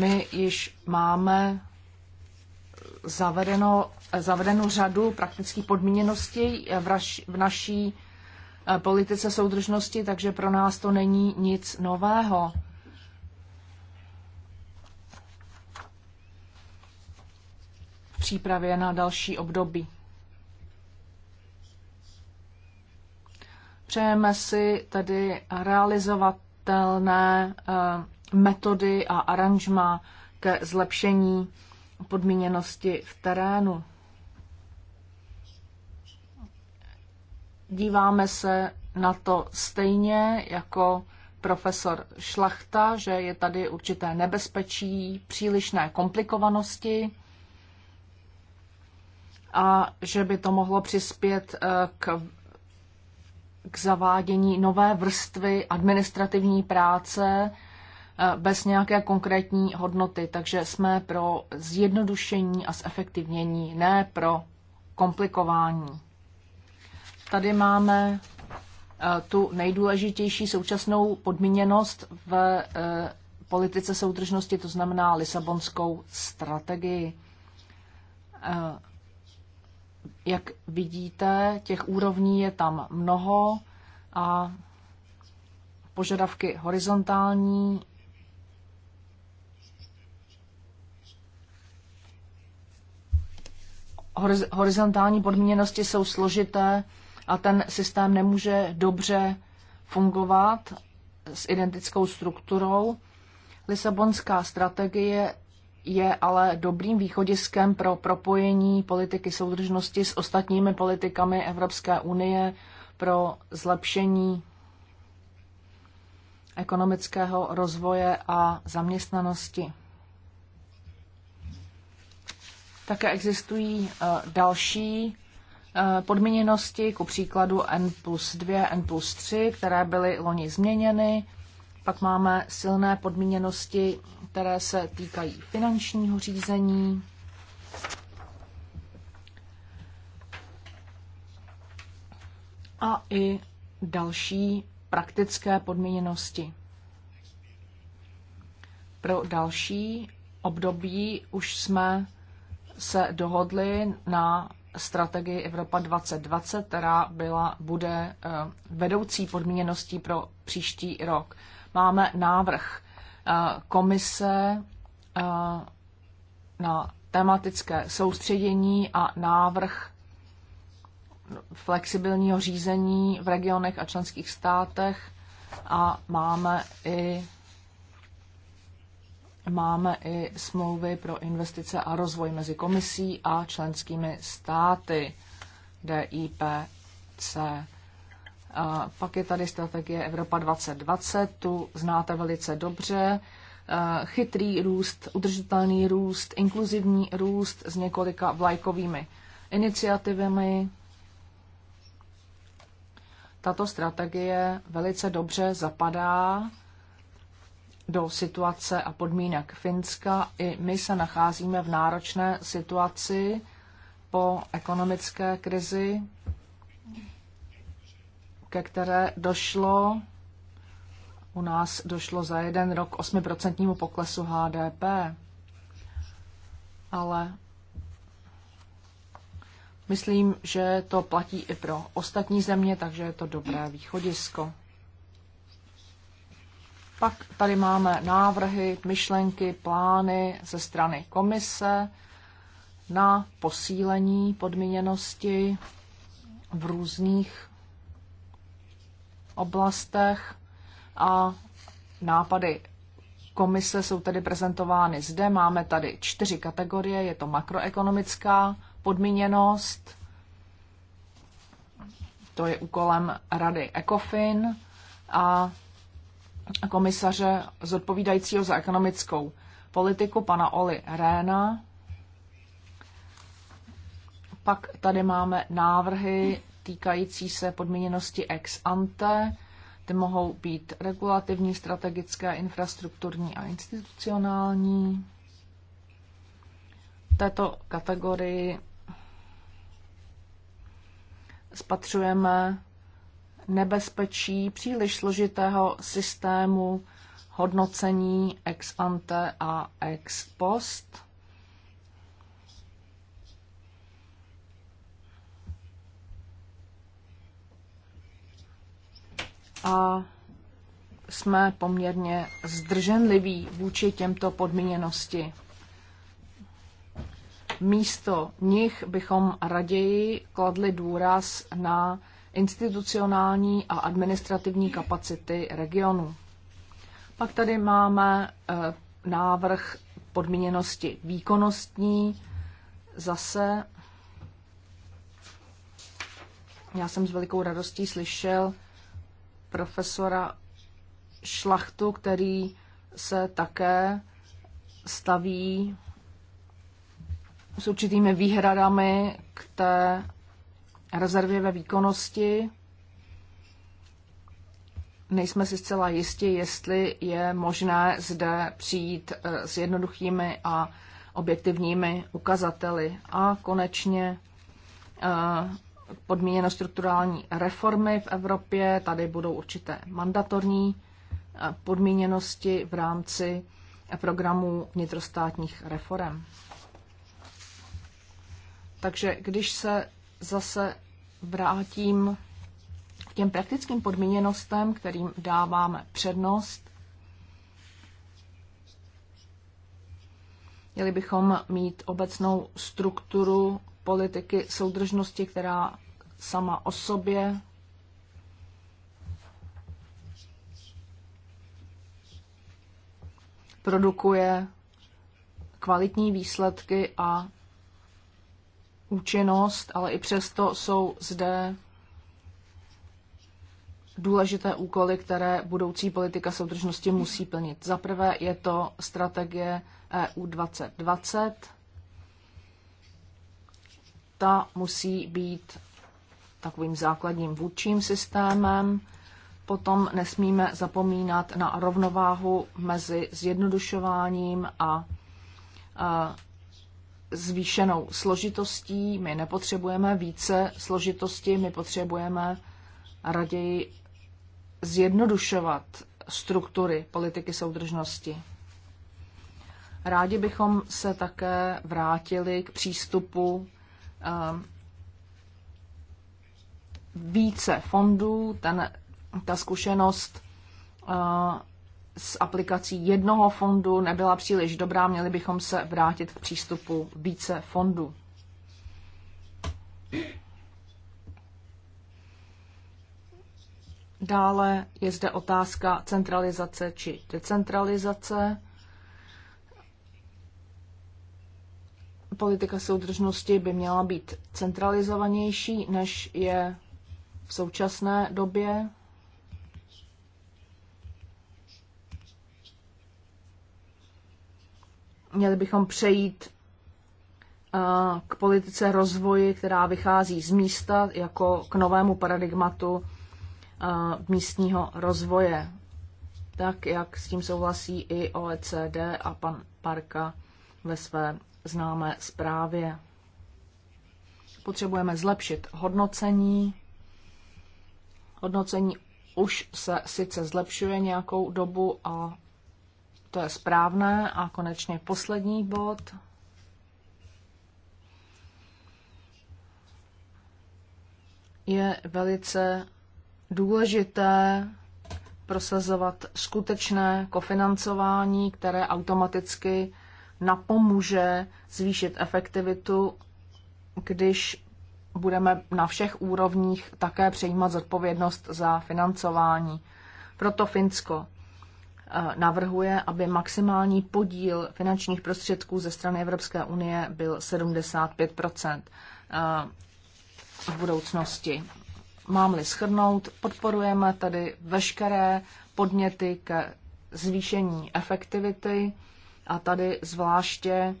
My již máme zavedeno, zavedenou řadu praktických podmíněností v, raš, v naší eh, politice soudržnosti, takže pro nás to není nic nového. přípravě na další období. Přejeme si tedy realizovatelné eh, metody a aranžma ke zlepšení podmíněnosti v terénu. Díváme se na to stejně jako profesor Šlachta, že je tady určité nebezpečí, přílišné komplikovanosti a že by to mohlo přispět eh, k, k zavádění nové vrstvy administrativní práce eh, bez nějaké konkrétní hodnoty. Takže jsme pro zjednodušení a zefektivnění, ne pro komplikování. Tady máme eh, tu nejdůležitější současnou podmíněnost v politice soudržnosti, to znamená Lisabonskou strategii. Jak vidíte, těch úrovní je tam mnoho a požadavky horizontální horizontální podmíněnosti jsou složité a ten systém nemůže dobře fungovat s identickou strukturou. Lisabonská strategie je ale dobrým východiskem pro propojení politiky soudržnosti s ostatními politikami Evropské unie pro zlepšení ekonomického rozvoje a zaměstnanosti. Také existují e, další e, podmíněnosti, ku příkladu N plus 2, N plus 3, které byly loni změněny pak máme silné podmíněnosti, které se týkají finančního řízení, a i další praktické podmíněnosti. Pro další období už jsme se dohodli na strategii Evropa 2020, která byla, bude eh, vedoucí podmíněností pro příští rok. Máme návrh eh, komise eh, na tematické soustředění a návrh flexibilního řízení v regionech a členských státech a máme i máme i smlouvy pro investice a rozvoj mezi komisí a členskými státy DIPC pak je tady strategie Evropa 2020, tu znáte velice dobře. E, chytrý růst, udržitelný růst, inkluzivní růst s několika vlajkovými iniciativami. Tato strategie velice dobře zapadá do situace a podmínek Finska. I my se nacházíme v náročné situaci po ekonomické krizi, ke které došlo. U nás došlo za jeden rok 8% poklesu HDP. Ale myslím, že to platí i pro ostatní země, takže je to dobré východisko. Pak tady máme návrhy, myšlenky, plány ze strany komise na posílení podmíněnosti v různých oblastech a nápady komise jsou tedy prezentovány zde. Máme tady čtyři kategorie. Je to makroekonomická podmíněnost, to je úkolem rady ECOFIN a komisaře zodpovídajícího za ekonomickou politiku pana Oli Réna. Pak tady máme návrhy týkající se podmíněnosti ex ante. Ty mohou být regulativní, strategické, infrastrukturní a institucionální. V této kategorii spatřujeme nebezpečí příliš složitého systému hodnocení ex ante a ex post a jsme poměrně zdrženliví vůči těmto podmíněnosti. Místo nich bychom raději kladli důraz na institucionální a administrativní kapacity regionu. Pak tady máme eh, návrh podmíněnosti výkonnostní. Zase já jsem s velikou radostí slyšel, profesora Šlachtu, který se také staví s určitými výhradami k té rezervě ve výkonnosti. Nejsme si zcela jistí, jestli je možné zde přijít eh, s jednoduchými a objektivními ukazateli. A konečně eh, podmíněno strukturální reformy v Evropě. Tady budou určité mandatorní eh, podmíněnosti v rámci eh, programů vnitrostátních reform. Takže když se zase vrátím k těm praktickým podmíněnostem, kterým dáváme přednost, měli bychom mít obecnou strukturu politiky soudržnosti, která sama o sobě. Produkuje kvalitní výsledky a účinnost, ale i přesto jsou zde důležité úkoly, které budoucí politika soudržnosti musí plnit. Za prvé je to strategie EU 2020. Ta musí být takovým základním vůdčím systémem. Potom nesmíme zapomínat na rovnováhu mezi zjednodušováním a, a zvýšenou složitostí. My nepotřebujeme více složitosti, my potřebujeme raději zjednodušovat struktury politiky soudržnosti. Rádi bychom se také vrátili k přístupu eh, více fondů, ten, ta zkušenost eh, s aplikací jednoho fondu nebyla příliš dobrá, měli bychom se vrátit k přístupu více fondů. Dále je zde otázka centralizace či decentralizace. Politika soudržnosti by měla být centralizovanější, než je v současné době. Měli bychom přejít eh, k politice rozvoji, která vychází z místa, jako k novému paradigmatu eh, místního rozvoje, tak jak s tím souhlasí i OECD a pan Parka ve své známé zprávě. Potřebujeme zlepšit hodnocení Hodnocení už se sice zlepšuje nějakou dobu a to je správné. A konečně poslední bod. Je velice důležité prosazovat skutečné kofinancování, které automaticky napomůže zvýšit efektivitu, když budeme na všech úrovních také přejímat zodpovědnost za financování. Proto Finsko eh, navrhuje, aby maximální podíl finančních prostředků ze strany Evropské unie byl 75 eh, v budoucnosti. Mám-li schrnout, podporujeme tedy veškeré podněty ke zvýšení efektivity a tady zvláště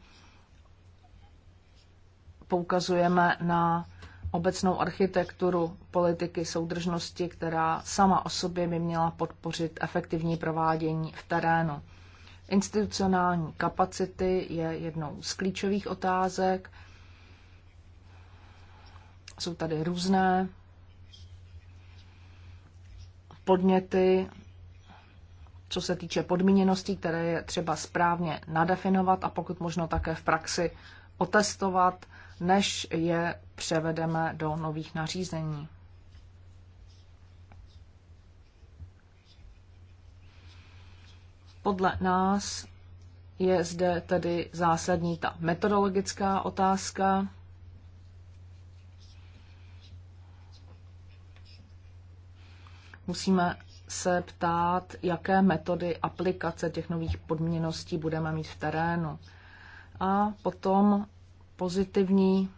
poukazujeme na obecnou architekturu politiky soudržnosti, která sama o sobě by měla podpořit efektivní provádění v terénu. Institucionální kapacity je jednou z klíčových otázek. Jsou tady různé podněty, co se týče podmíněností, které je třeba správně nadefinovat a pokud možno také v praxi otestovat, než je převedeme do nových nařízení. Podle nás je zde tedy zásadní ta metodologická otázka. Musíme se ptát, jaké metody aplikace těch nových podmíností budeme mít v terénu. A potom pozitivní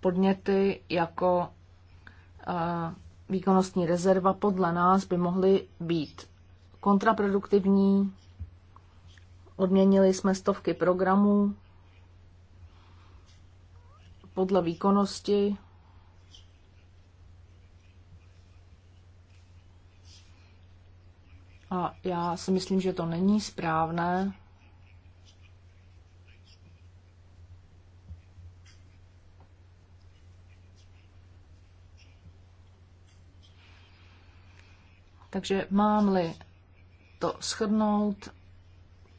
podněty jako eh, výkonnostní rezerva podle nás by mohly být kontraproduktivní. Odměnili jsme stovky programů podle výkonnosti. A já si myslím, že to není správné. Takže mám-li to shrnout,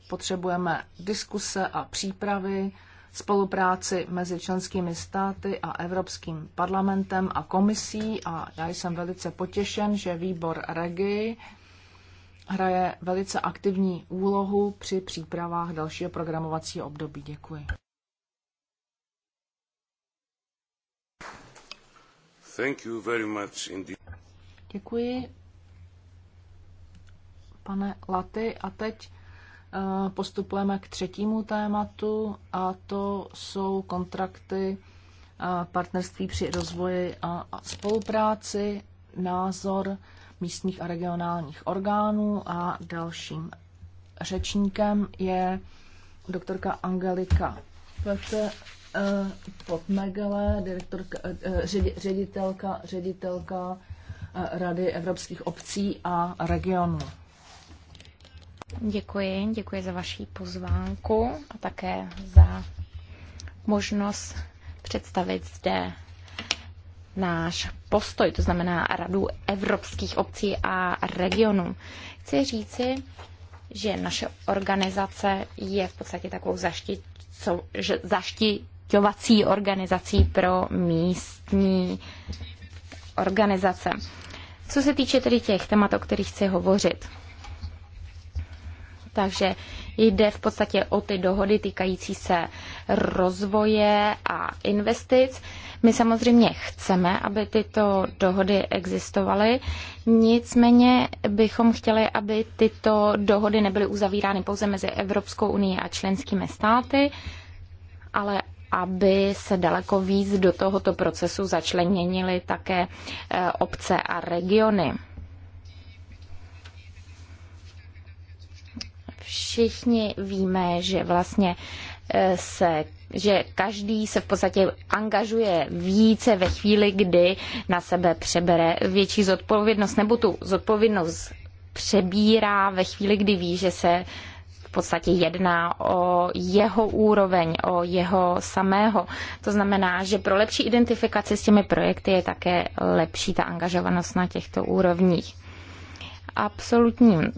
potřebujeme diskuse a přípravy, spolupráci mezi členskými státy a Evropským parlamentem a komisí a já jsem velice potěšen, že výbor REGI hraje velice aktivní úlohu při přípravách dalšího programovacího období. Děkuji. Thank you very much indeed. Děkuji pane Laty. A teď eh, postupujeme k třetímu tématu a to jsou kontrakty eh, partnerství při rozvoji a spolupráci, názor místních a regionálních orgánů a dalším řečníkem je doktorka Angelika Pete eh, Potmegele, direktorka, ředitelka, ředitelka Rady evropských obcí a regionů. Děkuji, děkuji za vaši pozvánku a také za možnost představit zde náš postoj, to znamená Radu evropských obcí a regionů. Chci říci, že naše organizace je v podstatě takovou zaštiťovací organizací pro místní organizace. Co se týče tedy těch témat, o kterých chci hovořit, takže jde v podstatě o ty dohody týkající se rozvoje a investic. My samozřejmě chceme, aby tyto dohody existovaly, nicméně bychom chtěli, aby tyto dohody nebyly uzavírány pouze mezi Evropskou unii a členskými státy, ale aby se daleko víc do tohoto procesu začleněnily také eh, obce a regiony. všichni víme, že vlastně eh, se že každý se v podstatě angažuje více ve chvíli, kdy na sebe přebere větší zodpovědnost, nebo tu zodpovědnost přebírá ve chvíli, kdy ví, že se v podstatě jedná o jeho úroveň, o jeho samého. To znamená, že pro lepší identifikaci s těmi projekty je také lepší ta angažovanost na těchto úrovních. Absolutním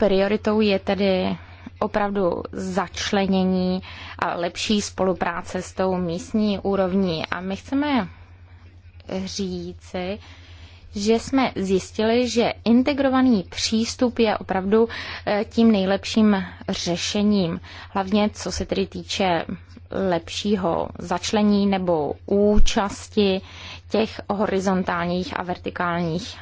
Prioritou je tedy opravdu začlenění a lepší spolupráce s tou místní úrovní. A my chceme říci, že jsme zjistili, že integrovaný přístup je opravdu eh, tím nejlepším řešením, hlavně co se tedy týče lepšího začlení nebo účasti těch horizontálních a vertikálních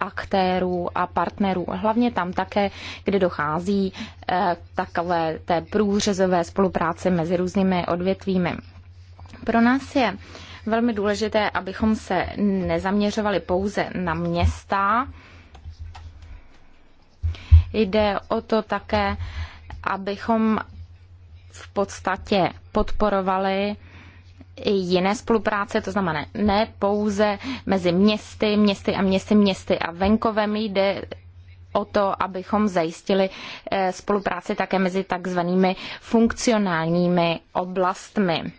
aktérů a partnerů. Hlavně tam také, kde dochází k eh, takové té průřezové spolupráci mezi různými odvětvími. Pro nás je velmi důležité, abychom se nezaměřovali pouze na města. Jde o to také, abychom v podstatě podporovali jiné spolupráce, to znamená ne pouze mezi městy, městy a městy, městy a venkovem jde o to, abychom zajistili eh, spolupráci také mezi takzvanými funkcionálními oblastmi.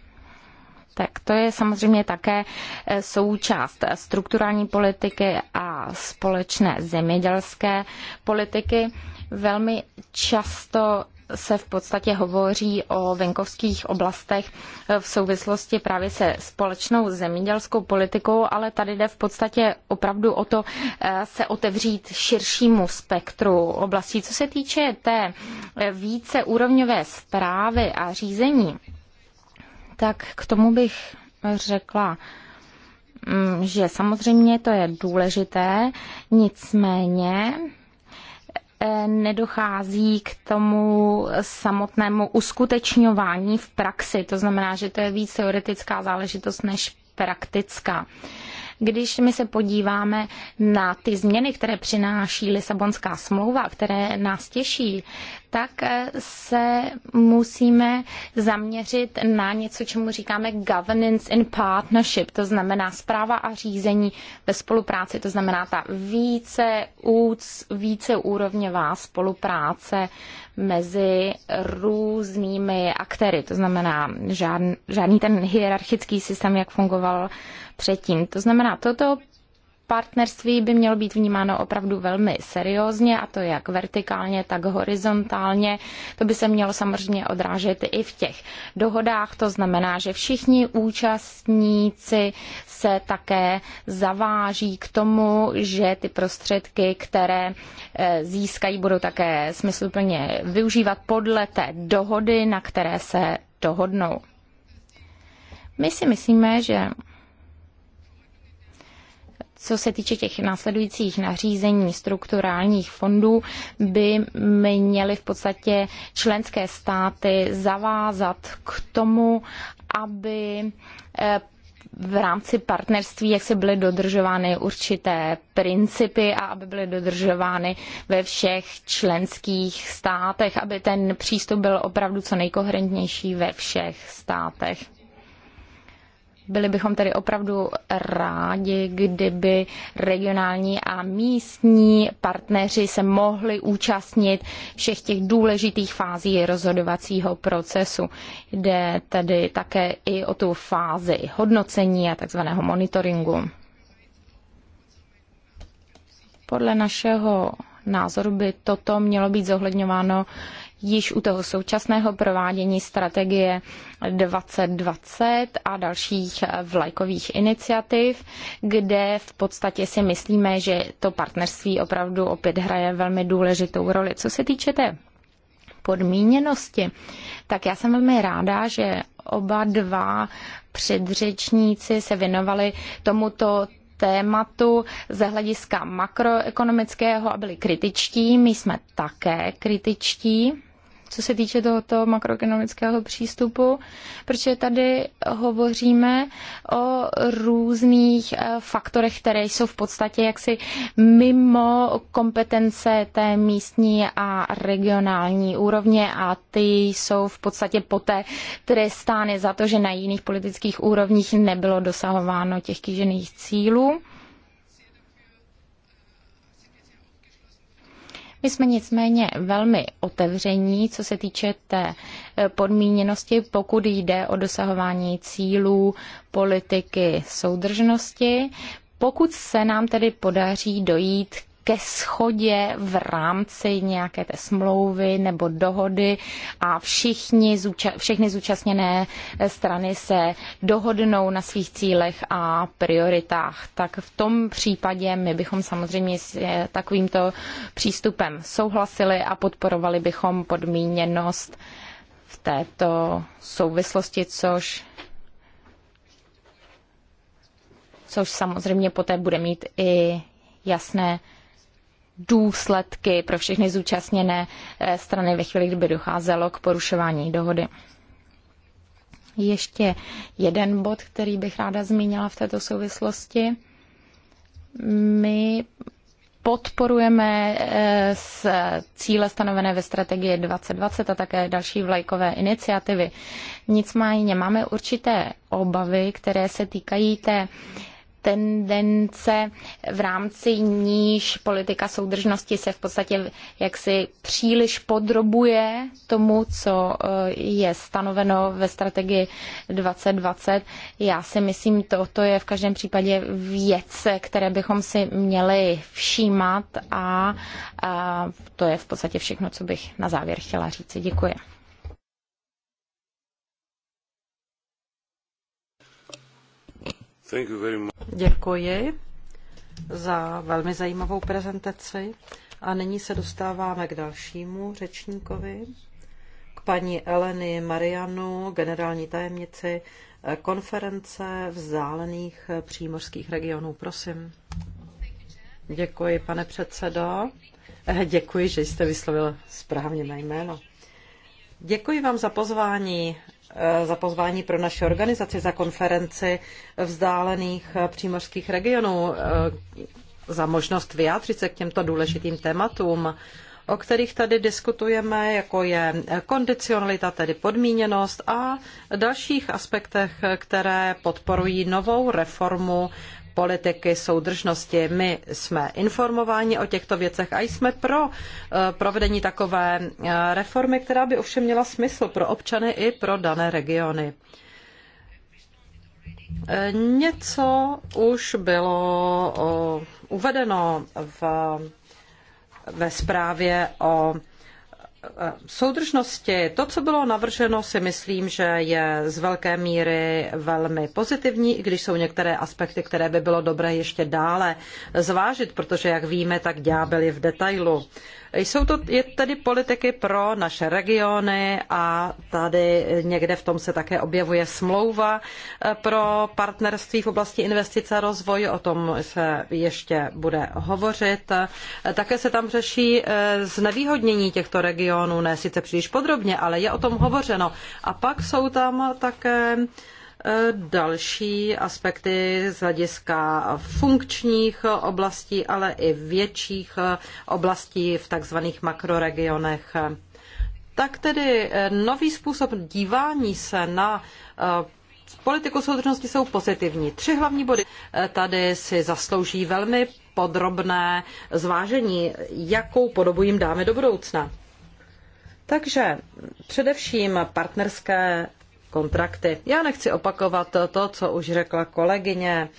Tak to je samozřejmě také eh, součást strukturální politiky a společné zemědělské politiky. Velmi často se v podstatě hovoří o venkovských oblastech v souvislosti právě se společnou zemědělskou politikou, ale tady jde v podstatě opravdu o to eh, se otevřít širšímu spektru oblastí. Co se týče té eh, víceúrovňové zprávy a řízení, tak k tomu bych řekla, mm, že samozřejmě to je důležité, nicméně nedochází k tomu samotnému uskutečňování v praxi. To znamená, že to je víc teoretická záležitost než praktická. Uh, když my se podíváme na ty změny, které přináší Lisabonská smlouva, které nás těší, tak eh, se musíme zaměřit na něco, čemu říkáme governance in partnership, to znamená zpráva a řízení ve spolupráci, to znamená ta více, úc, více úrovňová spolupráce mezi různými aktéry, to znamená žádný, žádný ten hierarchický systém, jak fungoval předtím. To znamená, toto partnerství by mělo být vnímáno opravdu velmi seriózně, a to jak vertikálně, tak horizontálně. To by se mělo samozřejmě odrážet i v těch dohodách. To znamená, že všichni účastníci se také zaváží k tomu, že ty prostředky, které eh, získají, budou také smysluplně využívat podle té dohody, na které se dohodnou. My si myslíme, že co se týče těch následujících nařízení strukturálních fondů, by měly v podstatě členské státy zavázat k tomu, aby eh, v rámci partnerství, jak se byly dodržovány určité principy a aby byly dodržovány ve všech členských státech, aby ten přístup byl opravdu co nejkoherentnější ve všech státech. Byli bychom tedy opravdu rádi, kdyby regionální a místní partneři se mohli účastnit všech těch důležitých fází rozhodovacího procesu. Jde tedy také i o tu fázi hodnocení a takzvaného monitoringu. Podle našeho názoru by toto mělo být zohledňováno již u toho současného provádění strategie 2020 a dalších eh, vlajkových iniciativ, kde v podstatě si myslíme, že to partnerství opravdu opět hraje velmi důležitou roli. Co se týče té podmíněnosti, tak já jsem velmi ráda, že oba dva předřečníci se věnovali tomuto tématu ze hlediska makroekonomického a byli kritičtí. My jsme také kritičtí co se týče tohoto makroekonomického přístupu, protože tady hovoříme o různých eh, faktorech, které jsou v podstatě jaksi mimo kompetence té místní a regionální úrovně a ty jsou v podstatě poté trestány za to, že na jiných politických úrovních nebylo dosahováno těch kýžených cílů. My jsme nicméně velmi otevření, co se týče té e, podmíněnosti, pokud jde o dosahování cílů politiky soudržnosti, pokud se nám tedy podaří dojít ke schodě v rámci nějaké té smlouvy nebo dohody a všichni, všechny zúčastněné strany se dohodnou na svých cílech a prioritách. Tak v tom případě my bychom samozřejmě s eh, takovýmto přístupem souhlasili a podporovali bychom podmíněnost v této souvislosti, což což samozřejmě poté bude mít i jasné důsledky pro všechny zúčastněné eh, strany ve chvíli, kdyby docházelo k porušování dohody. Ještě jeden bod, který bych ráda zmínila v této souvislosti. My podporujeme z eh, cíle stanovené ve strategii 2020 a také další vlajkové iniciativy. Nicméně máme určité obavy, které se týkají té tendence, v rámci níž politika soudržnosti se v podstatě jaksi příliš podrobuje tomu, co eh, je stanoveno ve strategii 2020. Já si myslím, to, to je v každém případě věc, které bychom si měli všímat a, a to je v podstatě všechno, co bych na závěr chtěla říct. Děkuji. Děkuji za velmi zajímavou prezentaci. A nyní se dostáváme k dalšímu řečníkovi, k paní Eleny Marianu, generální tajemnici eh, konference vzdálených eh, přímořských regionů. Prosím. Děkuji, pane předsedo. Eh, děkuji, že jste vyslovil správně mé jméno. Děkuji vám za pozvání Eh, za pozvání pro naši organizaci za konferenci vzdálených eh, přímořských regionů, eh, za možnost vyjádřit se k těmto důležitým tématům o kterých tady diskutujeme, jako je kondicionalita, tedy podmíněnost a dalších aspektech, které podporují novou reformu politiky soudržnosti. My jsme informováni o těchto věcech a jsme pro eh, provedení takové eh, reformy, která by ovšem měla smysl pro občany i pro dané regiony. Eh, něco už bylo uvedeno v, ve zprávě o soudržnosti, to, co bylo navrženo, si myslím, že je z velké míry velmi pozitivní, i když jsou některé aspekty, které by bylo dobré ještě dále zvážit, protože, jak víme, tak ďábel je v detailu. Jsou to, je tady politiky pro naše regiony a tady někde v tom se také objevuje smlouva eh, pro partnerství v oblasti investice a rozvoje, o tom se ještě bude hovořit. Eh, také se tam řeší eh, znevýhodnění těchto regionů, ne sice příliš podrobně, ale je o tom hovořeno. A pak jsou tam také Eh, další aspekty z hlediska funkčních oblastí, ale i větších oblastí v takzvaných makroregionech. Tak tedy eh, nový způsob dívání se na eh, politiku soudržnosti jsou pozitivní. Tři hlavní body tady si zaslouží velmi podrobné zvážení, jakou podobu jim dáme do budoucna. Takže především partnerské kontrakty. Já nechci opakovat to, co už řekla kolegyně.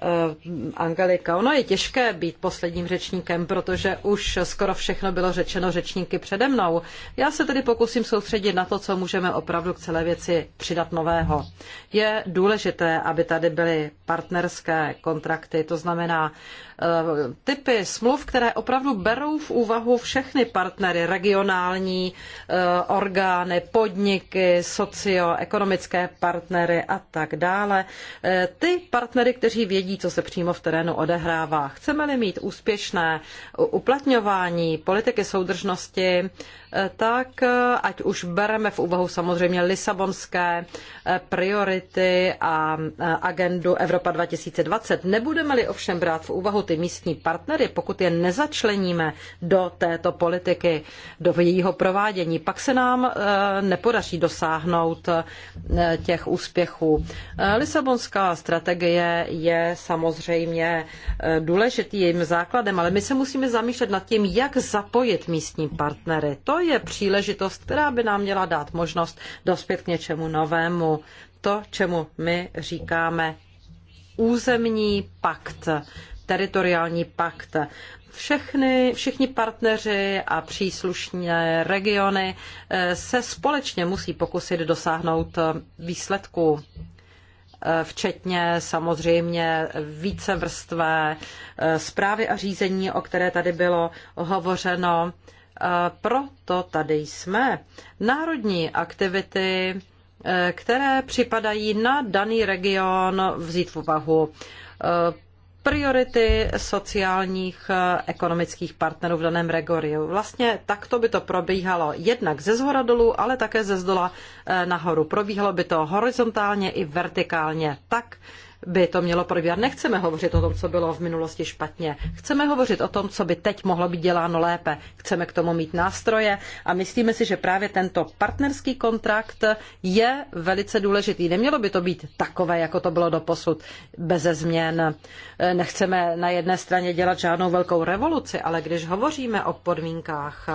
Eh, Angelika. Ono je těžké být posledním řečníkem, protože už skoro všechno bylo řečeno řečníky přede mnou. Já se tedy pokusím soustředit na to, co můžeme opravdu k celé věci přidat nového. Je důležité, aby tady byly partnerské kontrakty, to znamená eh, typy smluv, které opravdu berou v úvahu všechny partnery, regionální eh, orgány, podniky, socioekonomické partnery a tak dále. Ty partnery, kteří vědí, nevidí, co se přímo v terénu odehrává. Chceme-li mít úspěšné uplatňování politiky soudržnosti, eh, tak eh, ať už bereme v úvahu samozřejmě lisabonské eh, priority a agendu Evropa 2020, nebudeme-li ovšem brát v úvahu ty místní partnery, pokud je nezačleníme do této politiky, do jejího provádění, pak se nám nepodaří dosáhnout těch úspěchů. Lisabonská strategie je je eh, důležitý jejím základem, ale my se musíme zamýšlet nad tím, jak zapojit místní partnery. To je příležitost, která by nám měla dát možnost dospět k něčemu novému. To, čemu my říkáme územní pakt, teritoriální pakt všechny, všichni partneři a příslušné regiony eh, se společně musí pokusit dosáhnout eh, výsledku včetně samozřejmě vícevrstvé eh, zprávy a řízení, o které tady bylo hovořeno. Eh, proto tady jsme. Národní aktivity, eh, které připadají na daný region vzít v úvahu priority sociálních eh, ekonomických partnerů v daném regionu. Vlastně takto by to probíhalo jednak ze zhora dolů, ale také ze zdola eh, nahoru. Probíhalo by to horizontálně i vertikálně tak, by to mělo probíhat. Nechceme hovořit o tom, co bylo v minulosti špatně. Chceme hovořit o tom, co by teď mohlo být děláno lépe. Chceme k tomu mít nástroje a myslíme si, že právě tento partnerský kontrakt je velice důležitý. Nemělo by to být takové, jako to bylo doposud, bez změn. Nechceme na jedné straně dělat žádnou velkou revoluci, ale když hovoříme o podmínkách,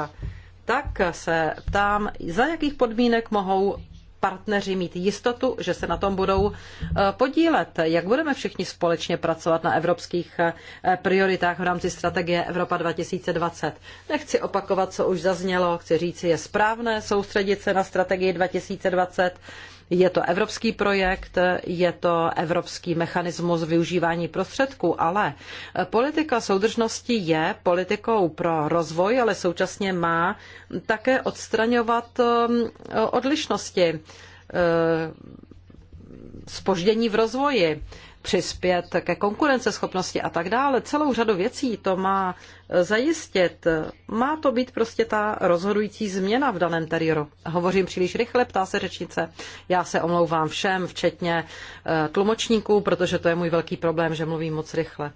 tak se ptám, za jakých podmínek mohou partneři mít jistotu, že se na tom budou eh, podílet. Jak budeme všichni společně pracovat na evropských eh, prioritách v rámci strategie Evropa 2020? Nechci opakovat, co už zaznělo, chci říci, je správné soustředit se na strategii 2020 je to evropský projekt, je to evropský mechanismus využívání prostředků, ale politika soudržnosti je politikou pro rozvoj, ale současně má také odstraňovat um, odlišnosti spoždění uh, v rozvoji přispět ke konkurenceschopnosti a tak dále. Celou řadu věcí to má eh, zajistit. Má to být prostě ta rozhodující změna v daném teriéru. Hovořím příliš rychle, ptá se řečnice. Já se omlouvám všem, včetně eh, tlumočníků, protože to je můj velký problém, že mluvím moc rychle.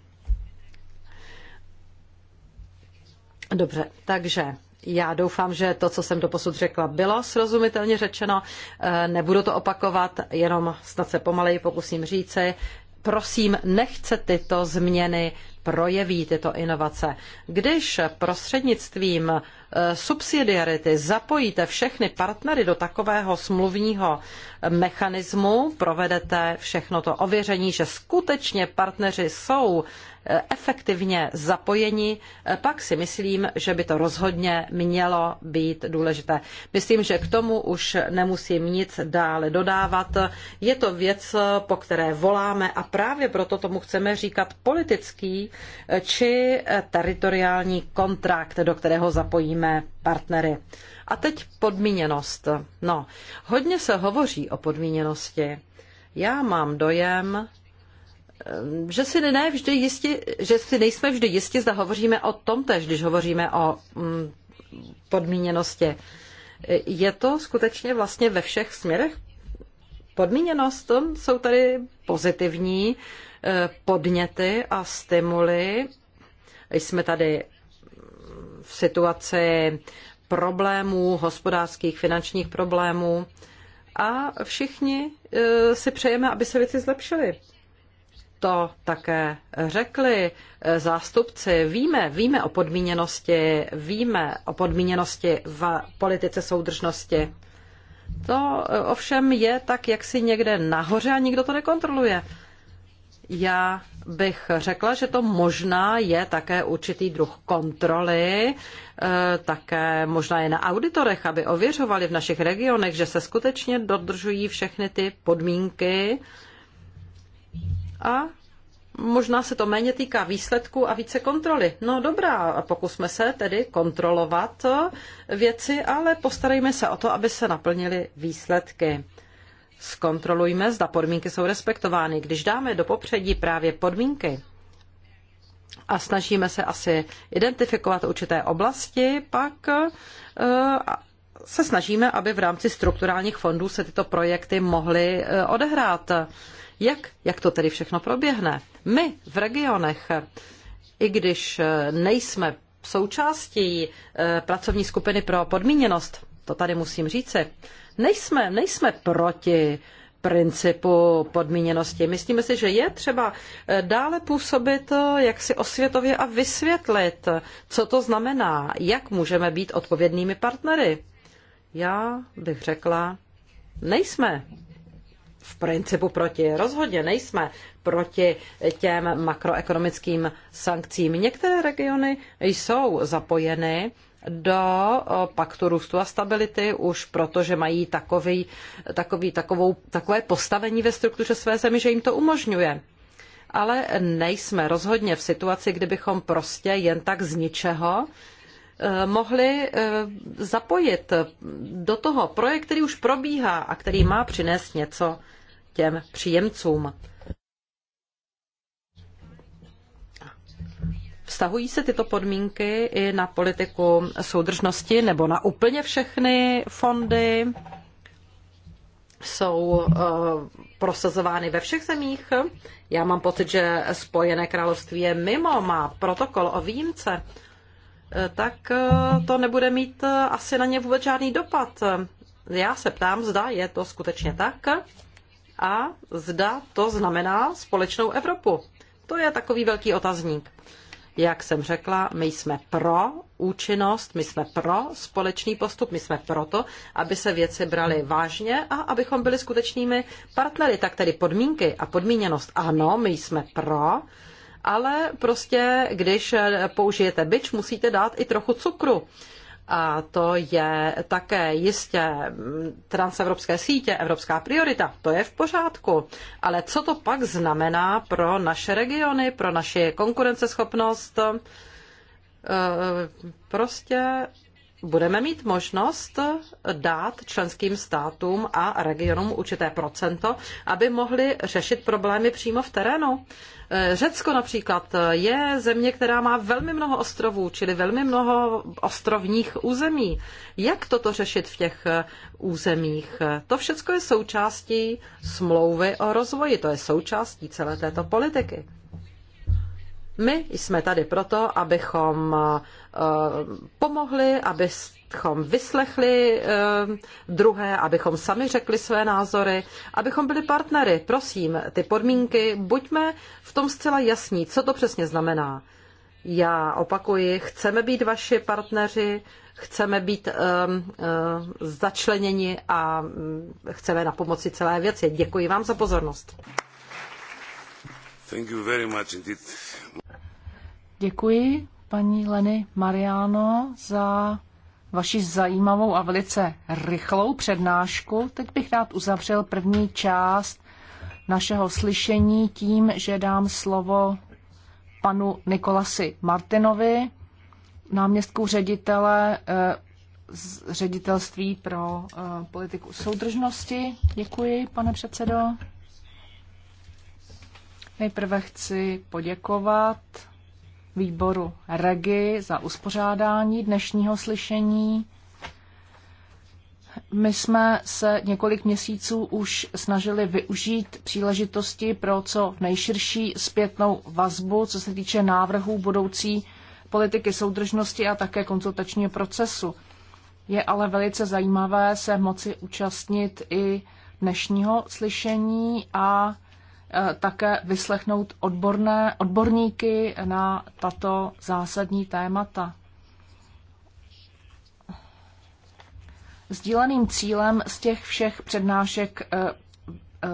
Dobře, takže já doufám, že to, co jsem doposud řekla, bylo srozumitelně řečeno. Eh, nebudu to opakovat, jenom snad se pomaleji pokusím říci, prosím, nechce tyto změny projeví tyto inovace. Když prostřednictvím Eh, subsidiarity zapojíte všechny partnery do takového smluvního mechanismu, provedete všechno to ověření, že skutečně partneři jsou eh, efektivně zapojeni, eh, pak si myslím, že by to rozhodně mělo být důležité. Myslím, že k tomu už nemusím nic dále dodávat. Je to věc, po které voláme a právě proto tomu chceme říkat politický či teritoriální kontrakt, do kterého zapojíme mé partnery. A teď podmíněnost. No, hodně se hovoří o podmíněnosti. Já mám dojem, eh, že si, ne vždy jisti, že si nejsme vždy jistí, zda hovoříme o tom tež, když hovoříme o mm, podmíněnosti. Je to skutečně vlastně ve všech směrech podmíněnost? Jsou tady pozitivní eh, podněty a stimuly. Jsme tady v situaci problémů, hospodářských, finančních problémů. A všichni e, si přejeme, aby se věci zlepšily. To také řekli e, zástupci. Víme, víme o podmíněnosti, víme o podmíněnosti v politice soudržnosti. To e, ovšem je tak, jak si někde nahoře a nikdo to nekontroluje. Já bych řekla, že to možná je také určitý druh kontroly, eh, také možná je na auditorech, aby ověřovali v našich regionech, že se skutečně dodržují všechny ty podmínky a možná se to méně týká výsledků a více kontroly. No dobrá, pokusme se tedy kontrolovat věci, ale postarejme se o to, aby se naplnily výsledky. Zkontrolujme, zda podmínky jsou respektovány. Když dáme do popředí právě podmínky a snažíme se asi identifikovat určité oblasti, pak eh, se snažíme, aby v rámci strukturálních fondů se tyto projekty mohly eh, odehrát. Jak, jak to tedy všechno proběhne? My v regionech, i když eh, nejsme součástí pracovní skupiny pro podmíněnost, to tady musím říci, Nejsme, nejsme proti principu podmíněnosti. Myslíme si, že je třeba eh, dále působit eh, jak si osvětově a vysvětlit, co to znamená, jak můžeme být odpovědnými partnery. Já bych řekla, nejsme v principu proti, rozhodně nejsme proti těm makroekonomickým sankcím. Některé regiony jsou zapojeny do paktu růstu a stability už proto, že mají takový, takový, takovou, takové postavení ve struktuře své zemi, že jim to umožňuje ale nejsme rozhodně v situaci, kdybychom prostě jen tak z ničeho e, mohli e, zapojit do toho projekt, který už probíhá a který má přinést něco těm příjemcům. Vztahují se tyto podmínky i na politiku soudržnosti nebo na úplně všechny fondy? Jsou eh, prosazovány ve všech zemích? Já mám pocit, že Spojené království je mimo, má protokol o výjimce eh, tak eh, to nebude mít asi na ně vůbec žádný dopad. Já se ptám, zda je to skutečně tak a zda to znamená společnou Evropu. To je takový velký otazník. Jak jsem řekla, my jsme pro účinnost, my jsme pro společný postup, my jsme pro to, aby se věci braly vážně a abychom byli skutečnými partnery. Tak tedy podmínky a podmíněnost, ano, my jsme pro, ale prostě, když použijete byč, musíte dát i trochu cukru a to je také jistě transevropské sítě, evropská priorita, to je v pořádku. Ale co to pak znamená pro naše regiony, pro naši konkurenceschopnost? Eh, prostě budeme mít možnost dát členským státům a regionům určité procento, aby mohli řešit problémy přímo v terénu. Eh, Řecko například eh, je země, která má velmi mnoho ostrovů, čili velmi mnoho ostrovních území. Jak toto řešit v těch eh, územích? To všechno je součástí smlouvy o rozvoji, to je součástí celé této politiky. My jsme tady proto, abychom eh, pomohli, abychom vyslechli eh, druhé, abychom sami řekli své názory, abychom byli partnery. Prosím, ty podmínky, buďme v tom zcela jasní, co to přesně znamená. Já opakuji, chceme být vaši partneři, chceme být um, začleněni a mm, chceme na pomoci celé věci. Děkuji vám za pozornost. Thank you very much indeed. Děkuji paní Leny Mariano za vaši zajímavou a velice rychlou přednášku. Teď bych rád uzavřel první část našeho slyšení tím, že dám slovo panu Nikolasi Martinovi, náměstku ředitele eh, z ředitelství pro eh, politiku soudržnosti. Děkuji, pane předsedo. Nejprve chci poděkovat výboru REGI za uspořádání dnešního slyšení. My jsme se několik měsíců už snažili využít příležitosti pro co nejširší zpětnou vazbu, co se týče návrhů budoucí politiky soudržnosti a také konzultačního procesu. Je ale velice zajímavé se moci účastnit i dnešního slyšení a Eh, také vyslechnout odborné, odborníky na tato zásadní témata. Sdíleným cílem z těch všech přednášek eh, eh,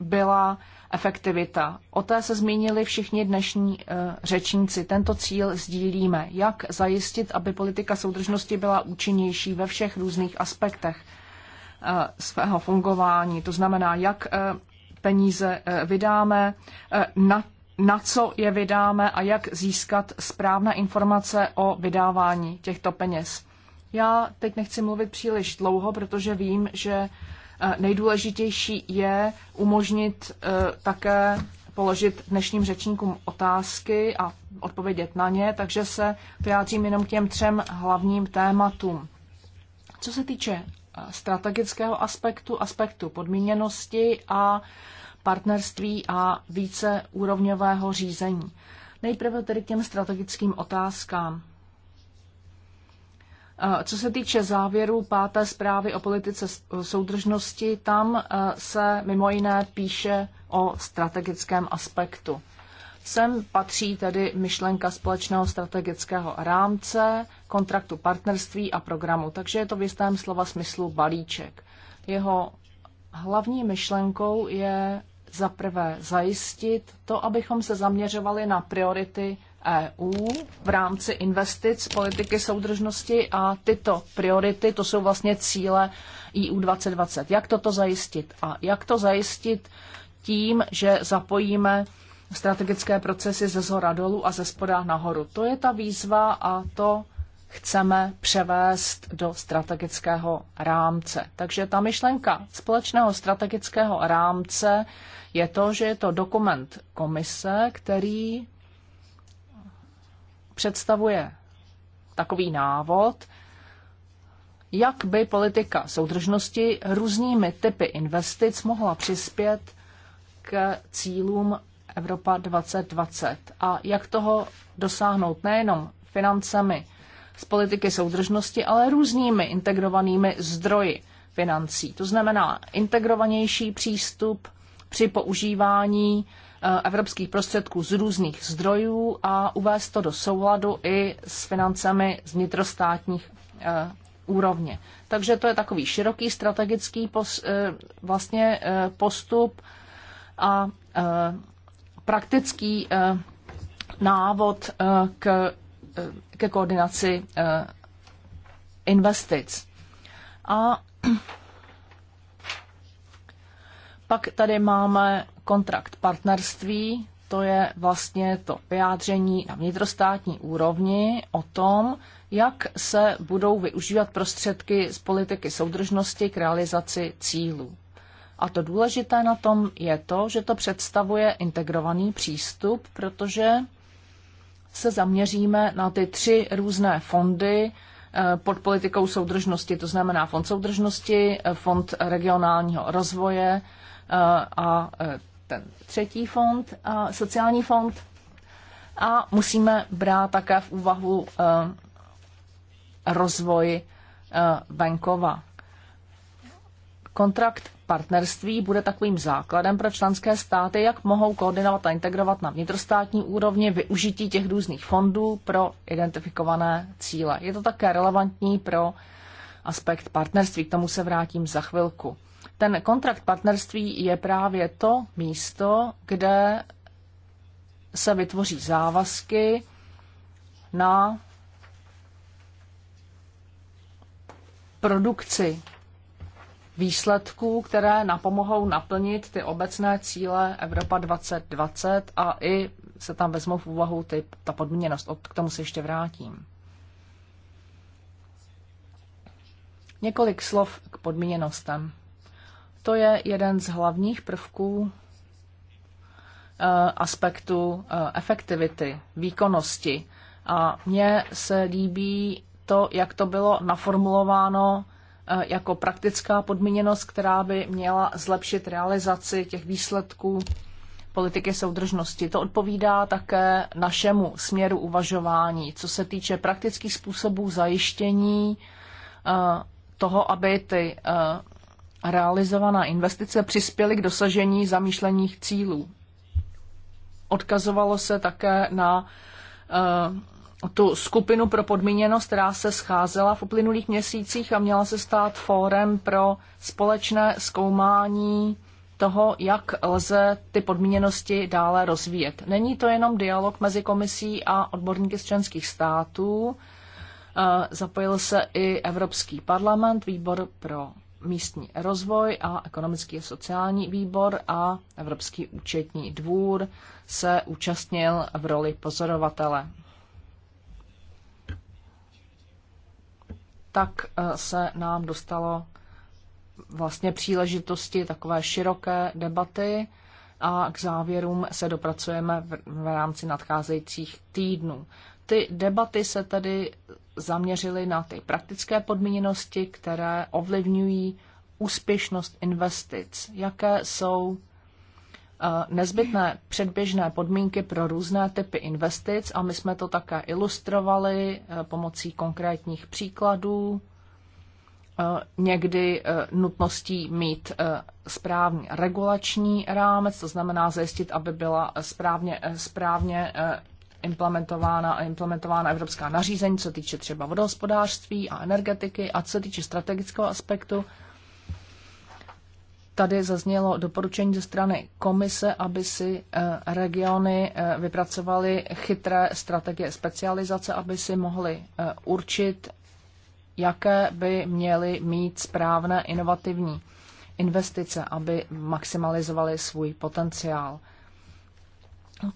byla efektivita. O té se zmínili všichni dnešní řečníci. Tento cíl sdílíme. Jak zajistit, aby politika soudržnosti byla účinnější ve všech různých aspektech svého fungování. To znamená, jak peníze eh, vydáme, eh, na, na co je vydáme a jak získat správné informace o vydávání těchto peněz. Já teď nechci mluvit příliš dlouho, protože vím, že eh, nejdůležitější je umožnit také položit dnešním řečníkům otázky a odpovědět na ně, takže se vyjádřím jenom k těm třem hlavním tématům. Co se týče strategického aspektu, aspektu podmíněnosti a partnerství a více úrovňového řízení. Nejprve tedy k těm strategickým otázkám. Eh, co se týče závěrů páté zprávy o politice eh, soudržnosti, tam eh, se mimo jiné píše o strategickém aspektu. Sem patří tedy myšlenka společného strategického rámce, kontraktu partnerství a programu, takže je to v jistém slova smyslu balíček. Jeho hlavní myšlenkou je za prvé zajistit to, abychom se zaměřovali na priority EU v rámci investic politiky soudržnosti a tyto priority, to jsou vlastně cíle EU 2020. Jak toto zajistit? A jak to zajistit tím, že zapojíme strategické procesy ze zhora dolů a ze spoda nahoru. To je ta výzva a to chceme převést do strategického rámce. Takže ta myšlenka společného strategického rámce je to, že je to dokument komise, který představuje takový návod, jak by politika soudržnosti různými typy investic mohla přispět k cílům Evropa 2020. A jak toho dosáhnout nejenom financemi z politiky soudržnosti, ale různými integrovanými zdroji financí. To znamená integrovanější přístup při používání eh, evropských prostředků z různých zdrojů a uvést to do souladu i s financemi z vnitrostátních eh, úrovně. Takže to je takový široký strategický pos, eh, vlastně postup a praktický eh, návod eh, k, eh, ke koordinaci investic. A (clears throat) pak tady máme kontrakt partnerství, to je vlastně to vyjádření na vnitrostátní úrovni o tom, jak se budou využívat prostředky z politiky soudržnosti k realizaci cílů. A to důležité na tom je to, že to představuje integrovaný přístup, protože se zaměříme na ty tři různé fondy eh, pod politikou soudržnosti, to znamená fond soudržnosti, eh, fond regionálního rozvoje eh, a ten třetí fond, a sociální fond. A musíme brát také v úvahu rozvoj venkova. Kontrakt partnerství bude takovým základem pro členské státy, jak mohou koordinovat a integrovat na vnitrostátní úrovni využití těch různých fondů pro identifikované cíle. Je to také relevantní pro aspekt partnerství, k tomu se vrátím za chvilku. Ten kontrakt partnerství je právě to místo, kde se vytvoří závazky na produkci výsledků, které napomohou naplnit ty obecné cíle Evropa 2020 a i se tam vezmou v úvahu ty, ta podmíněnost. K tomu se ještě vrátím. Několik slov k podmíněnostem. To je jeden z hlavních prvků eh, aspektu eh, efektivity, výkonnosti. A mně se líbí to, jak to bylo naformulováno Eh, jako praktická podmíněnost, která by měla zlepšit realizaci těch výsledků politiky soudržnosti. To odpovídá také našemu směru uvažování, co se týče praktických způsobů zajištění eh, toho, aby ty eh, realizovaná investice přispěly k dosažení zamýšlených cílů. Odkazovalo se také na tu skupinu pro podmíněnost, která se scházela v uplynulých měsících a měla se stát fórem pro společné zkoumání toho, jak lze ty podmíněnosti dále rozvíjet. Není to jenom dialog mezi komisí a odborníky z členských států, eh, zapojil se i Evropský parlament, výbor pro místní rozvoj a ekonomický a sociální výbor a Evropský účetní dvůr se účastnil v roli pozorovatele. tak eh, se nám dostalo vlastně příležitosti takové široké debaty a k závěrům se dopracujeme v, v rámci nadcházejících týdnů. Ty debaty se tedy zaměřily na ty praktické podmíněnosti, které ovlivňují úspěšnost investic. Jaké jsou nezbytné předběžné podmínky pro různé typy investic a my jsme to také ilustrovali e, pomocí konkrétních příkladů, e, někdy e, nutností mít správný regulační rámec, to znamená zajistit, aby byla správně, správně implementována a implementována evropská nařízení, co týče třeba vodohospodářství a energetiky a co týče strategického aspektu Tady zaznělo doporučení ze strany komise, aby si eh, regiony eh, vypracovaly chytré strategie specializace, aby si mohly eh, určit, jaké by měly mít správné inovativní investice, aby maximalizovali svůj potenciál.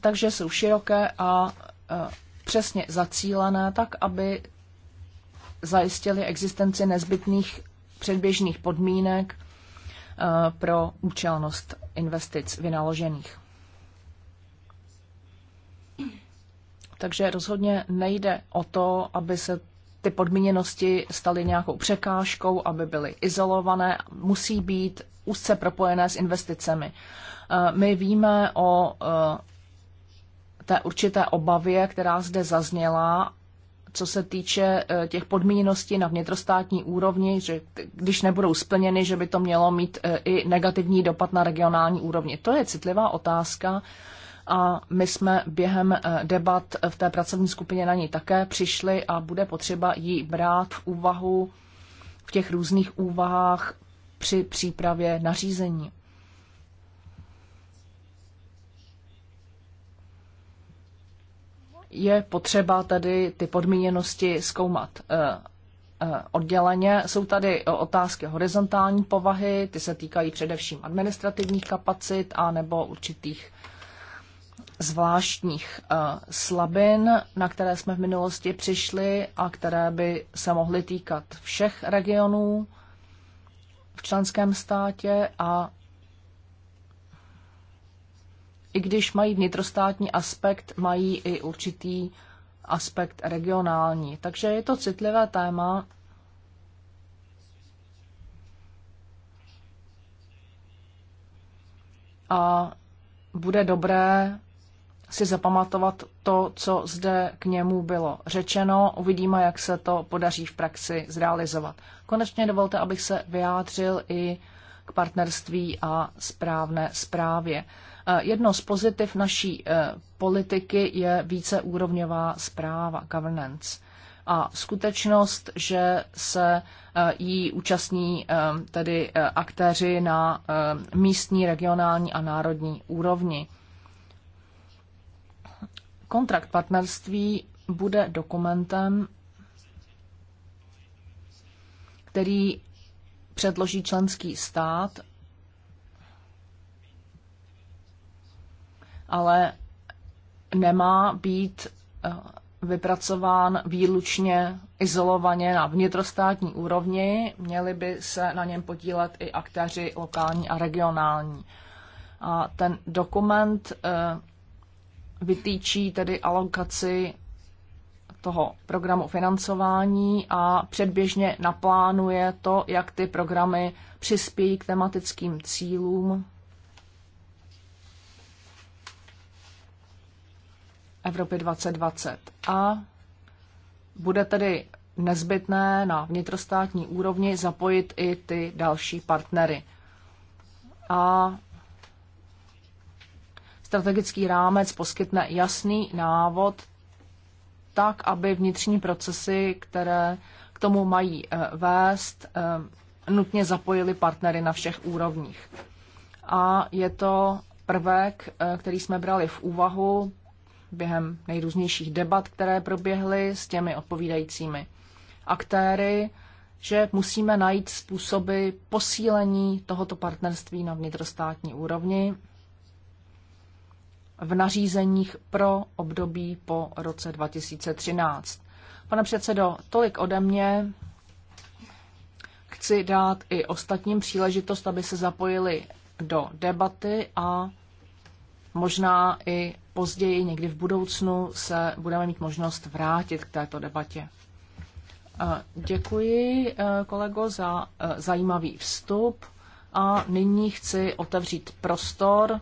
Takže jsou široké a přesně zacílené, tak aby zajistili existenci nezbytných předběžných podmínek Eh, pro účelnost investic vynaložených. Takže rozhodně nejde o to, aby se ty podmíněnosti staly nějakou překážkou, aby byly izolované, musí být úzce propojené s investicemi. Eh, my víme o eh, té určité obavě, která zde zazněla co se týče eh, těch podmíněností na vnitrostátní úrovni, že když nebudou splněny, že by to mělo mít eh, i negativní dopad na regionální úrovni. To je citlivá otázka a my jsme během eh, debat v té pracovní skupině na ní také přišli a bude potřeba ji brát v úvahu v těch různých úvahách při přípravě nařízení. je potřeba tady ty podmíněnosti zkoumat eh, eh, odděleně. Jsou tady eh, otázky horizontální povahy, ty se týkají především administrativních kapacit a nebo určitých zvláštních slabin, na které jsme v minulosti přišli a které by se mohly týkat všech regionů v členském státě a i když mají vnitrostátní aspekt, mají i určitý aspekt regionální. Takže je to citlivé téma. A bude dobré si zapamatovat to, co zde k němu bylo řečeno. Uvidíme, jak se to podaří v praxi zrealizovat. Konečně dovolte, abych se vyjádřil i k partnerství a správné správě. Eh, jedno z pozitiv naší eh, politiky je víceúrovňová zpráva, governance. A skutečnost, že se eh, jí účastní tedy aktéři na místní, regionální a národní úrovni. Kontrakt partnerství bude dokumentem, který předloží členský stát ale nemá být eh, vypracován výlučně izolovaně na vnitrostátní úrovni, měli by se na něm podílet i aktéři lokální a regionální. A ten dokument eh, vytýčí tedy alokaci toho programu financování a předběžně naplánuje to, jak ty programy přispějí k tematickým cílům Evropy 2020. A bude tedy nezbytné na vnitrostátní úrovni zapojit i ty další partnery. A strategický rámec poskytne jasný návod tak, aby vnitřní procesy, které k tomu mají eh, vést, eh, nutně zapojili partnery na všech úrovních. A je to prvek, eh, který jsme brali v úvahu během nejrůznějších debat, které proběhly s těmi odpovídajícími aktéry, že musíme najít způsoby posílení tohoto partnerství na vnitrostátní úrovni v nařízeních pro období po roce 2013. Pane předsedo, tolik ode mě. Chci dát i ostatním příležitost, aby se zapojili do debaty a možná i později, někdy v budoucnu, se budeme mít možnost vrátit k této debatě. Eh, děkuji, eh, kolego, za eh, zajímavý vstup a nyní chci otevřít prostor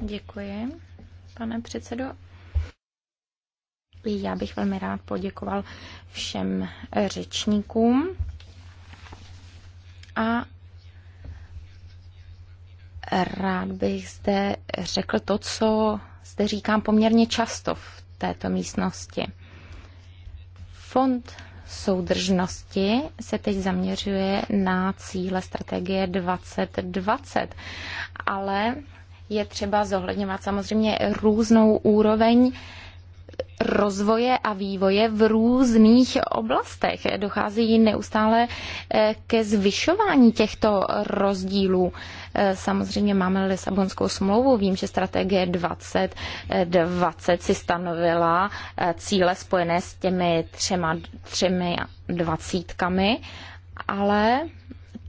Děkuji, pane předsedo. Já bych velmi rád poděkoval všem řečníkům a rád bych zde řekl to, co zde říkám poměrně často v této místnosti. Fond soudržnosti se teď zaměřuje na cíle strategie 2020, ale je třeba zohledňovat samozřejmě různou úroveň rozvoje a vývoje v různých oblastech. Dochází neustále eh, ke zvyšování těchto rozdílů. Eh, samozřejmě máme Lisabonskou smlouvu, vím, že strategie 2020 si stanovila eh, cíle spojené s těmi třema, třemi dvacítkami, ale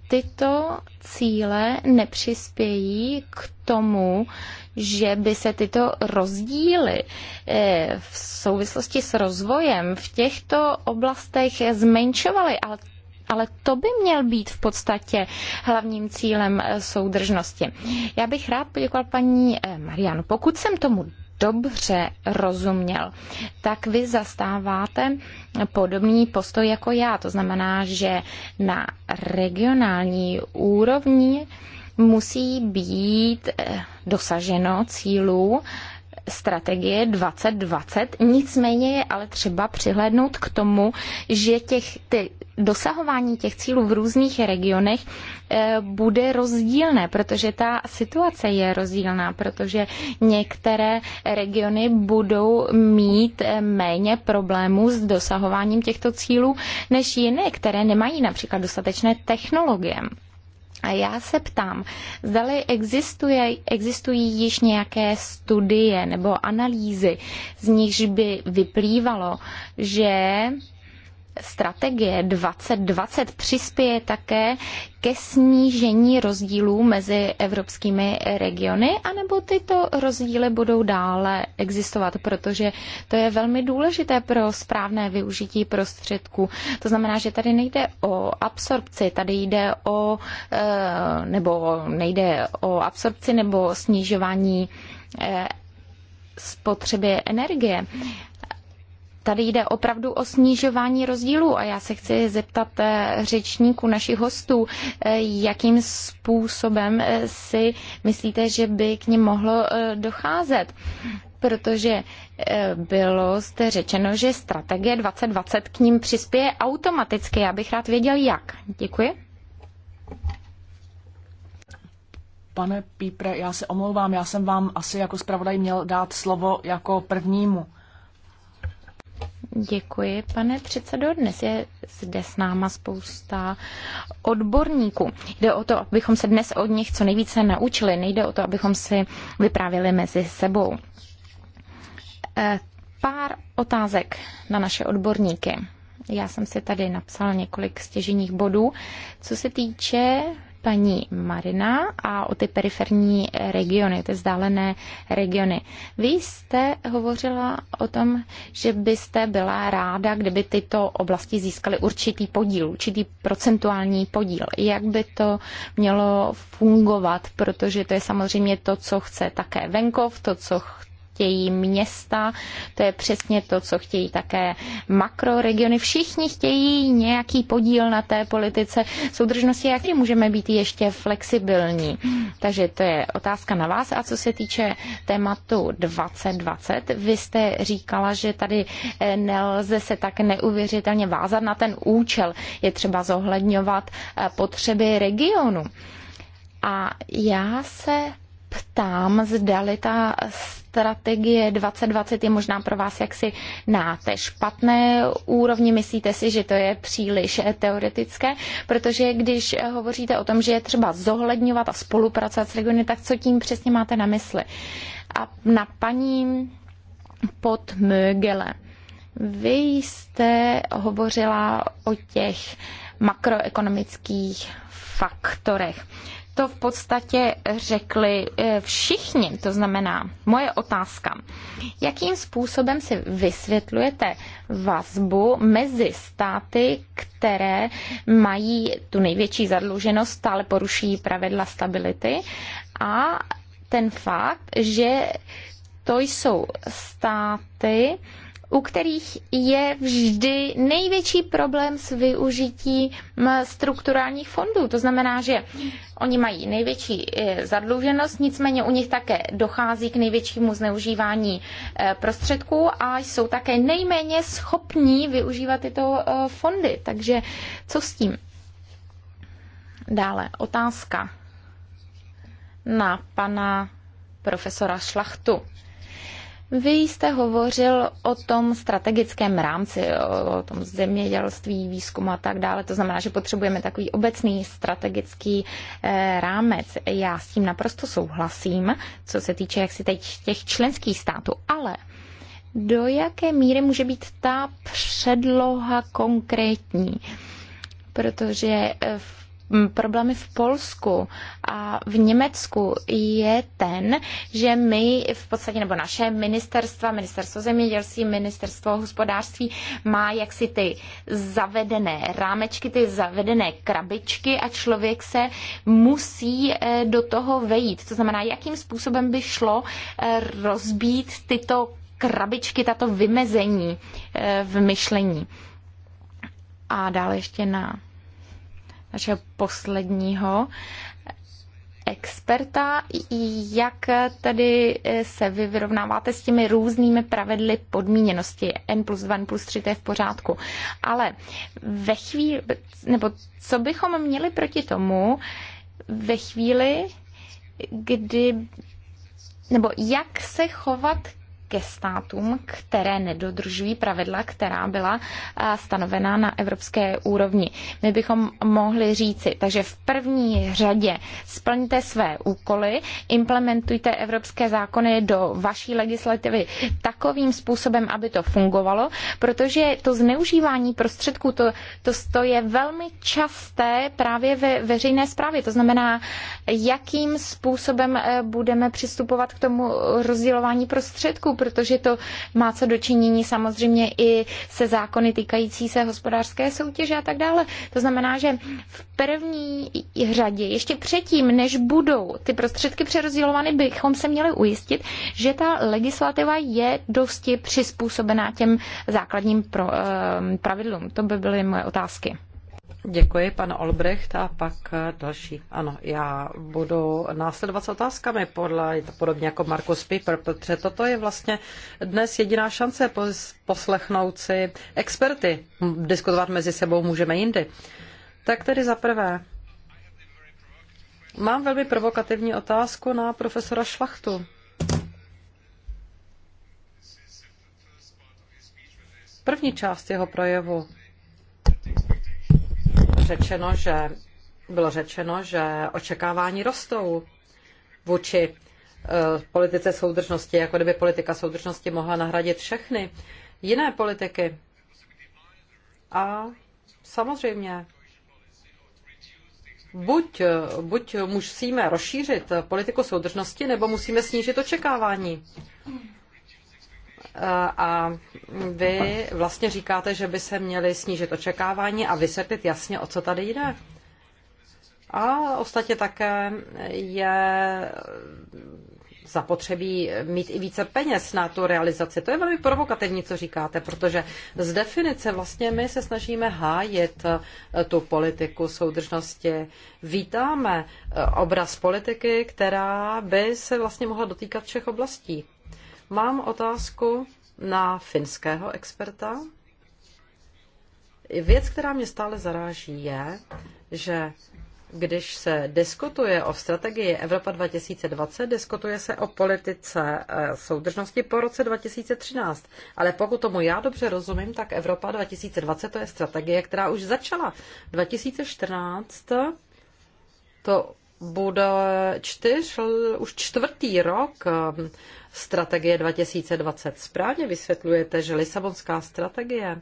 tyto cíle nepřispějí k tomu, že by se tyto rozdíly eh, v souvislosti s rozvojem v těchto oblastech zmenšovaly, ale to by měl být v podstatě hlavním cílem eh, soudržnosti. Já bych rád poděkoval paní eh, Marianu. Pokud jsem tomu dobře rozuměl, tak vy zastáváte podobný postoj jako já. To znamená, že na regionální úrovni musí být eh, dosaženo cílů, strategie 2020, nicméně je ale třeba přihlédnout k tomu, že těch, ty, dosahování těch cílů v různých regionech eh, bude rozdílné, protože ta situace je rozdílná, protože některé regiony budou mít eh, méně problémů s dosahováním těchto cílů než jiné, které nemají například dostatečné technologie. A já se ptám, zdali existuje, existují již nějaké studie nebo analýzy, z nichž by vyplývalo, že strategie 2020 přispěje také ke snížení rozdílů mezi evropskými regiony, anebo tyto rozdíly budou dále existovat, protože to je velmi důležité pro správné využití prostředků. To znamená, že tady nejde o absorpci, tady jde o, eh, nebo nejde o absorpci nebo snižování eh, spotřeby energie. Tady jde opravdu o snižování rozdílů a já se chci zeptat eh, řečníků, našich hostů, eh, jakým způsobem eh, si myslíte, že by k ním mohlo docházet protože bylo zde řečeno, že strategie 2020 k ním přispěje automaticky. Já bych rád věděl, jak. Děkuji. Pane Pípre, já se omlouvám, já jsem vám asi jako zpravodaj měl dát slovo jako prvnímu. Děkuji, pane předsedo. Dnes je zde s náma spousta odborníků. Jde o to, abychom se dnes od nich co nejvíce naučili. Nejde o to, abychom si vyprávěli mezi sebou. Eh, pár otázek na naše odborníky. Já jsem si tady napsala několik stěžených bodů. Co se týče paní Marina a o ty periferní regiony, ty vzdálené regiony. Vy jste hovořila o tom, že byste byla ráda, kdyby tyto oblasti získaly určitý podíl, určitý procentuální podíl. Jak by to mělo fungovat, protože to je samozřejmě to, co chce také venkov, to, co chce chtějí města, to je přesně to, co chtějí také makroregiony. Všichni chtějí nějaký podíl na té politice soudržnosti, jak můžeme být ještě flexibilní. Takže to je otázka na vás. A co se týče tématu 2020, vy jste říkala, že tady eh, nelze se tak neuvěřitelně vázat na ten účel. Je třeba zohledňovat eh, potřeby regionu. A já se ptám, zdali ta strategie 2020 je možná pro vás jaksi na té špatné úrovni. Myslíte si, že to je příliš teoretické? Protože když hovoříte o tom, že je třeba zohledňovat a spolupracovat s regiony, tak co tím přesně máte na mysli? A na paní pod Mögele. Vy jste hovořila o těch makroekonomických faktorech to v podstatě řekli e, všichni. To znamená, moje otázka, jakým způsobem si vysvětlujete vazbu mezi státy, které mají tu největší zadluženost, stále poruší pravidla stability a ten fakt, že to jsou státy, u kterých je vždy největší problém s využitím strukturálních fondů. To znamená, že oni mají největší e, zadluženost, nicméně u nich také dochází k největšímu zneužívání e, prostředků a jsou také nejméně schopní využívat tyto e, fondy. Takže co s tím? Dále otázka na pana profesora Šlachtu. Vy jste hovořil o tom strategickém rámci, o tom zemědělství, výzkumu a tak dále. To znamená, že potřebujeme takový obecný strategický eh, rámec. Já s tím naprosto souhlasím, co se týče jak si teď těch členských států, ale do jaké míry může být ta předloha konkrétní? Protože eh, v problémy v Polsku a v Německu je ten, že my v podstatě, nebo naše ministerstva, ministerstvo zemědělství, ministerstvo hospodářství má jaksi ty zavedené rámečky, ty zavedené krabičky a člověk se musí e, do toho vejít. To znamená, jakým způsobem by šlo e, rozbít tyto krabičky, tato vymezení e, v myšlení. A dále ještě na našeho posledního experta, jak tedy eh, se vy vyrovnáváte s těmi různými pravidly podmíněnosti. N plus 2, N plus 3, to je v pořádku. Ale ve chvíli, nebo co bychom měli proti tomu, ve chvíli, kdy nebo jak se chovat ke státům, které nedodržují pravidla, která byla eh, stanovená na evropské úrovni. My bychom mohli říci, takže v první řadě splňte své úkoly, implementujte evropské zákony do vaší legislativy takovým způsobem, aby to fungovalo, protože to zneužívání prostředků, to, to, to je velmi časté právě ve veřejné správě. To znamená, jakým způsobem eh, budeme přistupovat k tomu rozdělování prostředků, protože to má co dočinění samozřejmě i se zákony týkající se hospodářské soutěže a tak dále. To znamená, že v první řadě, ještě předtím, než budou ty prostředky přerozdělovány, bychom se měli ujistit, že ta legislativa je dosti přizpůsobená těm základním eh, pravidlům. To by byly moje otázky. Děkuji, pan Olbrecht, a pak eh, další. Ano, já budu následovat s otázkami, podle, podobně jako Markus Piper, protože toto je vlastně dnes jediná šance poslechnout si experty. Diskutovat mezi sebou můžeme jindy. Tak tedy za prvé, mám velmi provokativní otázku na profesora Šlachtu. První část jeho projevu řečeno, že bylo řečeno, že očekávání rostou vůči e, politice soudržnosti, jako kdyby politika soudržnosti mohla nahradit všechny jiné politiky. A samozřejmě, buď, buď musíme rozšířit politiku soudržnosti, nebo musíme snížit očekávání a vy vlastně říkáte, že by se měly snížit očekávání a vysvětlit jasně, o co tady jde. A ostatně také je zapotřebí mít i více peněz na tu realizaci. To je velmi provokativní, co říkáte, protože z definice vlastně my se snažíme hájit eh, tu politiku soudržnosti. Vítáme eh, obraz politiky, která by se vlastně mohla dotýkat všech oblastí. Mám otázku na finského experta. Věc, která mě stále zaráží, je, že když se diskutuje o strategii Evropa 2020, diskutuje se o politice eh, soudržnosti po roce 2013. Ale pokud tomu já dobře rozumím, tak Evropa 2020 to je strategie, která už začala. 2014 to bude čtyř, už čtvrtý rok um, strategie 2020. Správně vysvětlujete, že Lisabonská strategie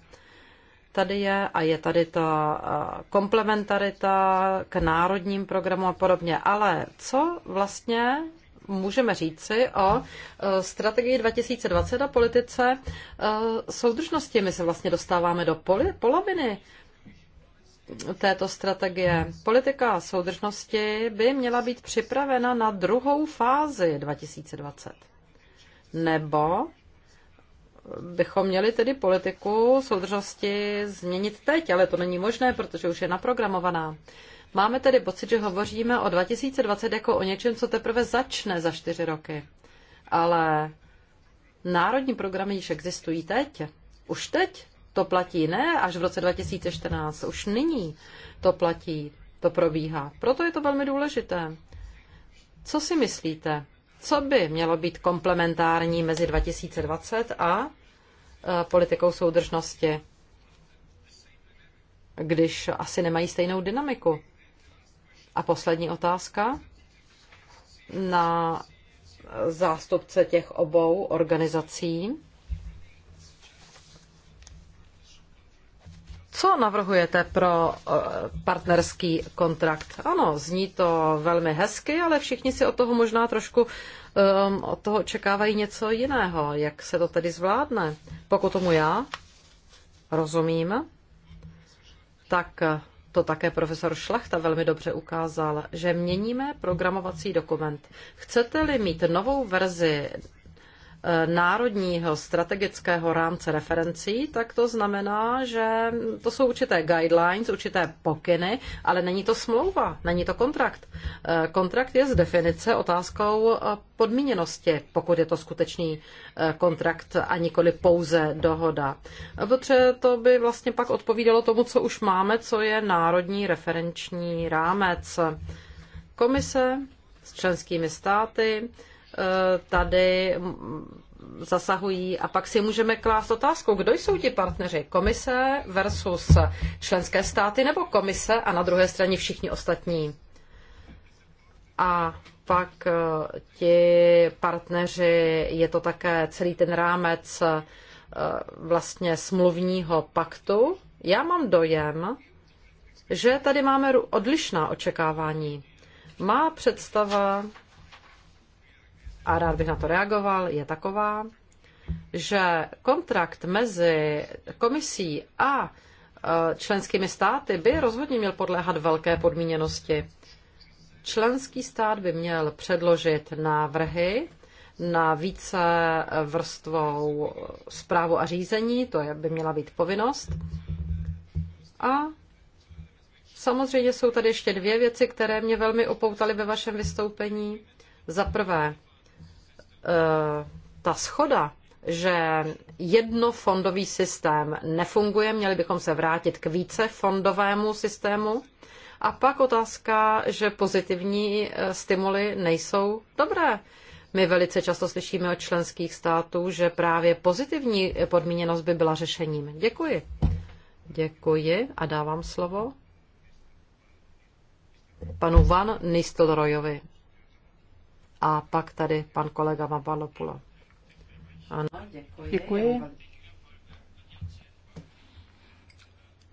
tady je a je tady ta uh, komplementarita k národním programům a podobně. Ale co vlastně můžeme říci o uh, strategii 2020 a politice uh, soudržnosti? My se vlastně dostáváme do poloviny této strategie. Politika soudržnosti by měla být připravena na druhou fázi 2020. Nebo bychom měli tedy politiku soudržnosti změnit teď, ale to není možné, protože už je naprogramovaná. Máme tedy pocit, že hovoříme o 2020 jako o něčem, co teprve začne za čtyři roky. Ale národní programy již existují teď. Už teď to platí ne až v roce 2014, už nyní to platí, to probíhá. Proto je to velmi důležité. Co si myslíte? Co by mělo být komplementární mezi 2020 a e, politikou soudržnosti, když asi nemají stejnou dynamiku? A poslední otázka na zástupce těch obou organizací. Co navrhujete pro eh, partnerský kontrakt? Ano, zní to velmi hezky, ale všichni si od toho možná trošku um, od toho očekávají něco jiného. Jak se to tedy zvládne? Pokud tomu já rozumím, tak eh, to také profesor Šlachta velmi dobře ukázal, že měníme programovací dokument. Chcete-li mít novou verzi Eh, národního strategického rámce referencí, tak to znamená, že to jsou určité guidelines, určité pokyny, ale není to smlouva, není to kontrakt. Eh, kontrakt je z definice otázkou eh, podmíněnosti, pokud je to skutečný kontrakt a nikoli pouze dohoda. Protože to by vlastně pak odpovídalo tomu, co už máme, co je národní referenční rámec. Komise s členskými státy, Eh, tady zasahují. A pak si můžeme klást otázku, kdo jsou ti partneři? Komise versus členské státy nebo komise a na druhé straně všichni ostatní? A pak eh, ti partneři, je to také celý ten rámec eh, vlastně smluvního paktu. Já mám dojem, že tady máme odlišná očekávání. Má představa a rád bych na to reagoval, je taková, že kontrakt mezi komisí a e, členskými státy by rozhodně měl podléhat velké podmíněnosti. Členský stát by měl předložit návrhy na více vrstvou zprávu a řízení, to by měla být povinnost. A samozřejmě jsou tady ještě dvě věci, které mě velmi opoutaly ve vašem vystoupení. Za prvé, Eh, ta schoda, že jednofondový systém nefunguje, měli bychom se vrátit k vícefondovému systému. A pak otázka, že pozitivní eh, stimuly nejsou dobré. My velice často slyšíme od členských států, že právě pozitivní podmíněnost by byla řešením. Děkuji. Děkuji a dávám slovo panu Van Nistelrojovi a pak tady pan kolega Vavalopulo. Ano, děkuji. děkuji.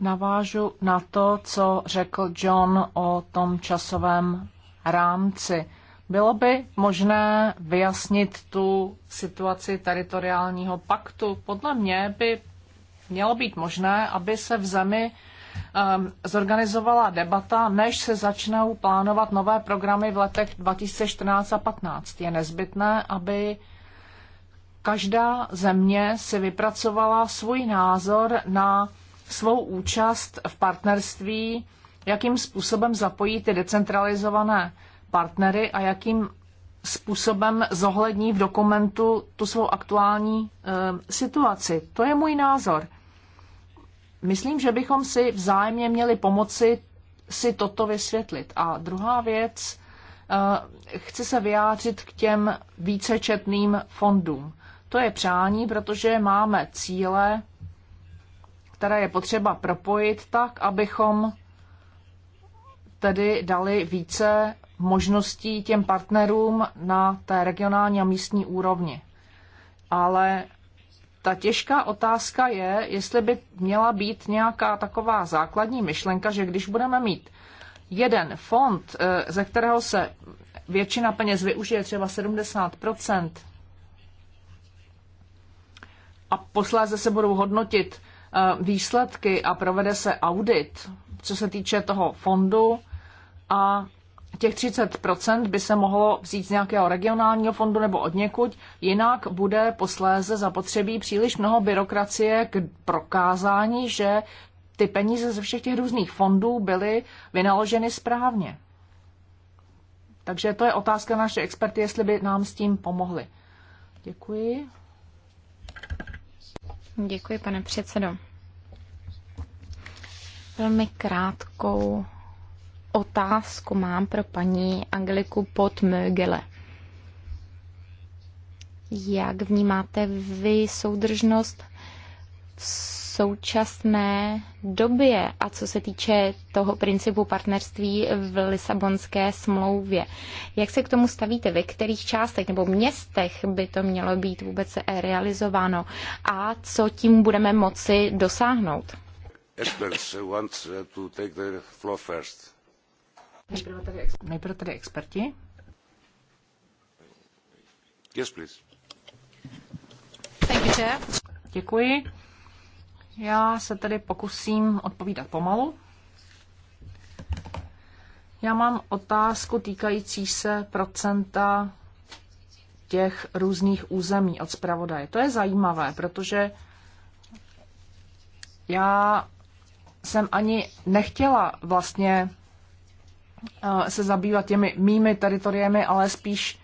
Navážu na to, co řekl John o tom časovém rámci. Bylo by možné vyjasnit tu situaci teritoriálního paktu? Podle mě by mělo být možné, aby se v zemi Ehm, zorganizovala debata, než se začnou plánovat nové programy v letech 2014 a 2015. Je nezbytné, aby každá země si vypracovala svůj názor na svou účast v partnerství, jakým způsobem zapojí ty decentralizované partnery a jakým způsobem zohlední v dokumentu tu svou aktuální e, situaci. To je můj názor myslím, že bychom si vzájemně měli pomoci si toto vysvětlit. A druhá věc, eh, chci se vyjádřit k těm vícečetným fondům. To je přání, protože máme cíle, které je potřeba propojit tak, abychom tedy dali více možností těm partnerům na té regionální a místní úrovni. Ale ta těžká otázka je, jestli by měla být nějaká taková základní myšlenka, že když budeme mít jeden fond, eh, ze kterého se většina peněz využije třeba 70 a posléze se budou hodnotit eh, výsledky a provede se audit, co se týče toho fondu a těch 30% by se mohlo vzít z nějakého regionálního fondu nebo od někud, jinak bude posléze zapotřebí příliš mnoho byrokracie k prokázání, že ty peníze ze všech těch různých fondů byly vynaloženy správně. Takže to je otázka naše experty, jestli by nám s tím pomohli. Děkuji. Děkuji, pane předsedo. Velmi krátkou otázku mám pro paní Angeliku Potmögele. Jak vnímáte vy soudržnost v současné době a co se týče toho principu partnerství v Lisabonské smlouvě? Jak se k tomu stavíte? Ve kterých částech nebo městech by to mělo být vůbec realizováno? A co tím budeme moci dosáhnout? Experts want uh, uh, to take the floor first. Nejprve tady, nejprve experti. Yes, please. Thank you, chair. Děkuji. Já se tady pokusím odpovídat pomalu. Já mám otázku týkající se procenta těch různých území od zpravodaje. To je zajímavé, protože já jsem ani nechtěla vlastně se zabývat těmi mými teritoriemi, ale spíš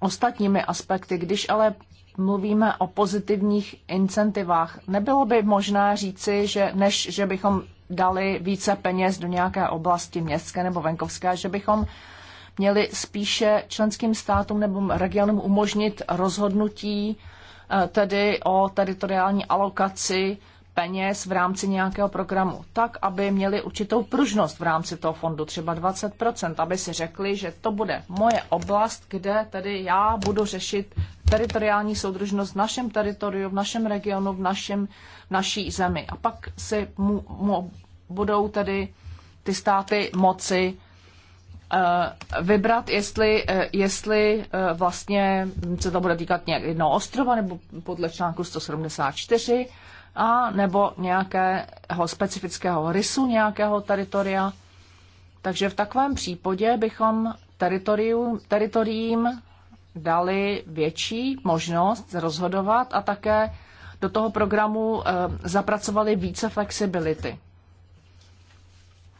ostatními aspekty. Když ale mluvíme o pozitivních incentivách, nebylo by možné říci, že než že bychom dali více peněz do nějaké oblasti městské nebo venkovské, že bychom měli spíše členským státům nebo regionům umožnit rozhodnutí tedy o teritoriální alokaci peněz v rámci nějakého programu, tak, aby měli určitou pružnost v rámci toho fondu, třeba 20%, aby si řekli, že to bude moje oblast, kde tedy já budu řešit teritoriální soudržnost v našem teritoriu, v našem regionu, v, našem, v naší zemi. A pak si mu, mu budou tedy ty státy moci eh, vybrat, jestli, eh, jestli eh, vlastně se to bude týkat nějak jednoho ostrova nebo podle článku 174 a nebo nějakého specifického rysu nějakého teritoria. Takže v takovém případě bychom teritorium, teritoriím dali větší možnost rozhodovat a také do toho programu eh, zapracovali více flexibility.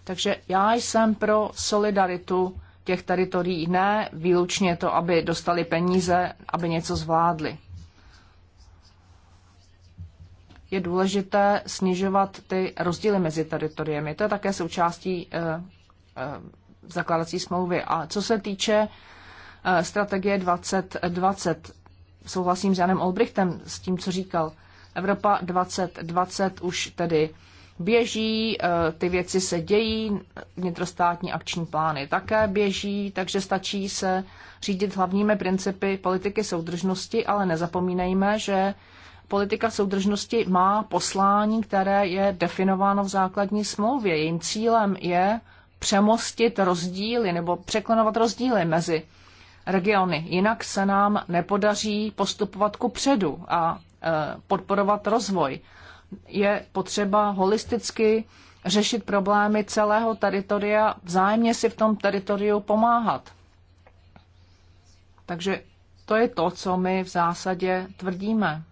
Takže já jsem pro solidaritu těch teritorií, ne výlučně to, aby dostali peníze, aby něco zvládli je důležité snižovat ty rozdíly mezi teritoriemi. To je také součástí eh, eh, zakládací smlouvy. A co se týče eh, strategie 2020, souhlasím s Janem Olbrichtem, s tím, co říkal. Evropa 2020 už tedy běží, ty věci se dějí, vnitrostátní akční plány také běží, takže stačí se řídit hlavními principy politiky soudržnosti, ale nezapomínejme, že politika soudržnosti má poslání, které je definováno v základní smlouvě. Jejím cílem je přemostit rozdíly nebo překlenovat rozdíly mezi regiony. Jinak se nám nepodaří postupovat ku předu a e, podporovat rozvoj. Je potřeba holisticky řešit problémy celého teritoria, vzájemně si v tom teritoriu pomáhat. Takže to je to, co my v zásadě tvrdíme.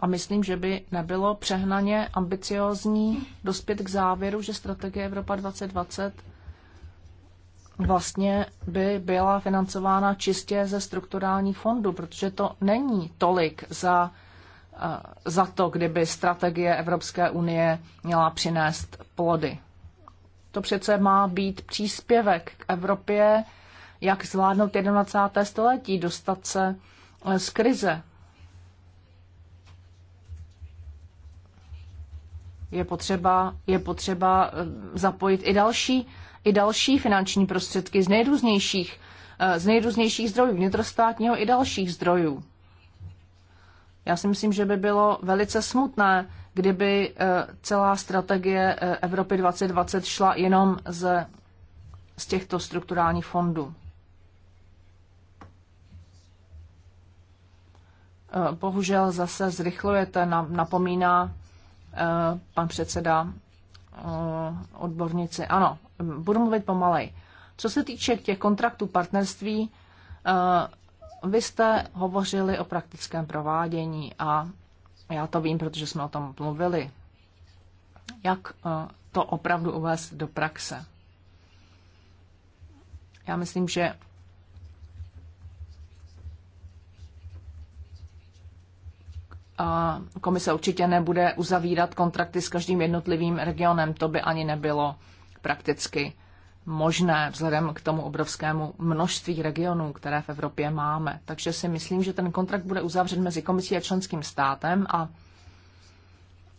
A myslím, že by nebylo přehnaně ambiciozní dospět k závěru, že strategie Evropa 2020 vlastně by byla financována čistě ze strukturálních fondů, protože to není tolik za, eh, za to, kdyby strategie Evropské unie měla přinést plody. To přece má být příspěvek k Evropě, jak zvládnout 21. století, dostat se z krize. je potřeba, je potřeba eh, zapojit i další, i další finanční prostředky z nejrůznějších, eh, z nejrůznějších zdrojů, vnitrostátního i dalších zdrojů. Já si myslím, že by bylo velice smutné, kdyby eh, celá strategie Evropy 2020 šla jenom z, z těchto strukturálních fondů. Bohužel zase zrychlujete, napomíná Eh, pan předseda eh, odbornice, Ano, budu mluvit pomalej. Co se týče těch kontraktů partnerství, eh, vy jste hovořili o praktickém provádění a já to vím, protože jsme o tom mluvili. Jak to opravdu uvést do praxe? Já myslím, že komise určitě nebude uzavírat kontrakty s každým jednotlivým regionem. To by ani nebylo prakticky možné vzhledem k tomu obrovskému množství regionů, které v Evropě máme. Takže si myslím, že ten kontrakt bude uzavřen mezi komisí a členským státem a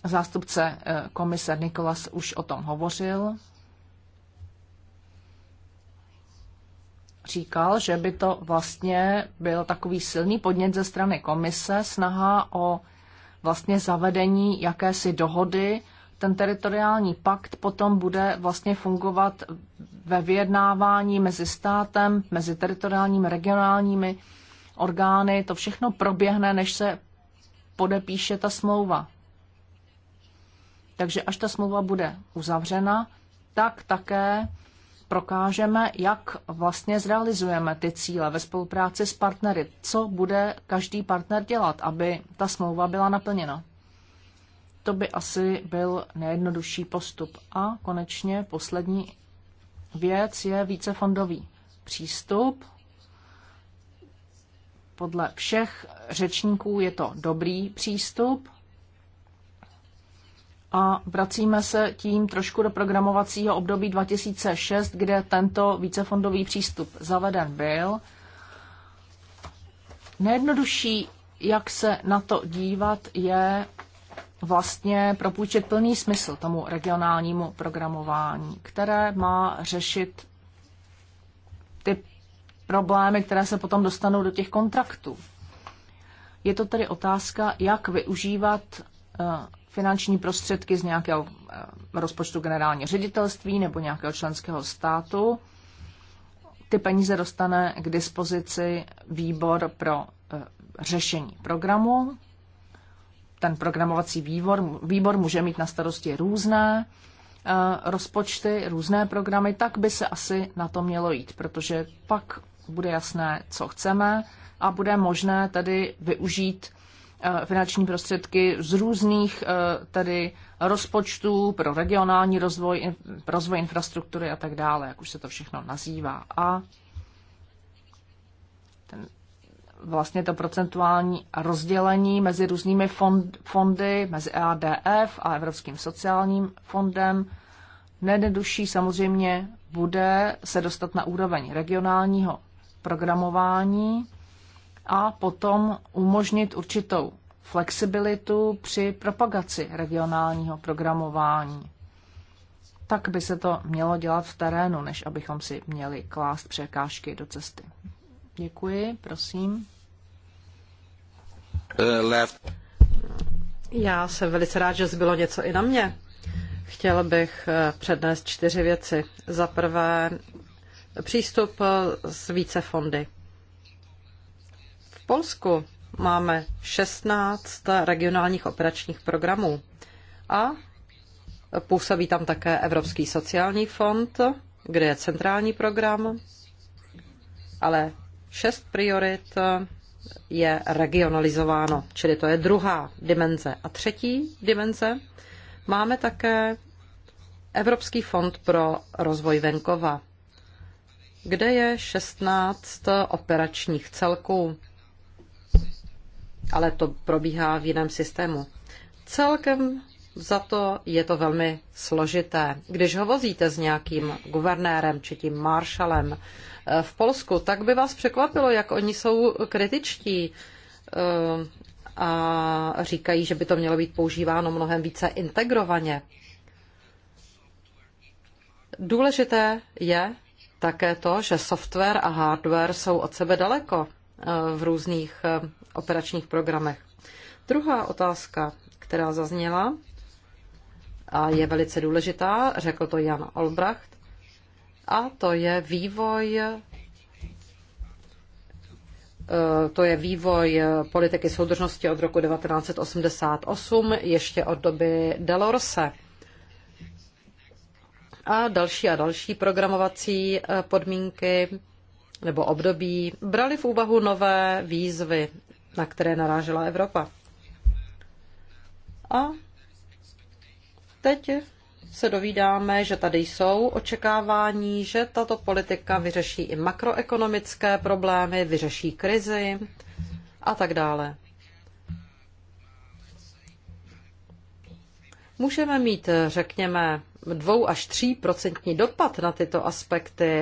zástupce eh, komise Nikolas už o tom hovořil. říkal, že by to vlastně byl takový silný podnět ze strany komise, snaha o vlastně zavedení jakési dohody. Ten teritoriální pakt potom bude vlastně fungovat ve vyjednávání mezi státem, mezi teritoriálními, regionálními orgány. To všechno proběhne, než se podepíše ta smlouva. Takže až ta smlouva bude uzavřena, tak také prokážeme, jak vlastně zrealizujeme ty cíle ve spolupráci s partnery. Co bude každý partner dělat, aby ta smlouva byla naplněna? To by asi byl nejjednodušší postup. A konečně poslední věc je vícefondový přístup. Podle všech řečníků je to dobrý přístup, a vracíme se tím trošku do programovacího období 2006, kde tento vícefondový přístup zaveden byl. Nejjednodušší, jak se na to dívat, je vlastně propůjčit plný smysl tomu regionálnímu programování, které má řešit ty problémy, které se potom dostanou do těch kontraktů. Je to tedy otázka, jak využívat eh, finanční prostředky z nějakého eh, rozpočtu generálního ředitelství nebo nějakého členského státu. Ty peníze dostane k dispozici výbor pro eh, řešení programu. Ten programovací výbor, výbor může mít na starosti různé eh, rozpočty, různé programy, tak by se asi na to mělo jít, protože pak bude jasné, co chceme a bude možné tedy využít Eh, finanční prostředky z různých eh, tedy rozpočtů pro regionální rozvoj, rozvoj infrastruktury a tak dále, jak už se to všechno nazývá. A ten, vlastně to procentuální rozdělení mezi různými fond, fondy, mezi EADF a Evropským sociálním fondem, nejjednodušší samozřejmě bude se dostat na úroveň regionálního programování, a potom umožnit určitou flexibilitu při propagaci regionálního programování. Tak by se to mělo dělat v terénu, než abychom si měli klást překážky do cesty. Děkuji, prosím. Eh, Já jsem velice rád, že zbylo něco i na mě. Chtěl bych eh, přednést čtyři věci. Za prvé, přístup eh, z více fondy. Polsku máme 16 regionálních operačních programů a působí tam také Evropský sociální fond, kde je centrální program, ale šest priorit je regionalizováno, čili to je druhá dimenze. A třetí dimenze máme také Evropský fond pro rozvoj venkova, kde je 16 operačních celků ale to probíhá v jiném systému. Celkem za to je to velmi složité. Když hovozíte s nějakým guvernérem či tím maršalem eh, v Polsku, tak by vás překvapilo, jak oni jsou kritičtí eh, a říkají, že by to mělo být používáno mnohem více integrovaně. Důležité je také to, že software a hardware jsou od sebe daleko eh, v různých operačních programech. Druhá otázka, která zazněla a je velice důležitá, řekl to Jan Olbracht, a to je vývoj e, to je vývoj politiky soudržnosti od roku 1988, ještě od doby Delorse. A další a další programovací e, podmínky nebo období brali v úvahu nové výzvy na které narážela Evropa. A teď se dovídáme, že tady jsou očekávání, že tato politika vyřeší i makroekonomické problémy, vyřeší krizi a tak dále. Můžeme mít, řekněme, 2 až 3 procentní dopad na tyto aspekty,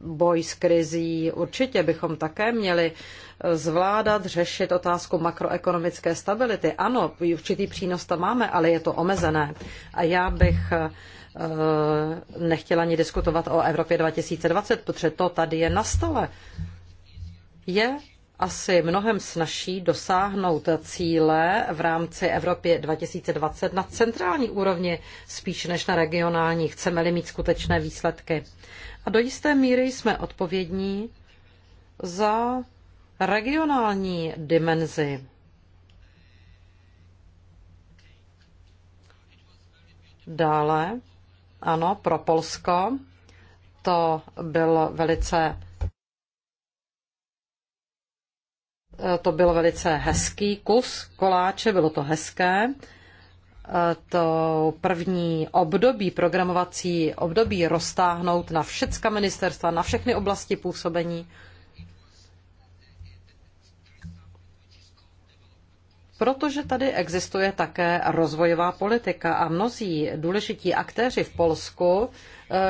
boj s krizí, určitě bychom také měli eh, zvládat, řešit otázku makroekonomické stability. Ano, určitý přínos tam máme, ale je to omezené. A já bych eh, nechtěla ani diskutovat o Evropě 2020, protože to tady je na stole. Je asi mnohem snaží dosáhnout cíle v rámci Evropy 2020 na centrální úrovni spíš než na regionální. Chceme-li mít skutečné výsledky. A do jisté míry jsme odpovědní za regionální dimenzi. Dále, ano, pro Polsko to byl velice To byl velice hezký kus koláče, bylo to hezké. To první období, programovací období roztáhnout na všecka ministerstva, na všechny oblasti působení. Protože tady existuje také rozvojová politika a mnozí důležití aktéři v Polsku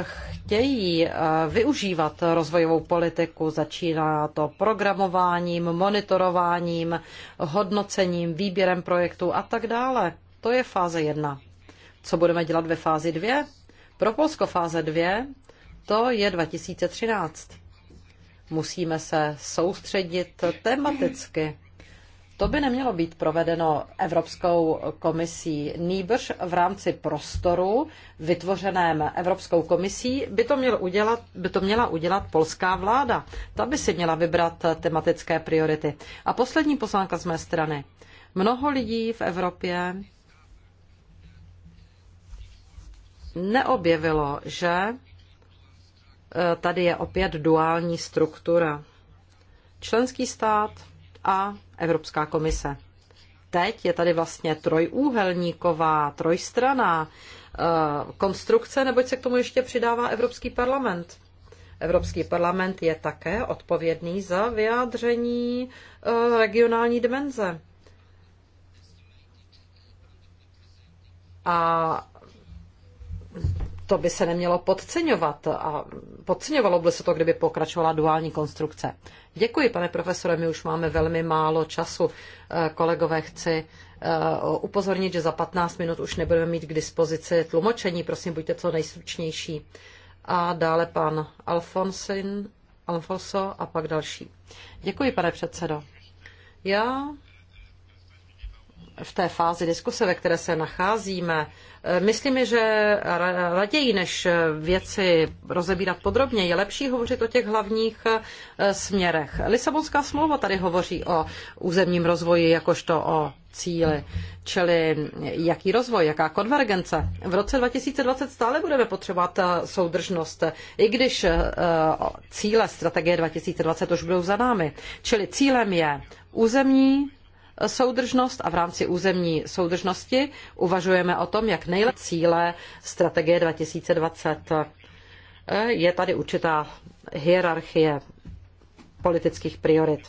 chtějí eh, využívat rozvojovou politiku. Začíná to programováním, monitorováním, hodnocením, výběrem projektů a tak dále. To je fáze jedna. Co budeme dělat ve fázi dvě? Pro Polsko fáze dvě to je 2013. Musíme se soustředit tematicky to by nemělo být provedeno Evropskou komisí, nýbrž v rámci prostoru vytvořeném Evropskou komisí by to, měl udělat, by to měla udělat polská vláda. Ta by si měla vybrat tematické priority. A poslední poznámka z mé strany. Mnoho lidí v Evropě neobjevilo, že eh, tady je opět duální struktura. Členský stát a Evropská komise. Teď je tady vlastně trojúhelníková, trojstraná eh, konstrukce, neboť se k tomu ještě přidává Evropský parlament. Evropský parlament je také odpovědný za vyjádření eh, regionální dimenze. A to by se nemělo podceňovat a podceňovalo by se to, kdyby pokračovala duální konstrukce. Děkuji, pane profesore, my už máme velmi málo času. Eh, kolegové, chci eh, upozornit, že za 15 minut už nebudeme mít k dispozici tlumočení. Prosím, buďte co nejstručnější. A dále pan Alfonsin, Alfonso a pak další. Děkuji, pane předsedo. Já v té fázi diskuse, ve které se nacházíme, eh, myslím, že raději, než věci rozebírat podrobně, je lepší hovořit o těch hlavních eh, směrech. Lisabonská smlouva tady hovoří o územním rozvoji jakožto o cíli, čili jaký rozvoj, jaká konvergence. V roce 2020 stále budeme potřebovat eh, soudržnost, i když cíle strategie 2020 už budou za námi. Čili cílem je územní soudržnost a v rámci územní soudržnosti uvažujeme o tom, jak nejlepší cíle strategie 2020. Je tady určitá hierarchie politických priorit.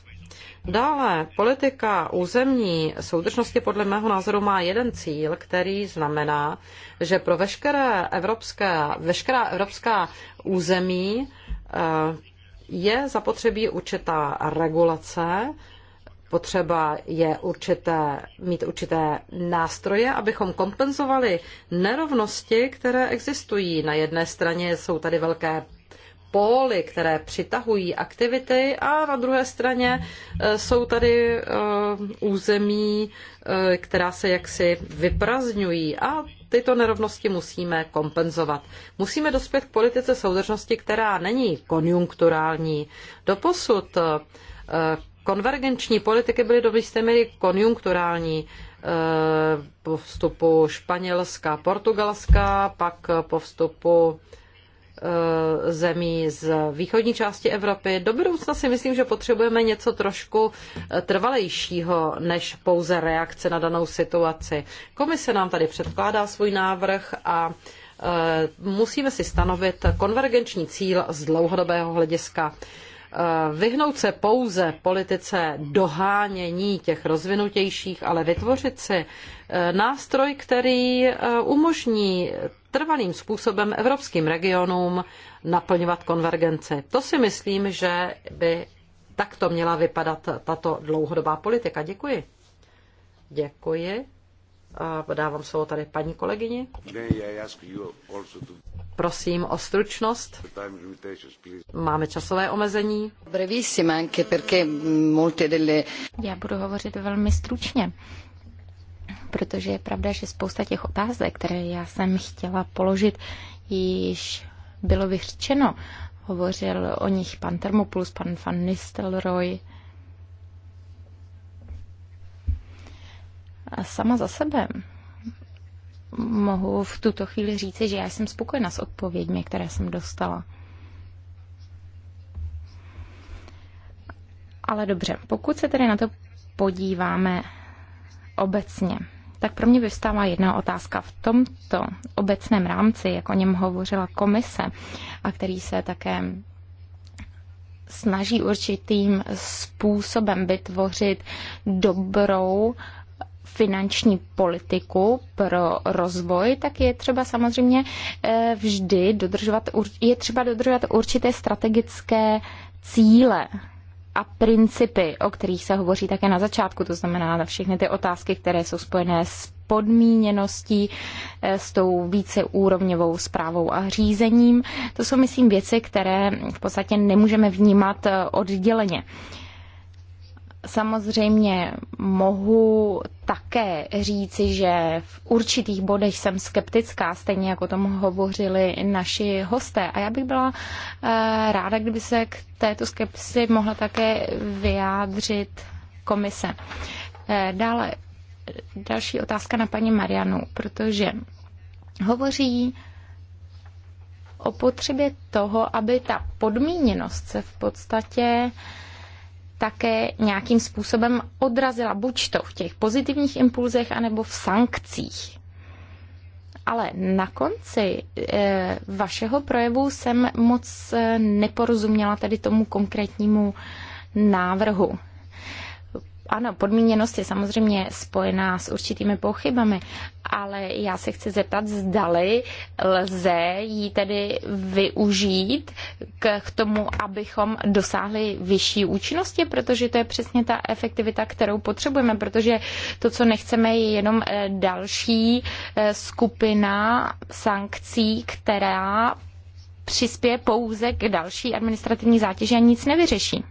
Dále politika územní soudržnosti podle mého názoru má jeden cíl, který znamená, že pro veškeré evropské, veškerá evropská území eh, je zapotřebí určitá regulace potřeba je určité, mít určité nástroje, abychom kompenzovali nerovnosti, které existují. Na jedné straně jsou tady velké póly, které přitahují aktivity a na druhé straně e, jsou tady e, území, e, která se jaksi vyprazňují a tyto nerovnosti musíme kompenzovat. Musíme dospět k politice soudržnosti, která není konjunkturální. Doposud konvergenční politiky byly do jisté míry konjunkturální e, po vstupu Španělska, Portugalska, pak po vstupu e, zemí z východní části Evropy. Do budoucna si myslím, že potřebujeme něco trošku e, trvalejšího než pouze reakce na danou situaci. Komise nám tady předkládá svůj návrh a musíme si stanovit konvergenční cíl z dlouhodobého hlediska. Eh, vyhnout se pouze politice dohánění těch rozvinutějších, ale vytvořit si eh, nástroj, který eh, umožní trvalým způsobem evropským regionům naplňovat konvergenci. To si myslím, že by takto měla vypadat tato dlouhodobá politika. Děkuji. Děkuji. Podávám dávám slovo tady paní kolegyni. Prosím o stručnost. Máme časové omezení. Já budu hovořit velmi stručně, protože je pravda, že spousta těch otázek, které já jsem chtěla položit, již bylo vyřčeno. Hovořil o nich pan Termopoulos, pan Van Nistelrooy, sama za sebe mohu v tuto chvíli říci, že já jsem spokojena s odpověďmi, které jsem dostala. Ale dobře, pokud se tedy na to podíváme obecně, tak pro mě vyvstává jedna otázka. V tomto obecném rámci, jak o něm hovořila komise, a který se také snaží určitým způsobem vytvořit dobrou finanční politiku pro rozvoj, tak je třeba samozřejmě eh, vždy dodržovat, je třeba dodržovat určité strategické cíle a principy, o kterých se hovoří také na začátku, to znamená na všechny ty otázky, které jsou spojené s podmíněností, eh, s tou víceúrovňovou zprávou a řízením. To jsou, myslím, věci, které v podstatě nemůžeme vnímat eh, odděleně. Samozřejmě mohu také říci, že v určitých bodech jsem skeptická, stejně jako tomu hovořili naši hosté. A já bych byla eh, ráda, kdyby se k této skepsi mohla také vyjádřit komise. Eh, dále další otázka na paní Marianu, protože hovoří o potřebě toho, aby ta podmíněnost se v podstatě také nějakým způsobem odrazila, buď to v těch pozitivních impulzech, anebo v sankcích. Ale na konci e, vašeho projevu jsem moc eh, neporozuměla tedy tomu konkrétnímu návrhu ano, podmíněnost je samozřejmě spojená s určitými pochybami, ale já se chci zeptat, zdali lze ji tedy využít k, k tomu, abychom dosáhli vyšší účinnosti, protože to je přesně ta efektivita, kterou potřebujeme, protože to, co nechceme, je jenom eh, další eh, skupina sankcí, která přispěje pouze k další administrativní zátěži a nic nevyřeší.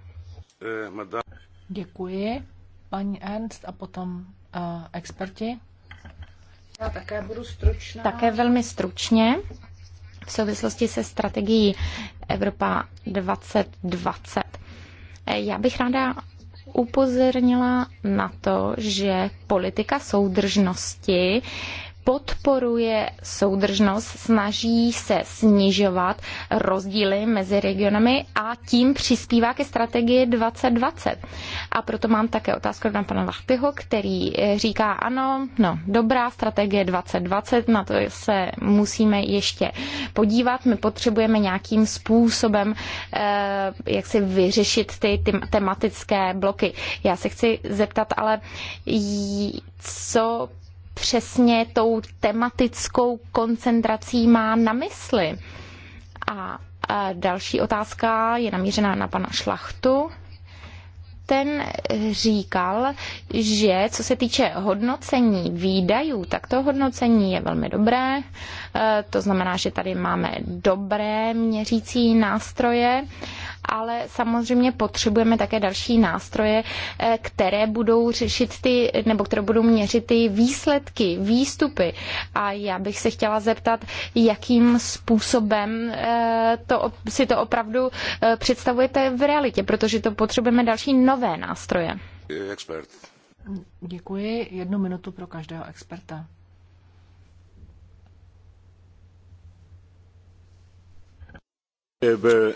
Eh, Děkuji paní Ernst a potom uh, experti. Já také budu stručná. Také velmi stručně v souvislosti se strategií Evropa 2020. Eh, já bych ráda upozornila na to, že politika soudržnosti podporuje soudržnost, snaží se snižovat rozdíly mezi regionami a tím přispívá ke strategii 2020. A proto mám také otázku na pana Lachtyho, který eh, říká, ano, no, dobrá strategie 2020, na to se musíme ještě podívat. My potřebujeme nějakým způsobem, eh, jak si vyřešit ty, ty tematické bloky. Já se chci zeptat, ale co přesně tou tematickou koncentrací má na mysli? A další otázka je namířená na pana Šlachtu ten říkal, že co se týče hodnocení výdajů, tak to hodnocení je velmi dobré. E, to znamená, že tady máme dobré měřící nástroje, ale samozřejmě potřebujeme také další nástroje, eh, které budou řešit ty, nebo které budou měřit ty výsledky, výstupy. A já bych se chtěla zeptat, jakým způsobem eh, to, si to opravdu eh, představujete v realitě, protože to potřebujeme další nové nástroje. Expert. Děkuji. Jednu minutu pro každého experta. By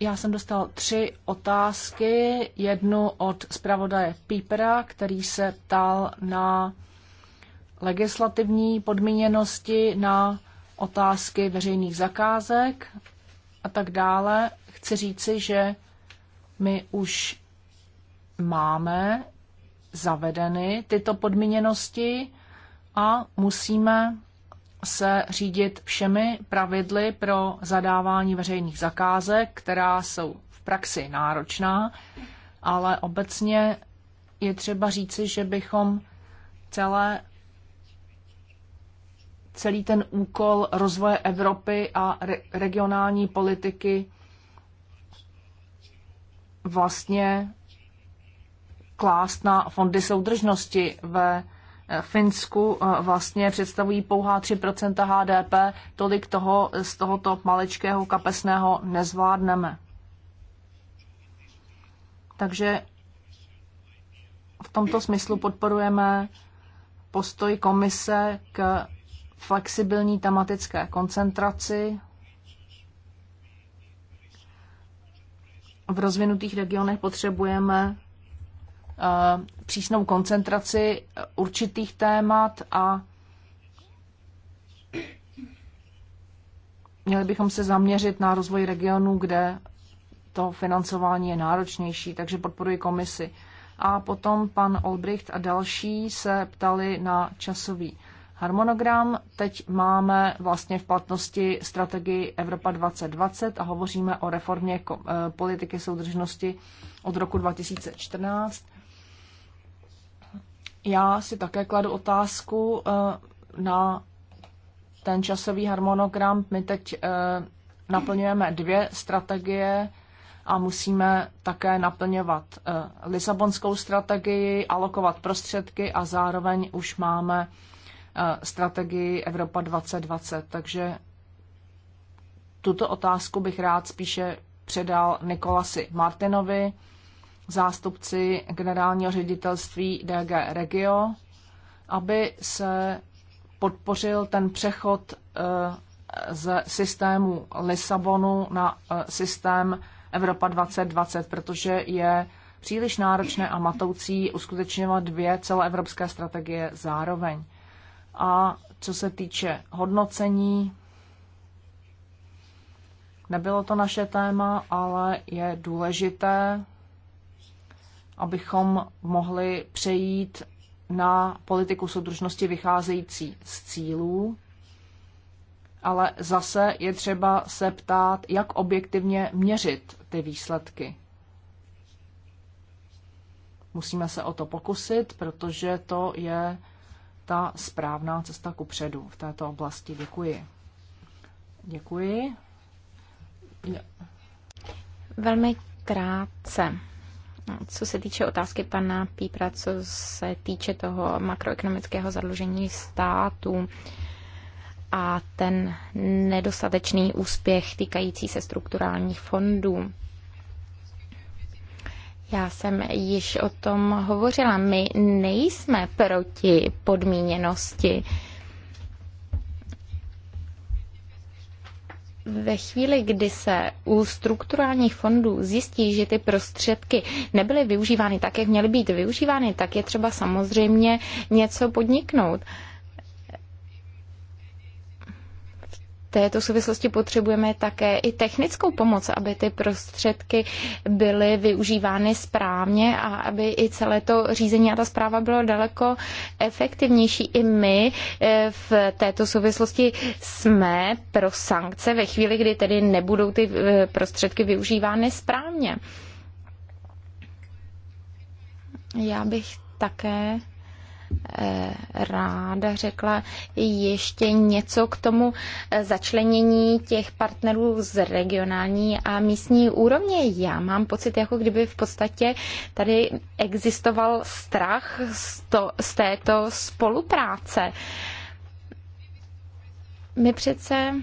já jsem dostal tři otázky. Jednu od zpravodaje Pípera, který se ptal na legislativní podmíněnosti, na otázky veřejných zakázek a tak dále. Chci říci, že my už máme zavedeny tyto podmíněnosti a musíme se řídit všemi pravidly pro zadávání veřejných zakázek, která jsou v praxi náročná, ale obecně je třeba říci, že bychom celé celý ten úkol rozvoje Evropy a re- regionální politiky vlastně klást na fondy soudržnosti ve Finsku eh, vlastně představují pouhá 3 HDP, tolik toho z tohoto maličkého kapesného nezvládneme. Takže v tomto smyslu podporujeme postoj komise k flexibilní tematické koncentraci v rozvinutých regionech potřebujeme Eh, přísnou koncentraci určitých témat a měli bychom se zaměřit na rozvoj regionů, kde to financování je náročnější, takže podporuji komisi. A potom pan Olbricht a další se ptali na časový harmonogram. Teď máme vlastně v platnosti strategii Evropa 2020 a hovoříme o reformě eh, politiky soudržnosti od roku 2014 já si také kladu otázku eh, na ten časový harmonogram. My teď eh, naplňujeme dvě strategie a musíme také naplňovat eh, Lisabonskou strategii, alokovat prostředky a zároveň už máme strategii Evropa 2020. Takže tuto otázku bych rád spíše předal Nikolasi Martinovi zástupci generálního ředitelství DG Regio, aby se podpořil ten přechod eh, z systému Lisabonu na eh, systém Evropa 2020, protože je příliš náročné a matoucí uskutečňovat dvě celoevropské strategie zároveň. A co se týče hodnocení, nebylo to naše téma, ale je důležité abychom mohli přejít na politiku soudržnosti vycházející z cílů, ale zase je třeba se ptát, jak objektivně měřit ty výsledky. Musíme se o to pokusit, protože to je ta správná cesta ku předu v této oblasti. Děkuji. Děkuji. Velmi krátce. Co se týče otázky pana Pípra, co se týče toho makroekonomického zadlužení států a ten nedostatečný úspěch týkající se strukturálních fondů. Já jsem již o tom hovořila. My nejsme proti podmíněnosti. ve chvíli, kdy se u strukturálních fondů zjistí, že ty prostředky nebyly využívány tak, jak měly být využívány, tak je třeba samozřejmě něco podniknout. této souvislosti potřebujeme také i technickou pomoc, aby ty prostředky byly využívány správně a aby i celé to řízení a ta zpráva bylo daleko efektivnější. I my eh, v této souvislosti jsme pro sankce ve chvíli, kdy tedy nebudou ty eh, prostředky využívány správně. Já bych také ráda řekla ještě něco k tomu eh, začlenění těch partnerů z regionální a místní úrovně. Já mám pocit, jako kdyby v podstatě tady existoval strach z, to, z této spolupráce. My přece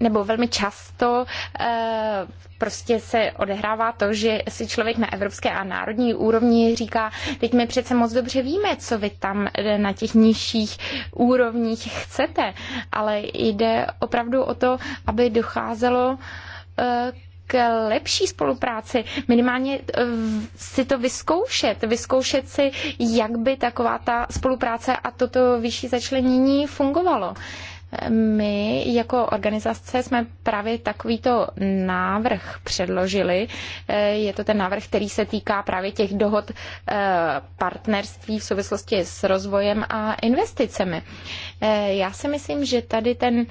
nebo velmi často eh, prostě se odehrává to, že si člověk na evropské a národní úrovni říká, teď my přece moc dobře víme, co vy tam eh, na těch nižších úrovních chcete, ale jde opravdu o to, aby docházelo eh, k lepší spolupráci, minimálně si to vyzkoušet, vyzkoušet si, jak by taková ta spolupráce a toto vyšší začlenění fungovalo. My jako organizace jsme právě takovýto návrh předložili. Je to ten návrh, který se týká právě těch dohod eh, partnerství v souvislosti s rozvojem a investicemi. Eh, já si myslím, že tady ten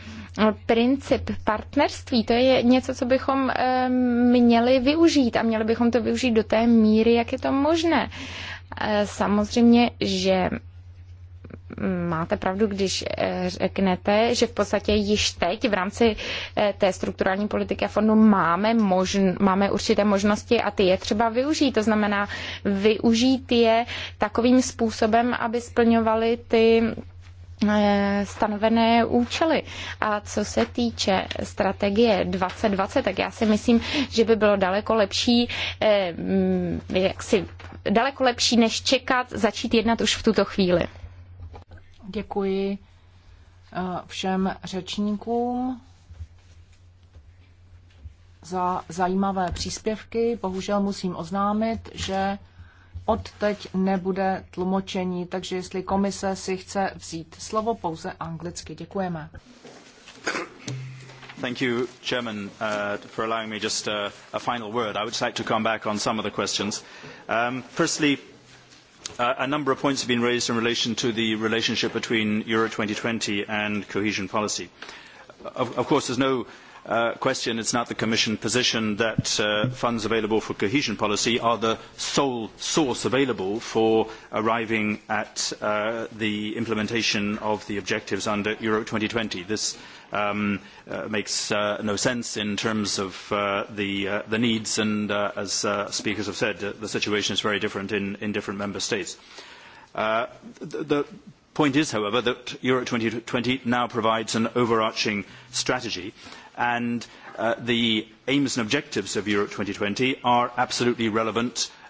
princip partnerství, to je něco, co bychom eh, měli využít a měli bychom to využít do té míry, jak je to možné. Samozřejmě, že máte pravdu, když eh, řeknete, že v podstatě již teď v rámci eh, té strukturální politiky a fondu máme, možn, máme určité možnosti a ty je třeba využít. To znamená využít je takovým způsobem, aby splňovaly ty eh, stanovené účely. A co se týče strategie 2020, tak já si myslím, že by bylo daleko lepší, jak si, daleko lepší, než čekat, začít jednat už v tuto chvíli. Děkuji eh, všem řečníkům za zajímavé příspěvky. Bohužel musím oznámit, že odteď nebude tlumočení, takže jestli komise si chce vzít slovo pouze anglicky. Děkujeme. Thank you, Chairman, uh, for allowing me just uh, a final word. I would just like to come back on some of the questions. Um, firstly, Uh, a number of points have been raised in relation to the relationship between Euro 2020 and cohesion policy. Of, of course, there's no Question: uh, question. It's not the Commission position that uh, funds available for cohesion policy are the sole source available for arriving at uh, the implementation of the objectives under Euro 2020. This um, uh, makes uh, no sense in terms of uh, the, uh, the needs and, uh, as uh, speakers have said, uh, the situation is very different in, in different member states. Uh, the, the point is, however, that Euro 2020 now provides an overarching strategy. Uh, and uh, the aims and objectives of Europe 2020 are absolutely relevant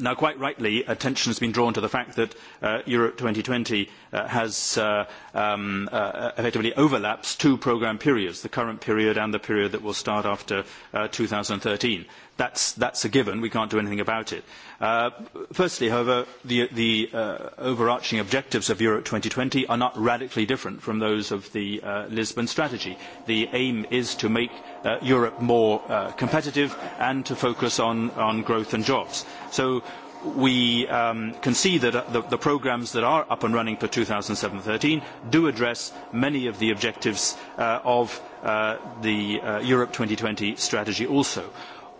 Now, quite rightly, attention has been drawn to the fact that uh, Europe 2020 uh, has uh, um, uh, effectively overlaps two programme periods, the current period and the period that will start after uh, 2013 that's, that's a given. We can't do anything about it. Uh, firstly, however, the, the uh, overarching objectives of Europe 2020 are not radically different from those of the uh, Lisbon strategy. The aim is to make uh, Europe more uh, competitive and to focus on, on growth and jobs. So we um, can see that uh, the, the programmes that are up and running for 2007-13 do address many of the objectives uh, of uh, the uh, Europe 2020 strategy also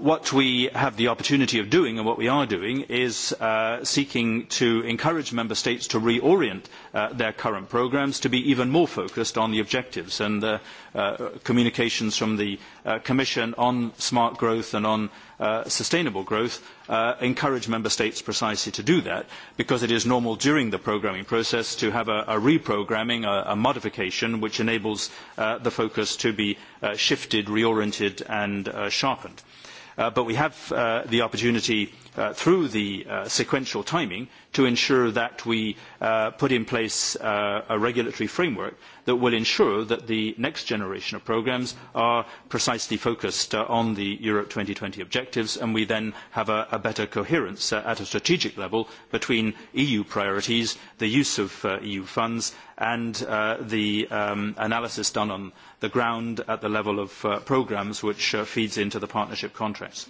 what we have the opportunity of doing and what we are doing is uh, seeking to encourage member states to reorient uh, their current programs to be even more focused on the objectives and the uh, communications from the uh, commission on smart growth and on uh, sustainable growth uh, encourage member states precisely to do that because it is normal during the programming process to have a, a reprogramming, a, a, modification which enables the focus to be shifted, reoriented and sharpened. Uh, but we have uh, the opportunity Uh, through the uh, sequential timing to ensure that we uh, put in place a regulatory framework that will ensure that the next generation of programmes are precisely focused on the Europe 2020 objectives and we then have a, better coherence at a strategic level between EU priorities, the use of EU funds and the um, analysis done on the ground at the level of programmes which feeds into the partnership contracts.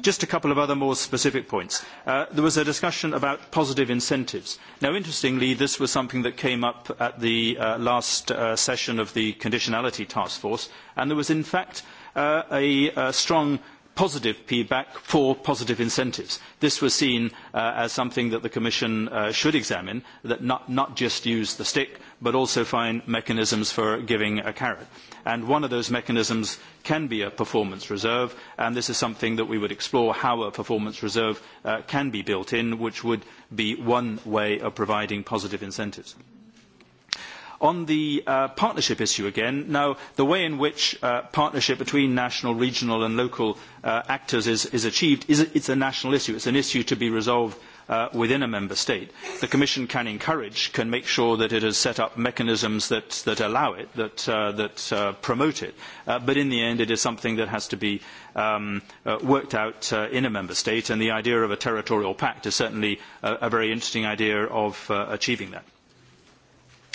Just a couple of other more specific points. Uh, there was a discussion about positive incentives. Now, interestingly, this was something that came up at the uh, last uh, session of the conditionality task force, and there was, in fact, uh, a, a uh, strong positive feedback for positive incentives. This was seen uh, as something that the Commission uh, should examine, that not, not just use the stick, but also find mechanisms for giving a carrot. And one of those mechanisms can be a performance reserve, and this is something that we would explore how a performance reserve uh, can be built in, which would be one way of providing positive incentives. On the uh, partnership issue again, now the way in which uh, partnership between national, regional and local uh, actors is, is achieved, is, it's a national issue. It's an issue to be resolved uh, within a member state. The Commission can encourage, can make sure that it has set up mechanisms that, that allow it, that, uh, that uh, promote it. Uh, but in the end, it is something that has to be um, uh, worked out uh, in a member state, and the idea of a territorial pact is certainly a, a very interesting idea of uh, achieving that.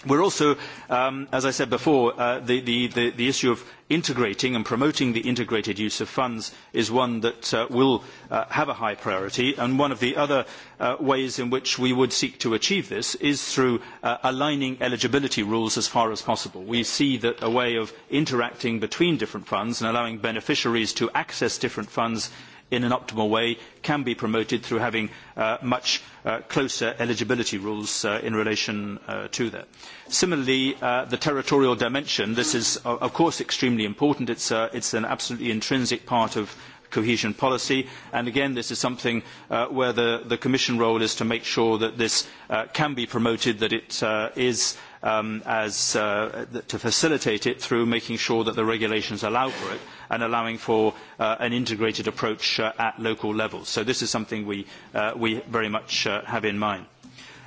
We're also, um, as I said before, uh, the, the, the, the issue of integrating and promoting the integrated use of funds is one that uh, will uh, have a high priority. And one of the other uh, ways in which we would seek to achieve this is through uh, aligning eligibility rules as far as possible. We see that a way of interacting between different funds and allowing beneficiaries to access different funds in an optimal way can be promoted through having uh, much uh, closer eligibility rules uh, in relation uh, to that. Similarly, uh, the territorial dimension, this is of course extremely important. It's, uh, it's an absolutely intrinsic part of cohesion policy. And again, this is something uh, where the, the, Commission role is to make sure that this uh, can be promoted, that it uh, is um, as, uh, to facilitate it through making sure that the regulations allow for it and allowing for uh, an integrated approach uh, at local level. So this is something we, uh, we very much uh, have in mind.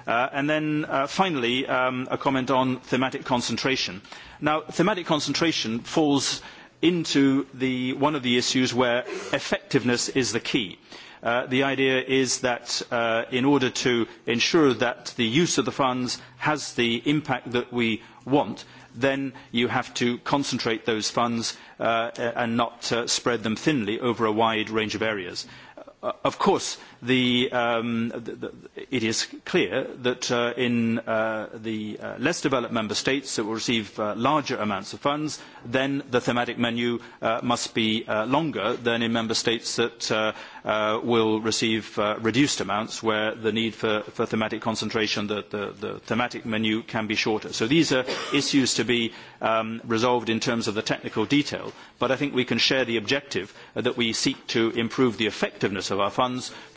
Uh, and then uh, finally, um, a comment on thematic concentration. Now, thematic concentration falls into the, one of the issues where effectiveness is the key. Uh, the idea is that uh, in order to ensure that the use of the funds has the impact that we want, then you have to concentrate those funds uh, and not uh, spread them thinly over a wide range of areas. Uh, of course, Um, it is clear that uh, in uh, the uh, less developed member states that will receive uh, larger amounts of funds, then the thematic menu uh, must be uh, longer than in member states that will receive reduced amounts where the need for, for thematic concentration, the, the, thematic menu can be shorter. So these are issues to be um, resolved in terms of the technical detail, but I think we can share the objective that we seek to improve the effectiveness of our funds